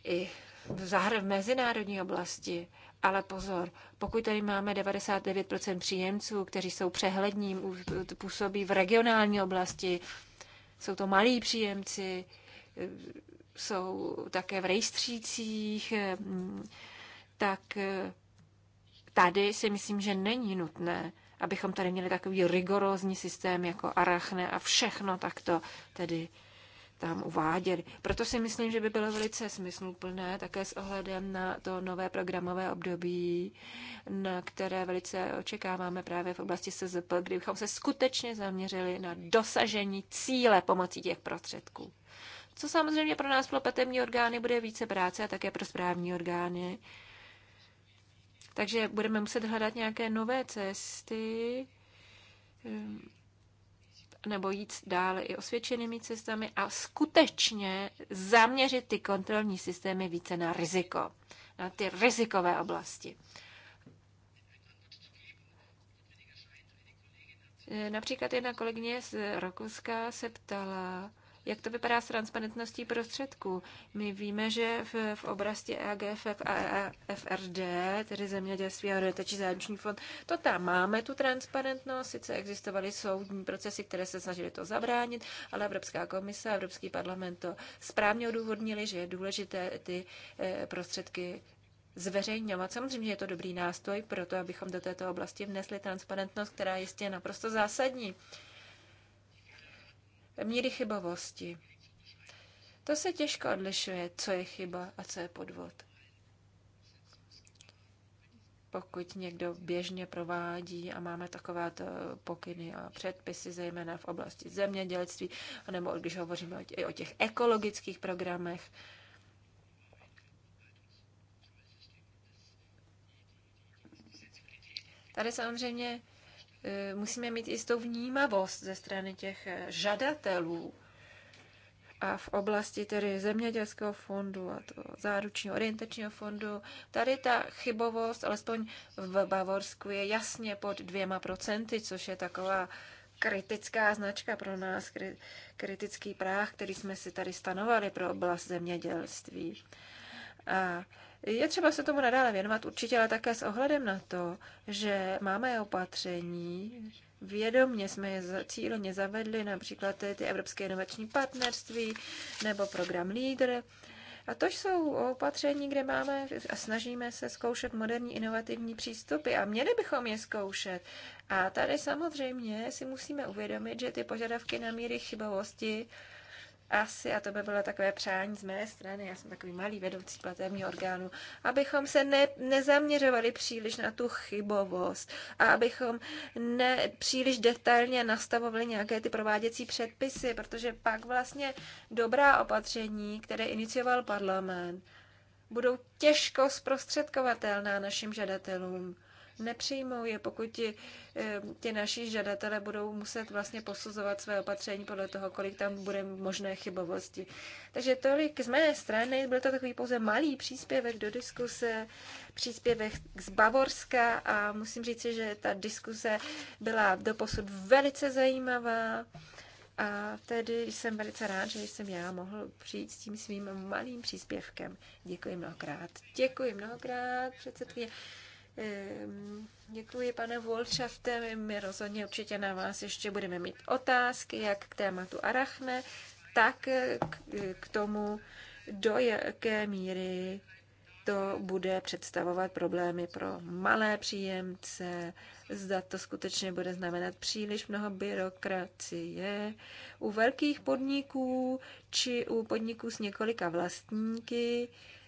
i v, zahr- v mezinárodní oblasti. Ale pozor, pokud tady máme 99% příjemců, kteří jsou přehlední, působí v regionální oblasti, jsou to malí příjemci, jsou také v rejstřících, tak tady si myslím, že není nutné, abychom tady měli takový rigorózní systém jako arachne a všechno takto tedy tam uváděli. Proto si myslím, že by bylo velice smysluplné také s ohledem na to nové programové období, na které velice očekáváme právě v oblasti SZP, kdybychom se skutečně zaměřili na dosažení cíle pomocí těch prostředků. Co samozřejmě pro nás, pro petemní orgány, bude více práce a také pro správní orgány. Takže budeme muset hledat nějaké nové cesty, nebo jít dále i osvědčenými cestami a skutečně zaměřit ty kontrolní systémy více na riziko, na ty rizikové oblasti. Například jedna kolegyně z Rakouska se ptala, jak to vypadá s transparentností prostředků? My víme, že v, v oblasti EGF a FRD, e tedy zemědělství a rotační záruční fond, to tam máme tu transparentnost, sice existovaly soudní procesy, které se snažily to zabránit, ale Evropská komise a Evropský parlament to správně odůvodnili, že je důležité ty eh, prostředky zveřejňovat. Samozřejmě je to dobrý nástroj pro to, abychom do této oblasti vnesli transparentnost, která jistě je naprosto zásadní míry chybovosti. To se těžko odlišuje, co je chyba a co je podvod. Pokud někdo běžně provádí a máme takovéto pokyny a předpisy, zejména v oblasti zemědělství, anebo když hovoříme i o těch ekologických programech, Tady samozřejmě Eh, musíme mít jistou vnímavost ze strany těch eh, žadatelů. A v oblasti tedy zemědělského fondu a to záručního orientačního fondu, tady ta chybovost, alespoň v Bavorsku, je jasně pod dvěma procenty, což je taková kritická značka pro nás, kritický práh, který jsme si tady stanovali pro oblast zemědělství. A je třeba se tomu nadále věnovat určitě, ale také s ohledem na to, že máme opatření, vědomně jsme je cíleně zavedli, například ty Evropské inovační partnerství nebo program LEADER. A to jsou opatření, kde máme a snažíme se zkoušet moderní inovativní přístupy a měli bychom je zkoušet. A tady samozřejmě si musíme uvědomit, že ty požadavky na míry chybovosti asi, a to by bylo takové přání z mé strany, já jsem takový malý vedoucí platebního orgánu, abychom se ne, nezaměřovali příliš na tu chybovost a abychom ne příliš detailně nastavovali nějaké ty prováděcí předpisy, protože pak vlastně dobrá opatření, které inicioval parlament, budou těžko zprostředkovatelná našim žadatelům nepřijmou je, pokud ti, eh, ti naši žadatelé budou muset vlastně posuzovat své opatření podle toho, kolik tam bude možné chybovosti. Takže tolik z mé strany, byl to takový pouze malý příspěvek do diskuse, příspěvek z Bavorska a musím říci, že ta diskuse byla doposud velice zajímavá. A tedy jsem velice rád, že jsem já mohl přijít s tím svým malým příspěvkem. Děkuji mnohokrát. Děkuji mnohokrát, předsedkyně. Ehm, děkuji, pane Wolfschafte. My rozhodně určitě na vás ještě budeme mít otázky, jak k tématu Arachne, tak k tomu, do jaké míry to bude představovat problémy pro malé příjemce, zda to skutečně bude znamenat příliš mnoho byrokracie u velkých podniků či u podniků s několika vlastníky,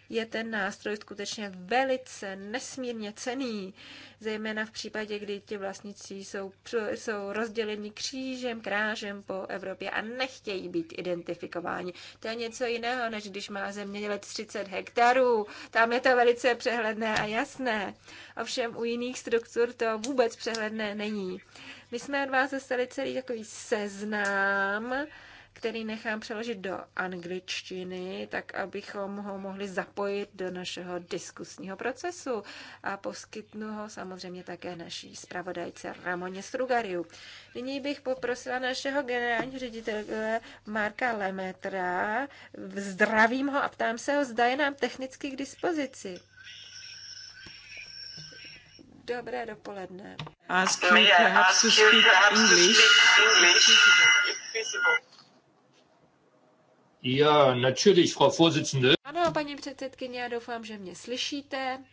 je ten nástroj skutečně velice nesmírně cený, zejména v případě, kdy ti vlastníci jsou, jsou rozděleni křížem, krážem po Evropě a nechtějí být identifikováni. To je něco jiného, než když má zemědělec 30 hektarů. Tam je to velice přehledné a jasné. Ovšem u jiných struktur to vůbec přehledné není. My jsme od vás dostali celý takový seznám, který nechám přeložit do angličtiny, tak abychom ho mohli zapojit do našeho diskusního procesu a poskytnu ho samozřejmě také naší zpravodajce Ramoně Strugariu. Nyní bych poprosila našeho generálního ředitele Marka Lemetra, zdravím ho a ptám se ho, zda je nám technicky k dispozici. Dobré dopoledne. Ask you perhaps to speak English. Ja, natürlich, Frau Vorsitzende. Ano, paní předsedkyně, já doufám, že mě slyšíte.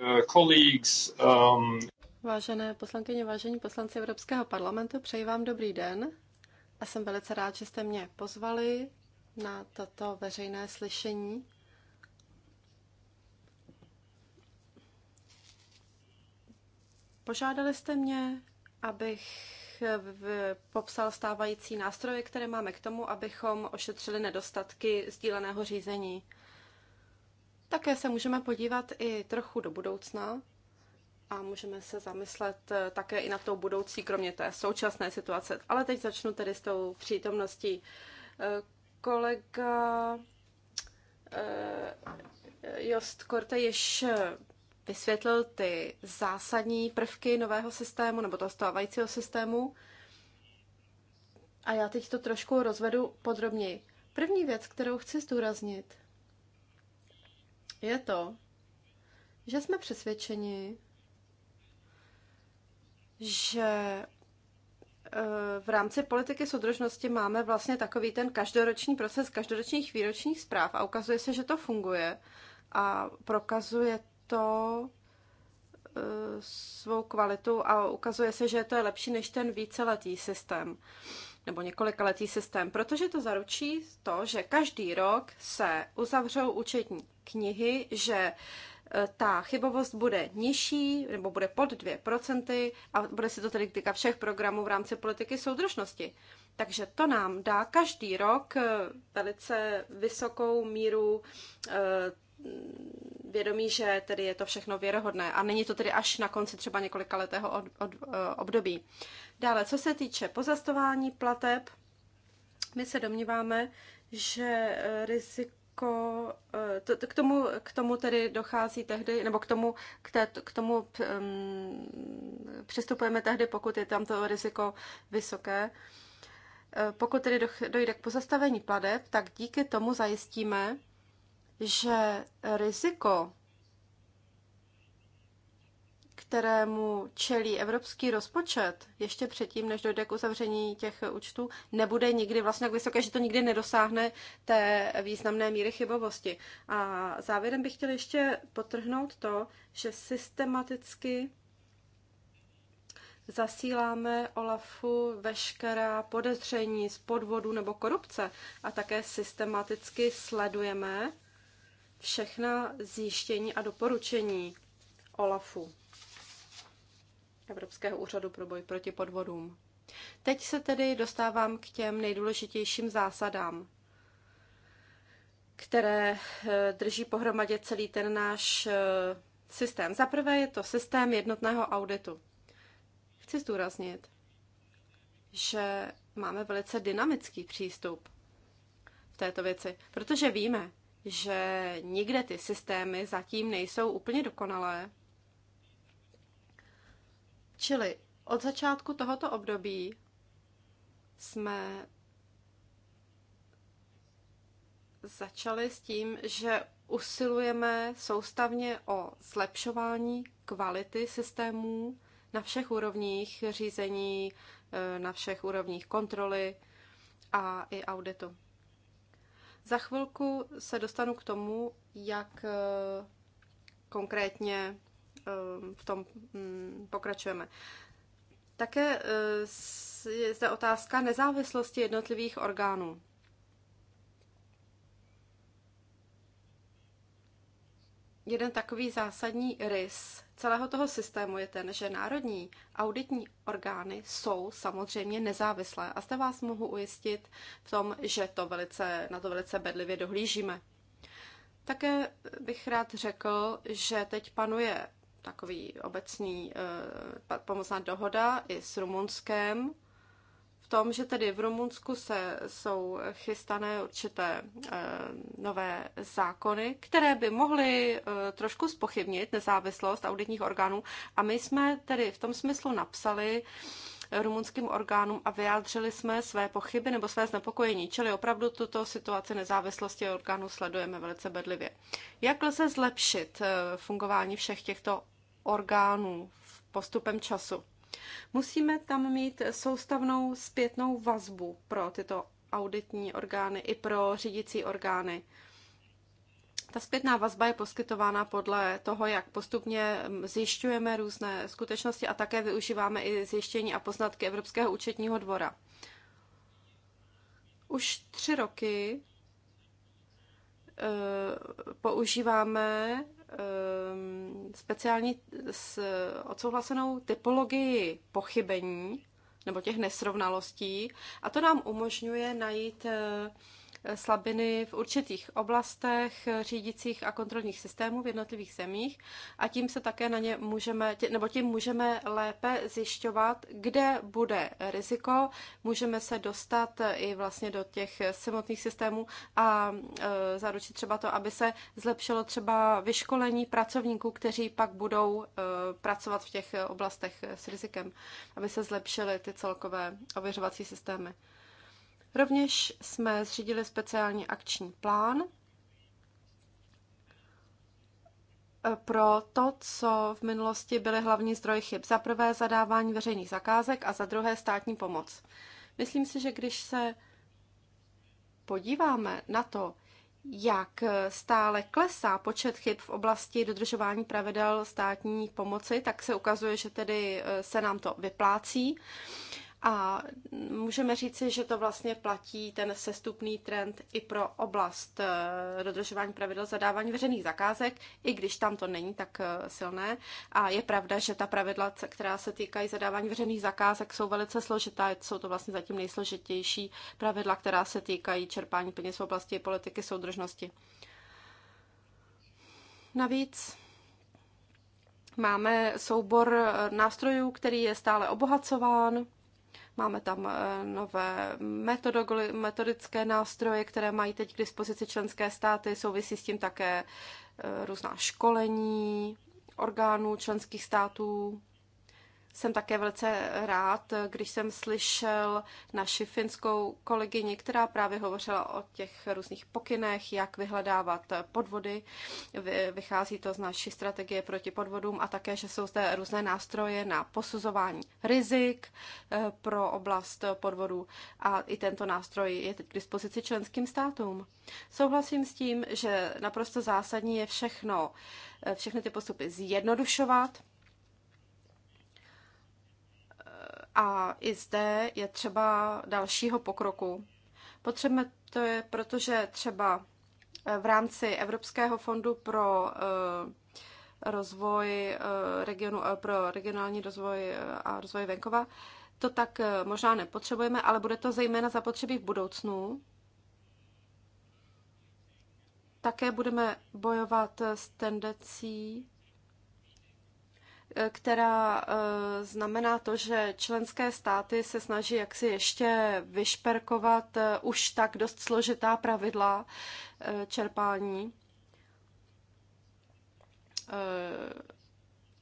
Uh, colleagues, um... Vážené poslankyně, vážení poslanci Evropského parlamentu, přeji vám dobrý den a jsem velice rád, že jste mě pozvali na toto veřejné slyšení. Požádali jste mě, abych popsal stávající nástroje, které máme k tomu, abychom ošetřili nedostatky sdíleného řízení. Také se můžeme podívat i trochu do budoucna a můžeme se zamyslet eh, také i na tou budoucí, kromě té současné situace. Ale teď začnu tedy s tou přítomností. Eh, kolega eh, Jost Korte již vysvětlil ty zásadní prvky nového systému nebo toho stávajícího systému. A já teď to trošku rozvedu podrobněji. První věc, kterou chci zdůraznit, je to, že jsme přesvědčeni, že e, v rámci politiky soudržnosti máme vlastně takový ten každoroční proces každoročních výročních zpráv a ukazuje se, že to funguje a prokazuje to eh, svou kvalitu a ukazuje se, že to je lepší než ten víceletý systém nebo několikaletý systém, protože to zaručí to, že každý rok se uzavřou účetní knihy, že eh, ta chybovost bude nižší nebo bude pod 2% a bude se to tedy týkat všech programů v rámci politiky soudržnosti. Takže to nám dá každý rok eh, velice vysokou míru vědomí, že tedy je to všechno věrohodné a není to tedy až na konci třeba několika letého od, od, eh, období. Dále, co se týče pozastování plateb, my se domníváme, že eh, riziko eh, to, k, tomu, k tomu tedy dochází tehdy, nebo k tomu, k, té, k tomu um, přistupujeme tehdy, pokud je tam to riziko vysoké. Pokud tedy dojde k pozastavení pladeb, tak díky tomu zajistíme, že riziko, kterému čelí evropský rozpočet ještě předtím, než dojde k uzavření těch účtů, nebude nikdy vlastně tak vysoké, že to nikdy nedosáhne té významné míry chybovosti. A závěrem bych chtěl ještě potrhnout to, že systematicky zasíláme Olafu veškerá podezření z podvodu nebo korupce a také systematicky sledujeme všechna zjištění a doporučení OLAFu, Evropského úřadu pro boj proti podvodům. Teď se tedy dostávám k těm nejdůležitějším zásadám, které eh, drží pohromadě celý ten náš eh, systém. Za prvé je to systém jednotného auditu. Chci zdůraznit, že máme velice dynamický přístup v této věci, protože víme, že nikde ty systémy zatím nejsou úplně dokonalé. Čili od začátku tohoto období jsme začali s tím, že usilujeme soustavně o zlepšování kvality systémů na všech úrovních řízení, eh, na všech úrovních kontroly a i auditu. Za chvilku se dostanu k tomu, jak eh, konkrétně eh, v tom hm, pokračujeme. Také eh, je zde otázka nezávislosti jednotlivých orgánů. jeden takový zásadní rys celého toho systému je ten, že národní auditní orgány jsou samozřejmě nezávislé. A zde vás mohu ujistit v tom, že to velice, na to velice bedlivě dohlížíme. Také bych rád řekl, že teď panuje takový obecný eh, pomocná dohoda i s Rumunskem, v tom, že tedy v Rumunsku se, jsou chystané určité e, nové zákony, které by mohly e, trošku spochybnit nezávislost auditních orgánů. A my jsme tedy v tom smyslu napsali rumunským orgánům a vyjádřili jsme své pochyby nebo své znepokojení. Čili opravdu tuto situaci nezávislosti orgánů sledujeme velice bedlivě. Jak lze zlepšit eh, fungování všech těchto orgánů postupem času? Musíme tam mít soustavnou zpětnou vazbu pro tyto auditní orgány i pro řídící orgány. Ta zpětná vazba je poskytována podle toho, jak postupně zjišťujeme různé skutečnosti a také využíváme i zjištění a poznatky Evropského účetního dvora. Už tři roky eh, používáme Ehm, speciální s odsouhlasenou typologii pochybení nebo těch nesrovnalostí a to nám umožňuje najít eh, slabiny v určitých oblastech řídicích a kontrolních systémů v jednotlivých zemích a tím se také na ně můžeme, nebo tím můžeme lépe zjišťovat, kde bude riziko, můžeme se dostat i vlastně do těch samotných systémů a e, zaručit třeba to, aby se zlepšilo třeba vyškolení pracovníků, kteří pak budou e, pracovat v těch oblastech s rizikem, aby se zlepšily ty celkové ověřovací systémy. Rovněž jsme zřídili speciální akční plán pro to, co v minulosti byly hlavní zdroje chyb. Za prvé zadávání veřejných zakázek a za druhé státní pomoc. Myslím si, že když se podíváme na to, jak stále klesá počet chyb v oblasti dodržování pravidel státní pomoci, tak se ukazuje, že tedy eh, se nám to vyplácí. A můžeme říci, že to vlastně platí ten sestupný trend i pro oblast eh, dodržování pravidel zadávání veřejných zakázek, i když tam to není tak eh, silné. A je pravda, že ta pravidla, která se týkají zadávání veřejných zakázek, jsou velice složitá. Jsou to vlastně zatím nejsložitější pravidla, která se týkají čerpání peněz v oblasti politiky soudržnosti. Navíc máme soubor eh, nástrojů, který je stále obohacován Máme tam eh, nové metodické nástroje, které mají teď k dispozici členské státy. Souvisí s tím také eh, různá školení orgánů členských států jsem také velice rád, když jsem slyšel naši finskou kolegyni, která právě hovořila o těch různých pokynech, jak vyhledávat podvody. Vychází to z naší strategie proti podvodům a také, že jsou zde různé nástroje na posuzování rizik eh, pro oblast podvodů a i tento nástroj je teď k dispozici členským státům. Souhlasím s tím, že naprosto zásadní je všechno, eh, všechny ty postupy zjednodušovat, A i zde je třeba dalšího pokroku. Potřebujeme to je, protože třeba eh, v rámci Evropského fondu pro eh, rozvoj eh, regionu, pro regionální rozvoj a rozvoj venkova, to tak možná nepotřebujeme, ale bude to zejména zapotřebí v budoucnu. Také budeme bojovat s tendencí Eh, která eh, znamená to, že členské státy se snaží jaksi ještě vyšperkovat eh, už tak dost složitá pravidla čerpání.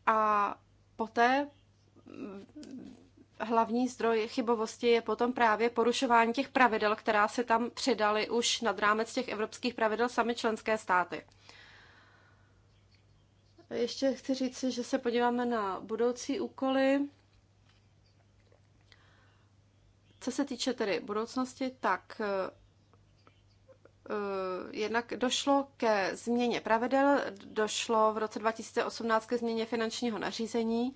A poté mm, hlavní zdroj chybovosti je potom právě porušování těch pravidel, která se tam přidali už nad rámec těch evropských pravidel sami členské státy. Ještě chci říct, že se podíváme na budoucí úkoly. Co se týče tedy budoucnosti, tak eh, eh, jednak došlo ke změně pravidel, došlo v roce 2018 ke změně finančního nařízení,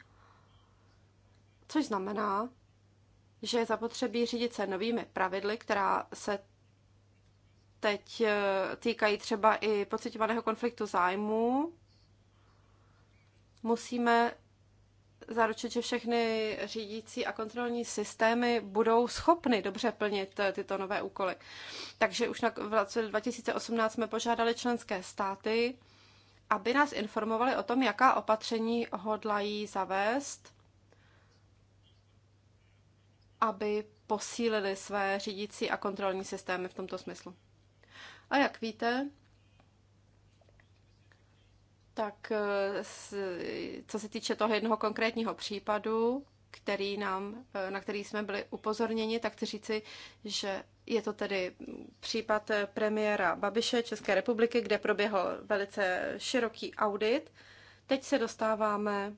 což znamená, že je zapotřebí řídit se novými pravidly, která se teď eh, týkají třeba i pocitovaného konfliktu zájmů musíme zaručit, že všechny řídící a kontrolní systémy budou schopny dobře plnit eh, tyto nové úkoly. Takže už na, v roce 2018 jsme požádali členské státy, aby nás informovali o tom, jaká opatření hodlají zavést, aby posílili své řídící a kontrolní systémy v tomto smyslu. A jak víte, tak eh, co se týče toho jednoho konkrétního případu, který nám, eh, na který jsme byli upozorněni, tak chci říci, že je to tedy případ eh, premiéra Babiše České republiky, kde proběhl velice široký audit. Teď se dostáváme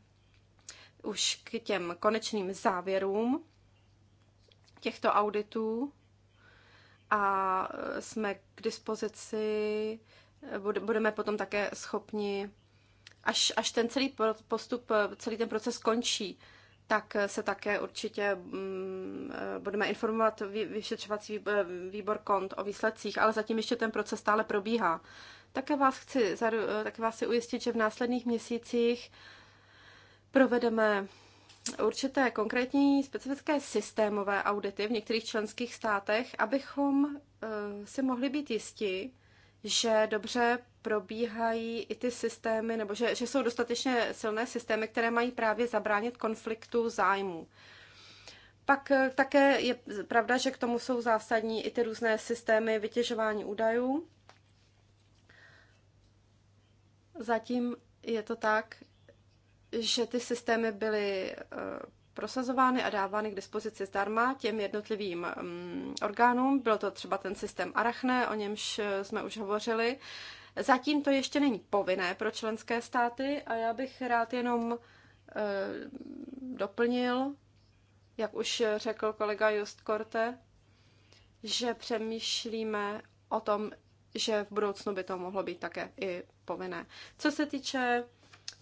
už k těm konečným závěrům těchto auditů a jsme k dispozici, budeme potom také schopni až, až ten celý postup, eh, celý ten proces končí, tak eh, se také určitě mm, eh, budeme informovat vyšetřovací výbor kont o výsledcích, ale zatím ještě ten proces stále probíhá. Také vás chci, také vás si ujistit, že v následných měsících provedeme určité konkrétní specifické systémové audity v některých členských státech, abychom si mohli být jisti, že dobře probíhají i ty systémy, nebo že, že jsou dostatečně silné systémy, které mají právě zabránit konfliktu zájmů. Pak eh, také je pravda, že k tomu jsou zásadní i ty různé systémy vytěžování údajů. Zatím je to tak, že ty systémy byly eh, prosazovány a dávány k dispozici zdarma těm jednotlivým mm, orgánům. Byl to třeba ten systém Arachne, o němž eh, jsme už hovořili. Zatím to ještě není povinné pro členské státy a já bych rád jenom eh, doplnil, jak už řekl kolega Just Korte, že přemýšlíme o tom, že v budoucnu by to mohlo být také i povinné. Co se týče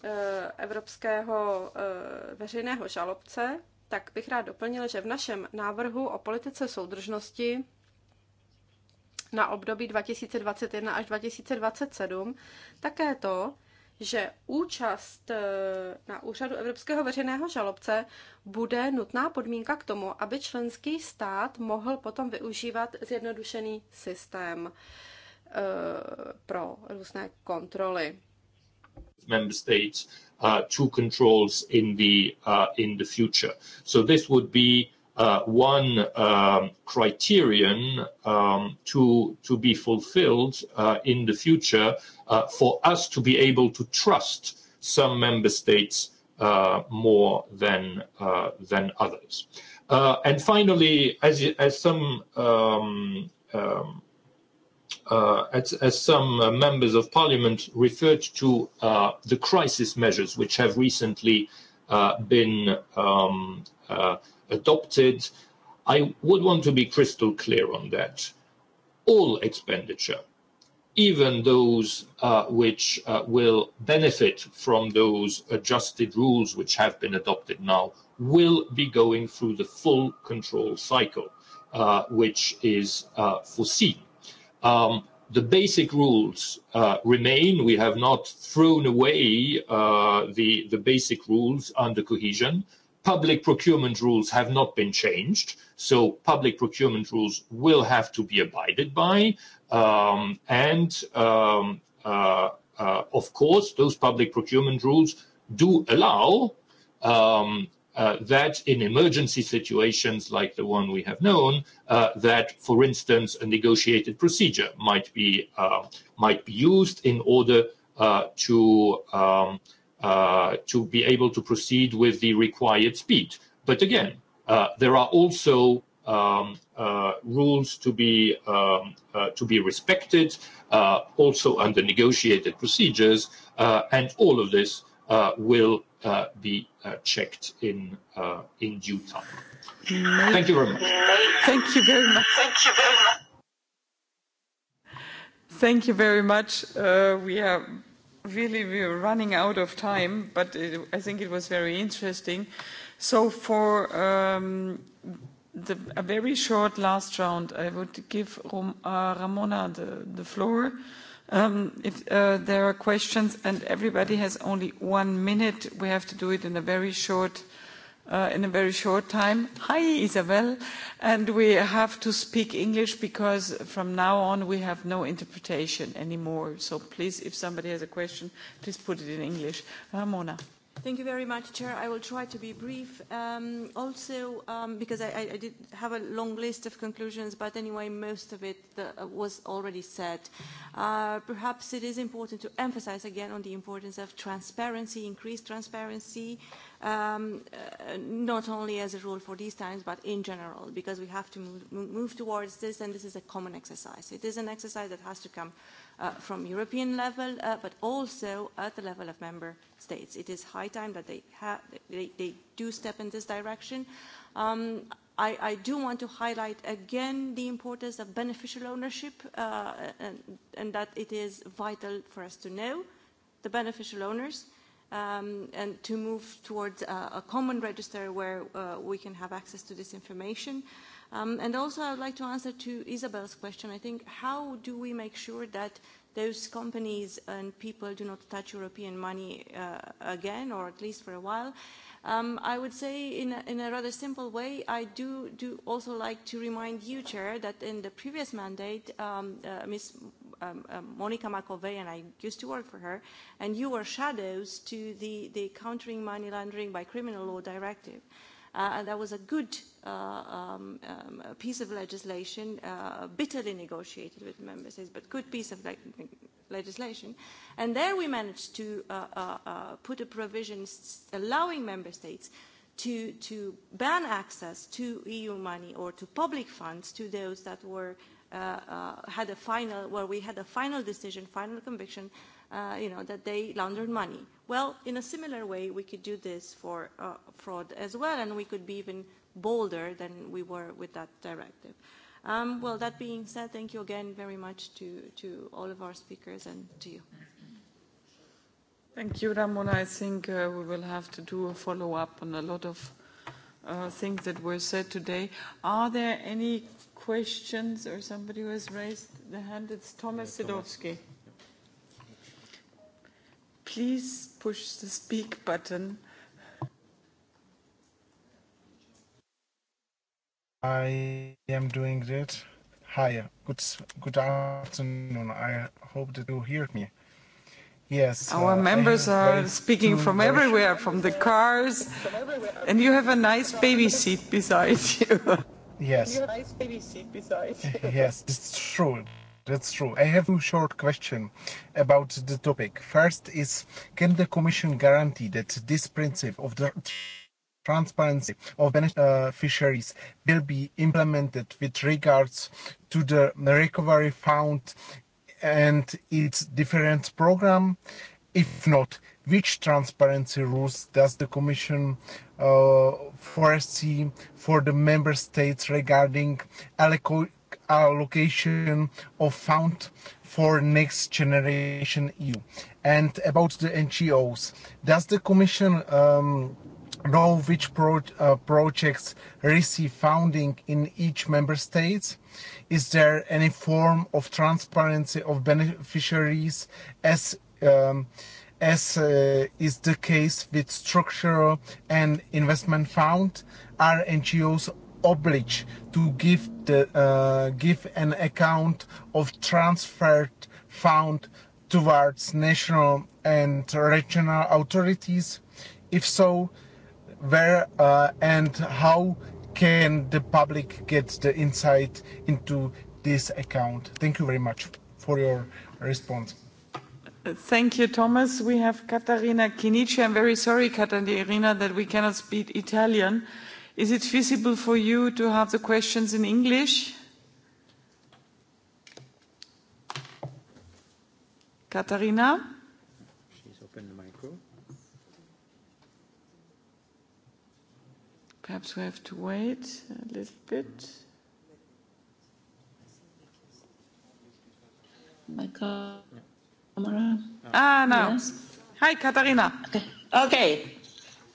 eh, evropského eh, veřejného žalobce, tak bych rád doplnil, že v našem návrhu o politice soudržnosti na období 2021 až 2027, také to, že účast e, na úřadu Evropského veřejného žalobce bude nutná podmínka k tomu, aby členský stát mohl potom využívat zjednodušený systém e, pro různé kontroly. Member states uh, to controls in the uh, in the future. So this would be Uh, one um, criterion um, to to be fulfilled uh, in the future uh, for us to be able to trust some member states more than than others. and finally, as as some um, um, uh, as, as some uh, members of parliament referred to uh, the crisis measures which have recently been um, adopted. I would want to be crystal clear on that. All expenditure, even those uh, which uh, will benefit from those adjusted rules which have been adopted now, will be going through the full control cycle, uh, which is uh, foreseen. Um, the basic rules uh, remain. We have not thrown away uh, the the basic rules under cohesion public procurement rules have not been changed, so public procurement rules will have to be abided by. Um, and um, uh, uh, of course, those public procurement rules do allow um, uh, that in emergency situations like the one we have known, uh, that, for instance, a negotiated procedure might be uh, might be used in order uh, to um, Uh, to be able to proceed with the required speed. But again, uh, there are also um, uh, rules to be um, uh, to be respected, uh, also under negotiated procedures, uh, and all of this uh, will uh, be uh, checked in uh, in due time. Thank you very much. Thank you very much. Thank you very much. Thank you very much. Uh, we are really we are running out of time, but it, I think it was very interesting. So for um, the, a very short last round, I would give Rom, uh, Ramona the, the floor. Um, if uh, there are questions and everybody has only one minute, we have to do it in a very short Uh, in a very short time. Hi, Isabel. And we have to speak English because from now on we have no interpretation anymore. So please, if somebody has a question, please put it in English. Ramona. Thank you very much, Chair. I will try to be brief. Um, also, um, because I, I did have a long list of conclusions, but anyway, most of it the, uh, was already said. Uh, perhaps it is important to emphasize again on the importance of transparency, increased transparency, um, uh, not only as a rule for these times, but in general, because we have to move, move towards this, and this is a common exercise. It is an exercise that has to come uh, from European level, uh, but also at the level of member states. It is high time that they, ha they, they do step in this direction. Um, I, I do want to highlight again the importance of beneficial ownership uh, and, and that it is vital for us to know the beneficial owners, uh, um, and to move towards uh, a common register where uh, we can have access to this information. Um, and also I would like to answer to Isabel's question. I think how do we make sure that those companies and people do not touch European money uh, again, or at least for a while? Um, I would say in a, in a rather simple way, I do, do also like to remind you, Chair, that in the previous mandate, um, uh, Ms um, um, Monica McAvey, and I used to work for her, and you were shadows to the, the Countering Money Laundering by Criminal Law Directive. Uh, and that was a good uh, um, um, a piece of legislation, uh, bitterly negotiated with member states, but good piece of le legislation. And there we managed to uh, uh, uh, put a provision allowing member states to, to ban access to EU money or to public funds to those that were uh, Uh, uh, had a final, where we had a final decision, final conviction, uh, you know, that they laundered money. Well, in a similar way, we could do this for uh, fraud as well, and we could be even bolder than we were with that directive. Um, well, that being said, thank you again very much to, to all of our speakers and to you. Thank you, Ramona. I think uh, we will have to do a follow-up on a lot of uh, things that were said today. Are there any questions or somebody who has raised the hand? It's Thomas Sidowski. Please push the speak button. I am doing it. Hi, good, good afternoon. I hope that you hear me. Yes. Uh, Our uh, members are speaking from everywhere, from the cars, and you have a nice baby seat beside you. <laughs> Yes. You nice baby seat besides. <laughs> yes, it's true. That's true. I have a short question about the topic. First is, can the Commission guarantee that this principle of the transparency of beneficiaries will be implemented with regards to the recovery fund and its different program? If not, which transparency rules does the Commission uh, foresee for the member states regarding allocation of funds for next generation EU? And about the NGOs, does the Commission um, know which pro uh, projects receive funding in each member state? Is there any form of transparency of beneficiaries as um, as uh, is the case with structural and investment fund, are NGOs obliged to give the uh, give an account of transferred fund towards national and regional authorities? If so, where uh, and how can the public get the insight into this account? Thank you very much for your response. Thank you, Thomas. We have Katarina Kinici. I'm very sorry, Katarina, that we cannot speak Italian. Is it feasible for you to have the questions in English? Katarina? She's opened the micro. Perhaps we have to wait a little bit. Michael. Yeah camera? No. Ah, no. Yes. Hi, Katarina. Okay. Okay.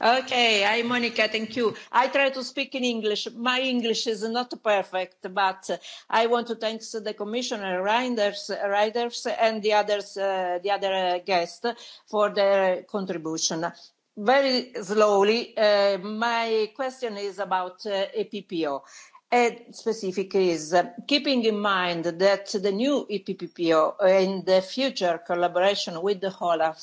Okay, hi Monica, thank you. I try to speak in English. My English is not perfect, but uh, I want to thank the Commissioner Reinders, Reinders and the others, uh, the other guests for their contribution. Very slowly, uh, my question is about uh, APPO and specific is uh, keeping in mind that the new EPPPO and the future collaboration with the OLAF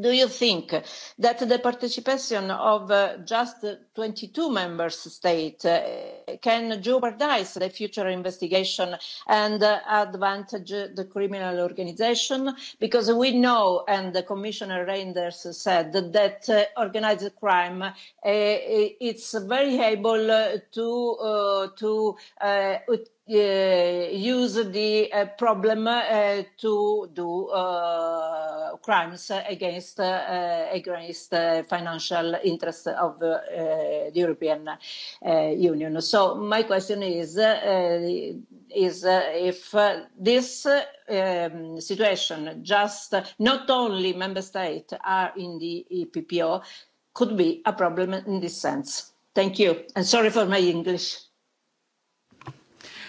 do you think that the participation of uh, just 22 member states uh, can jeopardize the future investigation and uh, advantage the criminal organization? Because we know, and the Commissioner Reinders said, that uh, organized crime, uh, it's very able to, uh, to uh, Uh, use the uh, problem uh, to do crimes against against financial interests of the European Union. So my question is is if this um, situation just not only member states are in the EPPO could be a problem in this sense. Thank you, and sorry for my English.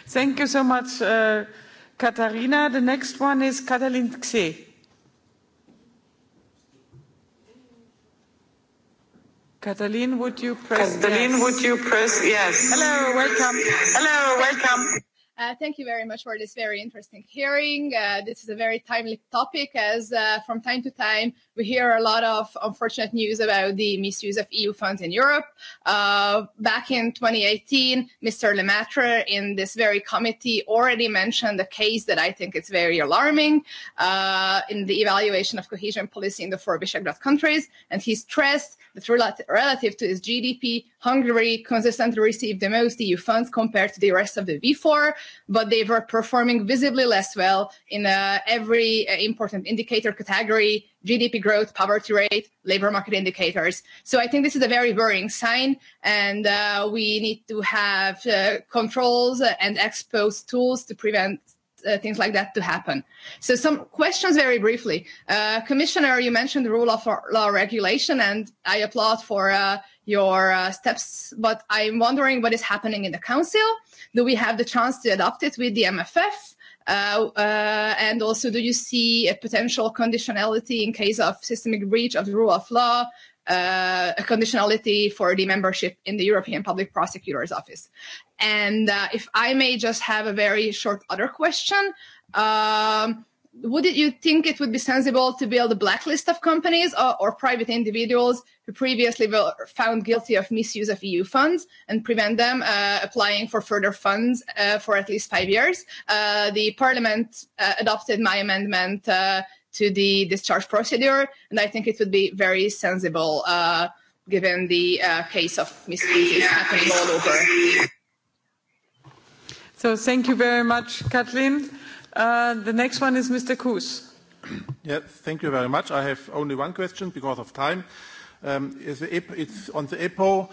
Thank you so much, uh, Katarina. The next one is Katalin Xe. Katalin, would you press Katalin, yes? would you press yes? Hello, welcome. Hello, welcome. Uh, thank you very much for this very interesting hearing. Uh, this is a very timely topic as uh, from time to time we hear a lot of unfortunate news about the misuse of EU funds in Europe. Uh, back in 2018, Mr. Lemaitre in this very committee already mentioned a case that I think is very alarming uh, in the evaluation of cohesion policy in the four Bishop countries. And he stressed that rel- relative to its GDP, Hungary consistently received the most EU funds compared to the rest of the V4, but they were performing visibly less well in uh, every uh, important indicator category, GDP growth, poverty rate, labor market indicators. So I think this is a very worrying sign, and uh, we need to have uh, controls and exposed tools to prevent uh, things like that to happen. So some questions very briefly. Uh, Commissioner, you mentioned the rule of law regulation and I applaud for uh, your uh, steps, but I'm wondering what is happening in the council. Do we have the chance to adopt it with the MFF? Uh, uh, and also, do you see a potential conditionality in case of systemic breach of the rule of law, uh, a conditionality for the membership in the European Public Prosecutor's Office? And uh, if I may just have a very short other question. Um, would you think it would be sensible to build a blacklist of companies or, or private individuals who previously were found guilty of misuse of EU funds and prevent them uh, applying for further funds uh, for at least five years? Uh, the Parliament uh, adopted my amendment uh, to the discharge procedure, and I think it would be very sensible uh, given the uh, case of misuses happening all over thank you very much, Kathleen. Uh, the next one is Mr. Kuhs. <clears throat> Yeah, thank you very much. I have only one question because of time. Um, is the, it's on the EPO.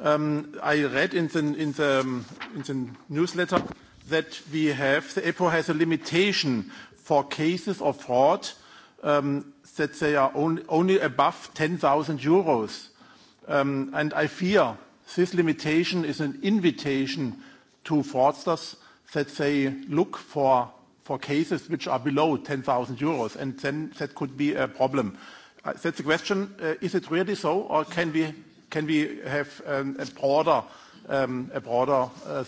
Um, I read in the, in, the, um, in the newsletter that we have, the EPO has a limitation for cases of fraud um, that they are on, only above 10,000 euros. Um, and I fear this limitation is an invitation to fraudsters that they look for for cases which are below 10,000 euros, and then that could be a problem. Uh, that's the question. Uh, is it really so, or can we can we have um, a broader um, a broader uh,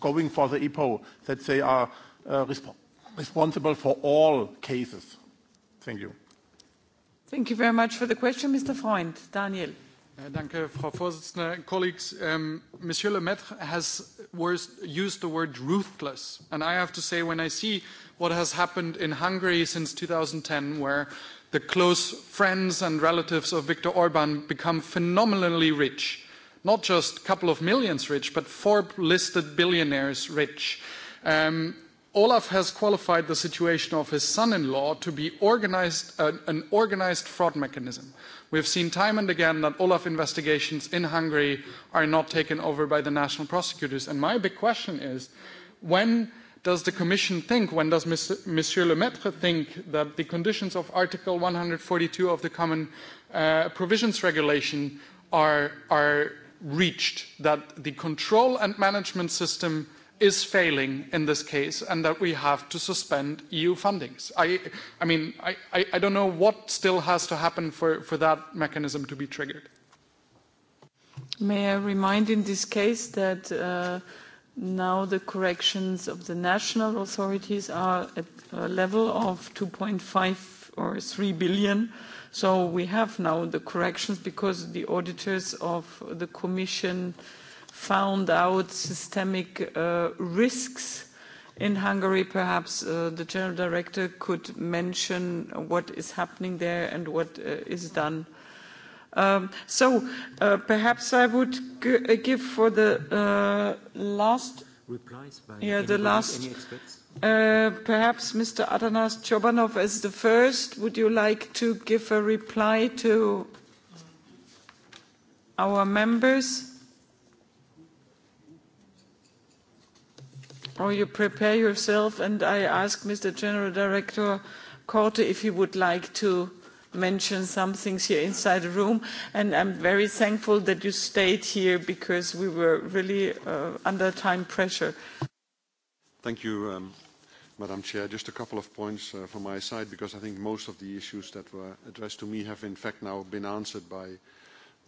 going for the EPO that they are uh, resp responsible for all cases? Thank you. Thank you very much for the question, Mr. Freund. Daniel. Uh, eh, danke, Frau Vorsitzende. Colleagues, um, Monsieur Lemaitre has worst, used the word ruthless. And I have to say, when I see what has happened in Hungary since 2010, where the close friends and relatives of Viktor Orban become phenomenally rich, not just a couple of millions rich, but four listed billionaires rich. Um, Olaf has qualified the situation of his son-in-law to be organized, uh, an organized fraud mechanism. We have seen time and again that Olaf investigations in Hungary are not taken over by the national prosecutors. And my big question is, when does the Commission think, when does Monsieur Le think that the conditions of Article 142 of the Common uh, Provisions Regulation are, are reached, that the control and management system is failing in this case and that we have to suspend EU fundings. I, I mean, I, I, I don't know what still has to happen for, for that mechanism to be triggered. May I remind in this case that uh, now the corrections of the national authorities are at a level of 2.5 or 3 billion. So we have now the corrections because the auditors of the Commission found out systemic uh, risks in Hungary. Perhaps uh, the General Director could mention what is happening there and what uh, is done. Um, so uh, perhaps I would uh, give for the last replies by yeah, the last, any Uh, perhaps Mr. Adanas Chobanov as the first. Would you like to give a reply to our members? or oh, you prepare yourself, and I ask Mr. General Director Korte if he would like to mention some things here inside the room. And I'm very thankful that you stayed here because we were really uh, under time pressure. Thank you, um, Madam Chair. Just a couple of points uh, from my side because I think most of the issues that were addressed to me have in fact now been answered by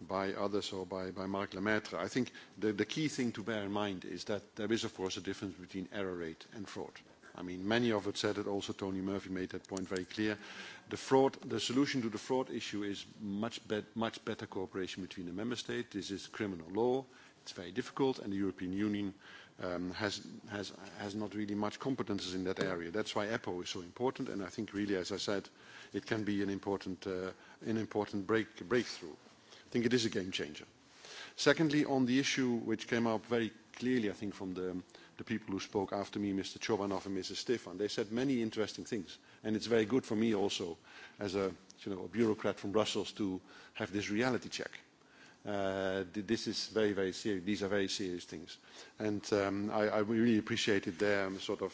by others or by, by Marc Lemaitre. I think the, the key thing to bear in mind is that there is, of course, a difference between error rate and fraud. I mean, many of us said it, also Tony Murphy made that point very clear. The fraud, the solution to the fraud issue is much, be much better cooperation between the member states. This is criminal law. It's very difficult, and the European Union um, has, has, has not really much competences in that area. That's why EPO is so important, and I think really, as I said, it can be an important, uh, an important break, breakthrough. I think it is a game changer. Secondly, on the issue which came up very clearly, I think, from the, the people who spoke after me, Mr. Chobanov and Mrs. Stefan, they said many interesting things. And it's very good for me also, as a, you know, a bureaucrat from Brussels, to have this reality check. Uh, this is very, very serious. These are very serious things. And um, I, I really appreciated their sort of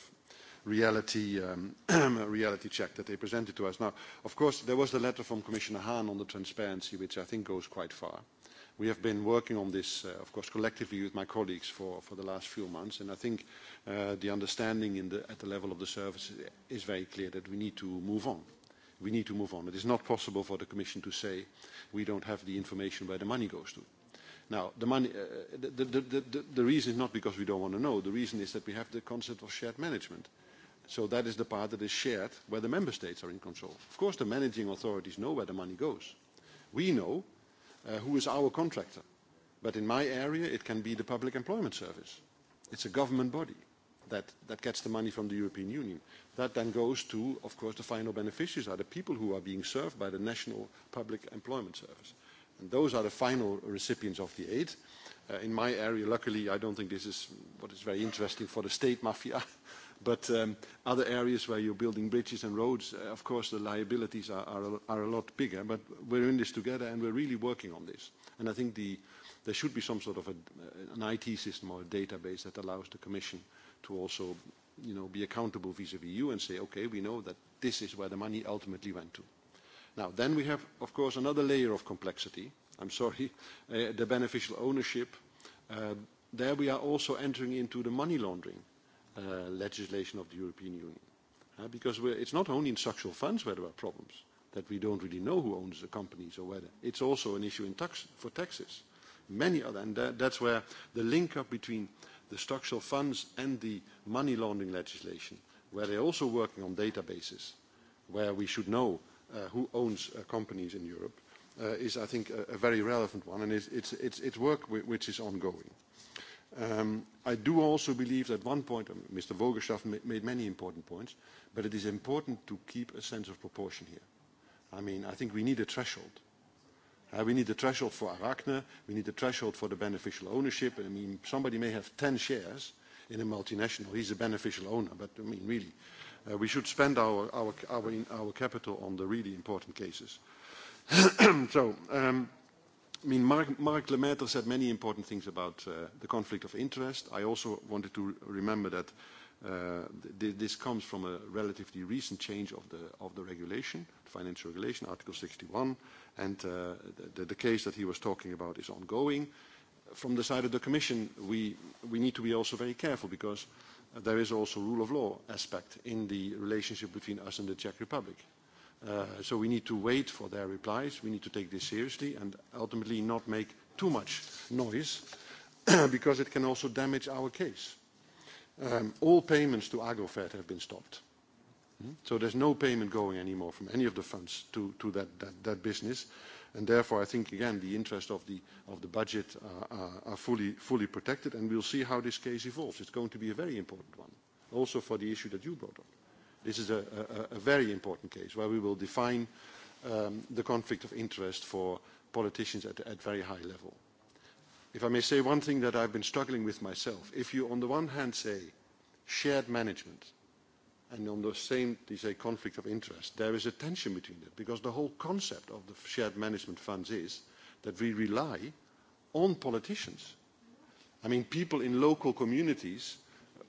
reality, um, <clears throat> reality check that they presented to us. Now, of course, there was the letter from Commissioner Hahn on the transparency, which I think goes quite far. We have been working on this, uh, of course, collectively with my colleagues for, for the last few months, and I think uh, the understanding in the, at the level of the service is very clear that we need to move on. We need to move on. It is not possible for the Commission to say we don't have the information where the money goes to. Now, the, money, uh, the, the, the, the reason is not because we don't want to know. The reason is that we have the concept of shared management. So that is the part that is shared where the member states are in control. Of course, the managing authorities know where the money goes. We know uh, who is our contractor. But in my area, it can be the Public Employment Service. It's a government body that, that gets the money from the European Union. That then goes to, of course, the final beneficiaries are the people who are being served by the National Public Employment Service. And those are the final recipients of the aid. Uh, in my area, luckily, I don't think this is what is very interesting for the state mafia. <laughs> But um, other areas where you're building bridges and roads, uh, of course, the liabilities are, a lot bigger. But we're in this together, and we're really working on this. And I think there should be some sort of an IT system or a database that allows the Commission to also, you know, be accountable vis-à-vis you and say, okay, we know that this is where the money ultimately went to. Now, then we have, of course, another layer of complexity. I'm sorry, <laughs> uh, the beneficial ownership. Uh, there we are also entering into the money laundering Uh, legislation of the European Union. Uh, because we're, it's not only in structural funds where there are problems, that we don't really know who owns the companies or whether. It's also an issue in tax, for taxes. Many other, and that, that's where the link up between the structural funds and the money laundering legislation, where they're also working on databases, where we should know uh, who owns uh, companies in Europe, uh, is, I think, a, a very relevant one, and it's, it's, it's, it's work which is ongoing. Uh, Um, I do also believe that one point, Mr. Um, Vogelschaft made many important points, but it is important to keep a sense of proportion here. I mean, I think we need a threshold. Uh, we need a threshold for Arachne, we need a threshold for the beneficial ownership. I mean, somebody may have 10 shares in a multinational, he's a beneficial owner, but I mean, really, uh, we should spend our, our, our, our capital on the really important cases. <clears throat> so, um, i mean, Mark, Mark Lemaitre said many important things about uh, the conflict of interest. I also wanted to remember that uh, th this comes from a relatively recent change of the, of the regulation, the financial regulation, Article 61, and uh, the, the case that he was talking about is ongoing. From the side of the Commission, we, we need to be also very careful because there is also rule of law aspect in the relationship between us and the Czech Republic Uh, so we need to wait for their replies. We need to take this seriously and ultimately not make too much noise <clears throat> because it can also damage our case. Um, all payments to Agrofert have been stopped. Hmm? So there's no payment going anymore from any of the funds to, to that, that, that business. And therefore, I think, again, the interests of the, of the budget are, uh, are, uh, are fully, fully protected, and we'll see how this case evolves. It's going to be a very important one, also for the issue that you brought up. This is a, a, a very important case where we will define um, the conflict of interest for politicians at, at very high level. If I may say one thing that I've been struggling with myself, if you on the one hand say shared management, and on the same you say conflict of interest, there is a tension between them because the whole concept of the shared management funds is that we rely on politicians. I mean, people in local communities,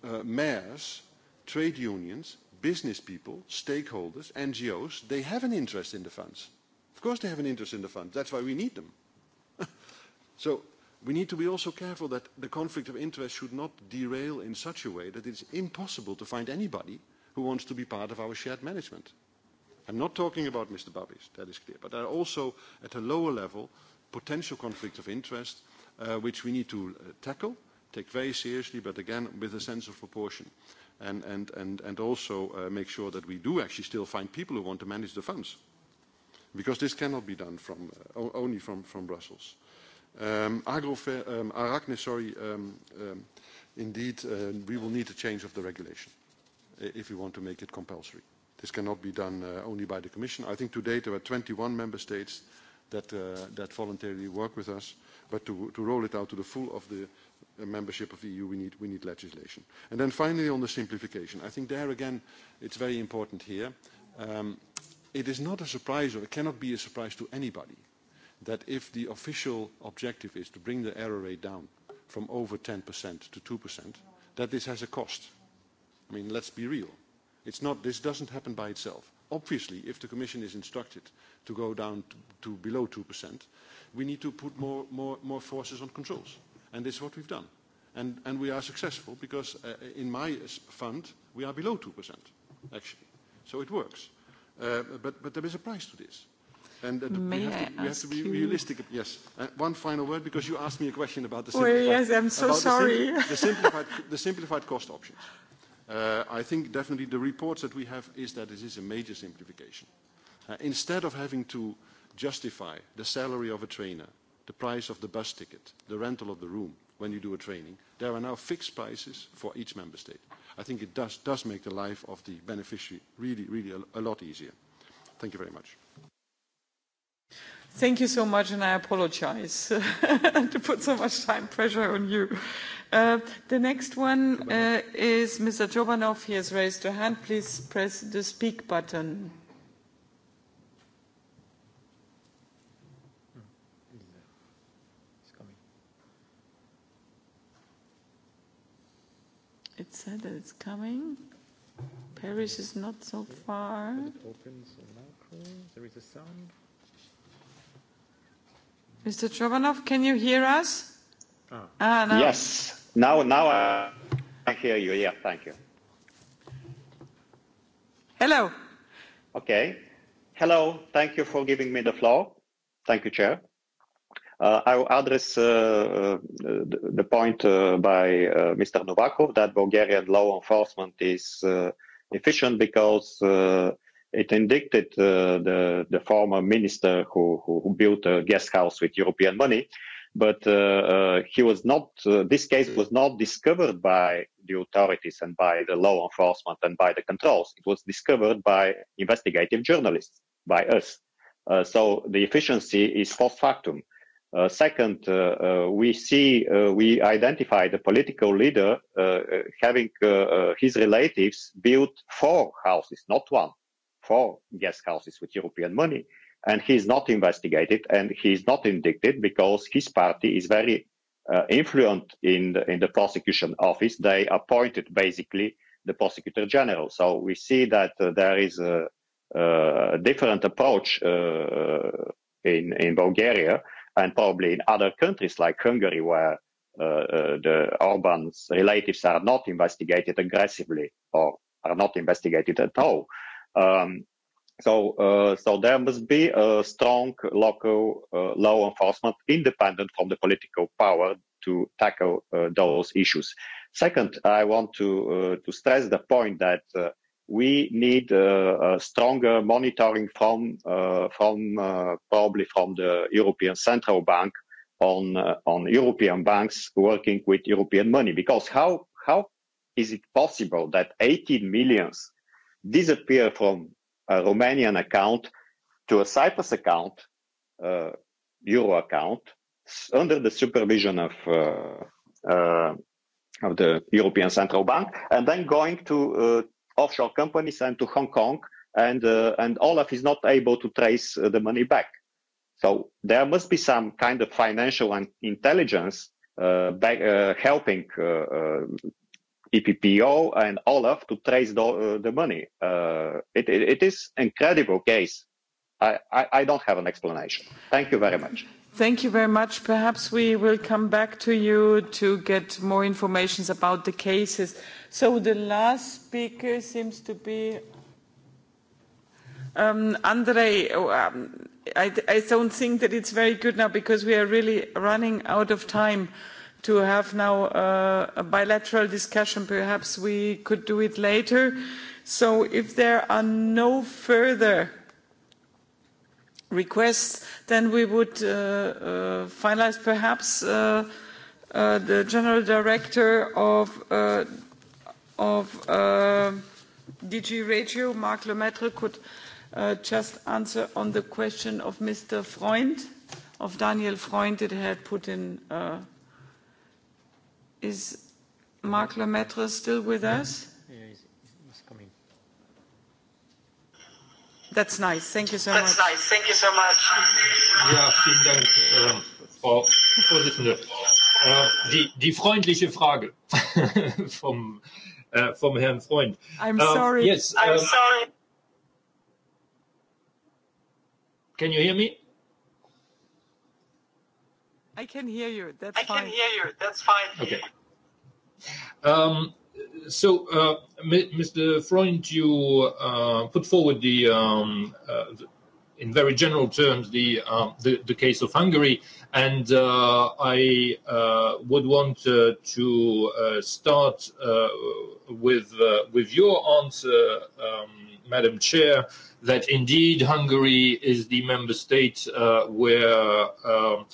uh, mayors, trade unions business people, stakeholders, NGOs, they have an interest in the funds. Of course they have an interest in the funds. That's why we need them. <laughs> so we need to be also careful that the conflict of interest should not derail in such a way that it's impossible to find anybody who wants to be part of our shared management. I'm not talking about Mr. Babis, that is clear, but there are also at a lower level potential conflicts of interest uh, which we need to uh, tackle, take very seriously, but again with a sense of proportion and, also uh, make sure that we do actually still find people who want to manage the funds. Because this cannot be done from, uh, only from, Brussels. Um, um Arachne, sorry, um, um, indeed, uh, we will need a change of the regulation if we want to make it compulsory. This cannot be done only by the Commission. I think to date there are 21 member states that, voluntarily work with us, but to roll it out to the full of the membership of the EU, we need, we need legislation. And then finally, on the simplification, I think there again, it's very important here. Um, it is not a surprise, or it cannot be a surprise to anybody, that if the official objective is to bring the error rate down from over 10% to 2%, that this has a cost. I mean, let's be real. It's not, this doesn't happen by itself. Obviously, if the Commission is instructed to go down to, to below 2%, we need to put more, more, more forces on controls And this is what we've done. And, and we are successful because uh, uh in my uh, fund, we are below 2%, actually. So it works. Uh, but, but there is a price to this. And uh, May we, have I to, we have to be you... realistic. Yes. Uh, one final word, because you asked me a question about the simplified. Oh, yes, I'm so sorry. The, sim the, simplified, the simplified cost options. Uh, I think definitely the reports that we have is that this is a major simplification. Uh, instead of having to justify the salary of a trainer, the price of the bus ticket, the rental of the room when you do a training. There are now fixed prices for each member state. I think it does, does make the life of the beneficiary really, really a, a lot easier. Thank you very much. Thank you so much, and I apologize <laughs> to put so much time pressure on you. Uh, the next one uh, is Mr. Jobanov. He has raised a hand. Please press the speak button. said that it's coming. Paris is not so far. Mr. Trovanov, can you hear us? Ah. Ah, no. Yes. Now, now uh, I hear you. Yeah, thank you. Hello. Okay. Hello. Thank you for giving me the floor. Thank you, Chair. Uh, I will address uh, uh the point uh, by uh, Mr. Novakov that Bulgarian law enforcement is uh, efficient because it indicted the, the former minister who, who built a guest house with European money. But he was not, this case was not discovered by the authorities and by the law enforcement and by the controls. It was discovered by investigative journalists, by us. so the efficiency is post factum. Uh, second, uh, uh, we see, uh, we identify the political leader uh, uh, having his relatives build four houses, not one, four guest houses with European money. And he's not investigated and he's not indicted because his party is very influent in the, in the prosecution office. They appointed basically the prosecutor general. So we see that there is a, a different approach in, in Bulgaria and probably in other countries like Hungary, where uh, uh, the Orban's relatives are not investigated aggressively or are not investigated at all. Um, so, uh, so there must be a strong local uh, law enforcement independent from the political power to tackle uh, those issues. Second, I want to uh, to stress the point that uh, we need a, uh, a stronger monitoring from uh, from uh, probably from the European Central Bank on uh, on European banks working with European money because how how is it possible that 18 millions disappear from a Romanian account to a Cyprus account, uh, euro account, under the supervision of uh, uh, of the European Central Bank, and then going to uh, offshore company sent to Hong Kong, and uh, and Olaf is not able to trace uh, the money back. So there must be some kind of financial and intelligence uh, back, helping EPPO and Olaf to trace the, the money. It, it, it is incredible case. I, I, I don't have an explanation. Thank you very much. Thank you very much. Perhaps we will come back to you to get more information about the cases. So the last speaker seems to be um, Andrei. Oh, um, I, I don't think that it's very good now because we are really running out of time to have now uh, a bilateral discussion. Perhaps we could do it later. So if there are no further requests, then we would uh, uh, finalise perhaps uh, the general director of, of DG Radio, Marc Lemaitre, could just answer on the question of Mr. Freund, of Daniel Freund that had put in. is Marc Lemaitre still with us? That's nice. Thank you so That's much. That's nice. Thank you so much. Ja, vielen Dank, äh, Frau Vorsitzende. Äh, die, die freundliche Frage <laughs> vom, äh, vom Herrn Freund. I'm äh, sorry. Uh, yes, I'm ähm, sorry. Can you hear me? I can hear you. That's I fine. I can hear you. That's fine. Okay. Um, so, uh, Mr. Freund, you uh, put forward the, um, uh, the, in very general terms, the uh, the, the case of Hungary, and uh, I uh, would want uh, to uh, start uh, with uh, with your answer, um, Madam Chair, that indeed Hungary is the member state uh, where. uh,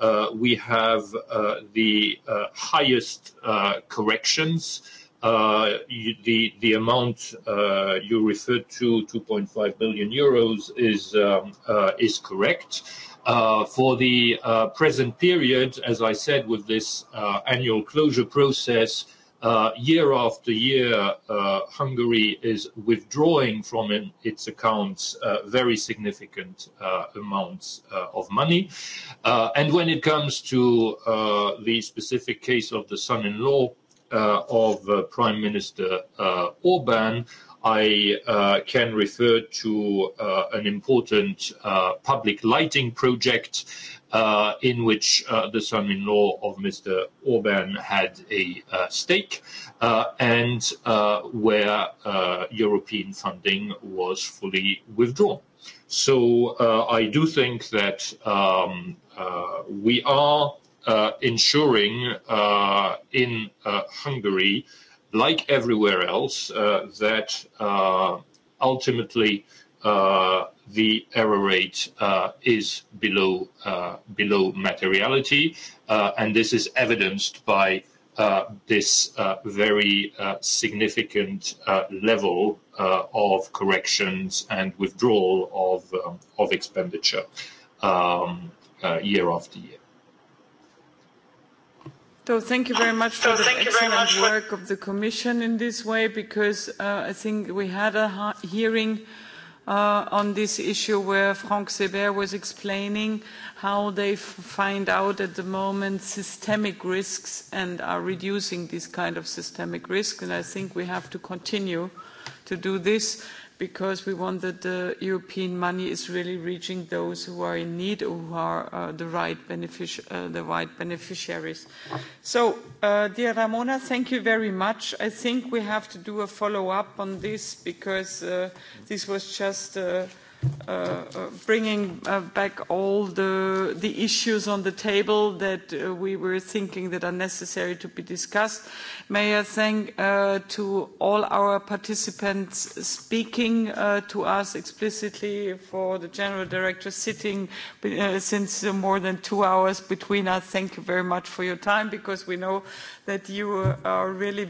uh, we have uh, the uh, highest uh, corrections Uh, the amount uh, you referred to, 2.5 billion euros, is um, uh, is correct. Uh, for the uh, present period, as I said, with this annual closure process, year after year, Hungary is withdrawing from in, its accounts very significant amounts of money. And When it comes to the specific case of the son-in-law, Uh, of uh, Prime Minister uh, Orban, I uh, can refer to uh, an important uh, public lighting project uh, in which uh, the son-in-law of Mr. Orban had a uh, stake uh, and uh, where uh, European funding was fully withdrawn. So uh, I do think that um, uh, we are ensuring uh, uh, in uh, Hungary, like everywhere else, that ultimately the error rate is below below materiality, and this is evidenced by Uh, this uh, very uh, significant level of corrections and withdrawal of um, of expenditure um, year after year thank you very much for so the excellent for... work of the Commission in this way, because uh, I think we had a hearing uh, on this issue where Franck Seber was explaining how they find out at the moment systemic risks and are reducing this kind of systemic risk. And I think we have to continue to do this because we want that the European money is really reaching those who are in need or who are uh, the, right uh, the right beneficiaries. So, uh, dear Ramona, thank you very much. I think we have to do a follow-up on this because uh, this was just uh, Uh, uh, bringing uh, back all the, the issues on the table that we were thinking that are necessary to be discussed. May I thank to all our participants speaking to us explicitly for the General Director sitting since more than two hours between us. Thank you very much for your time because we know that you are really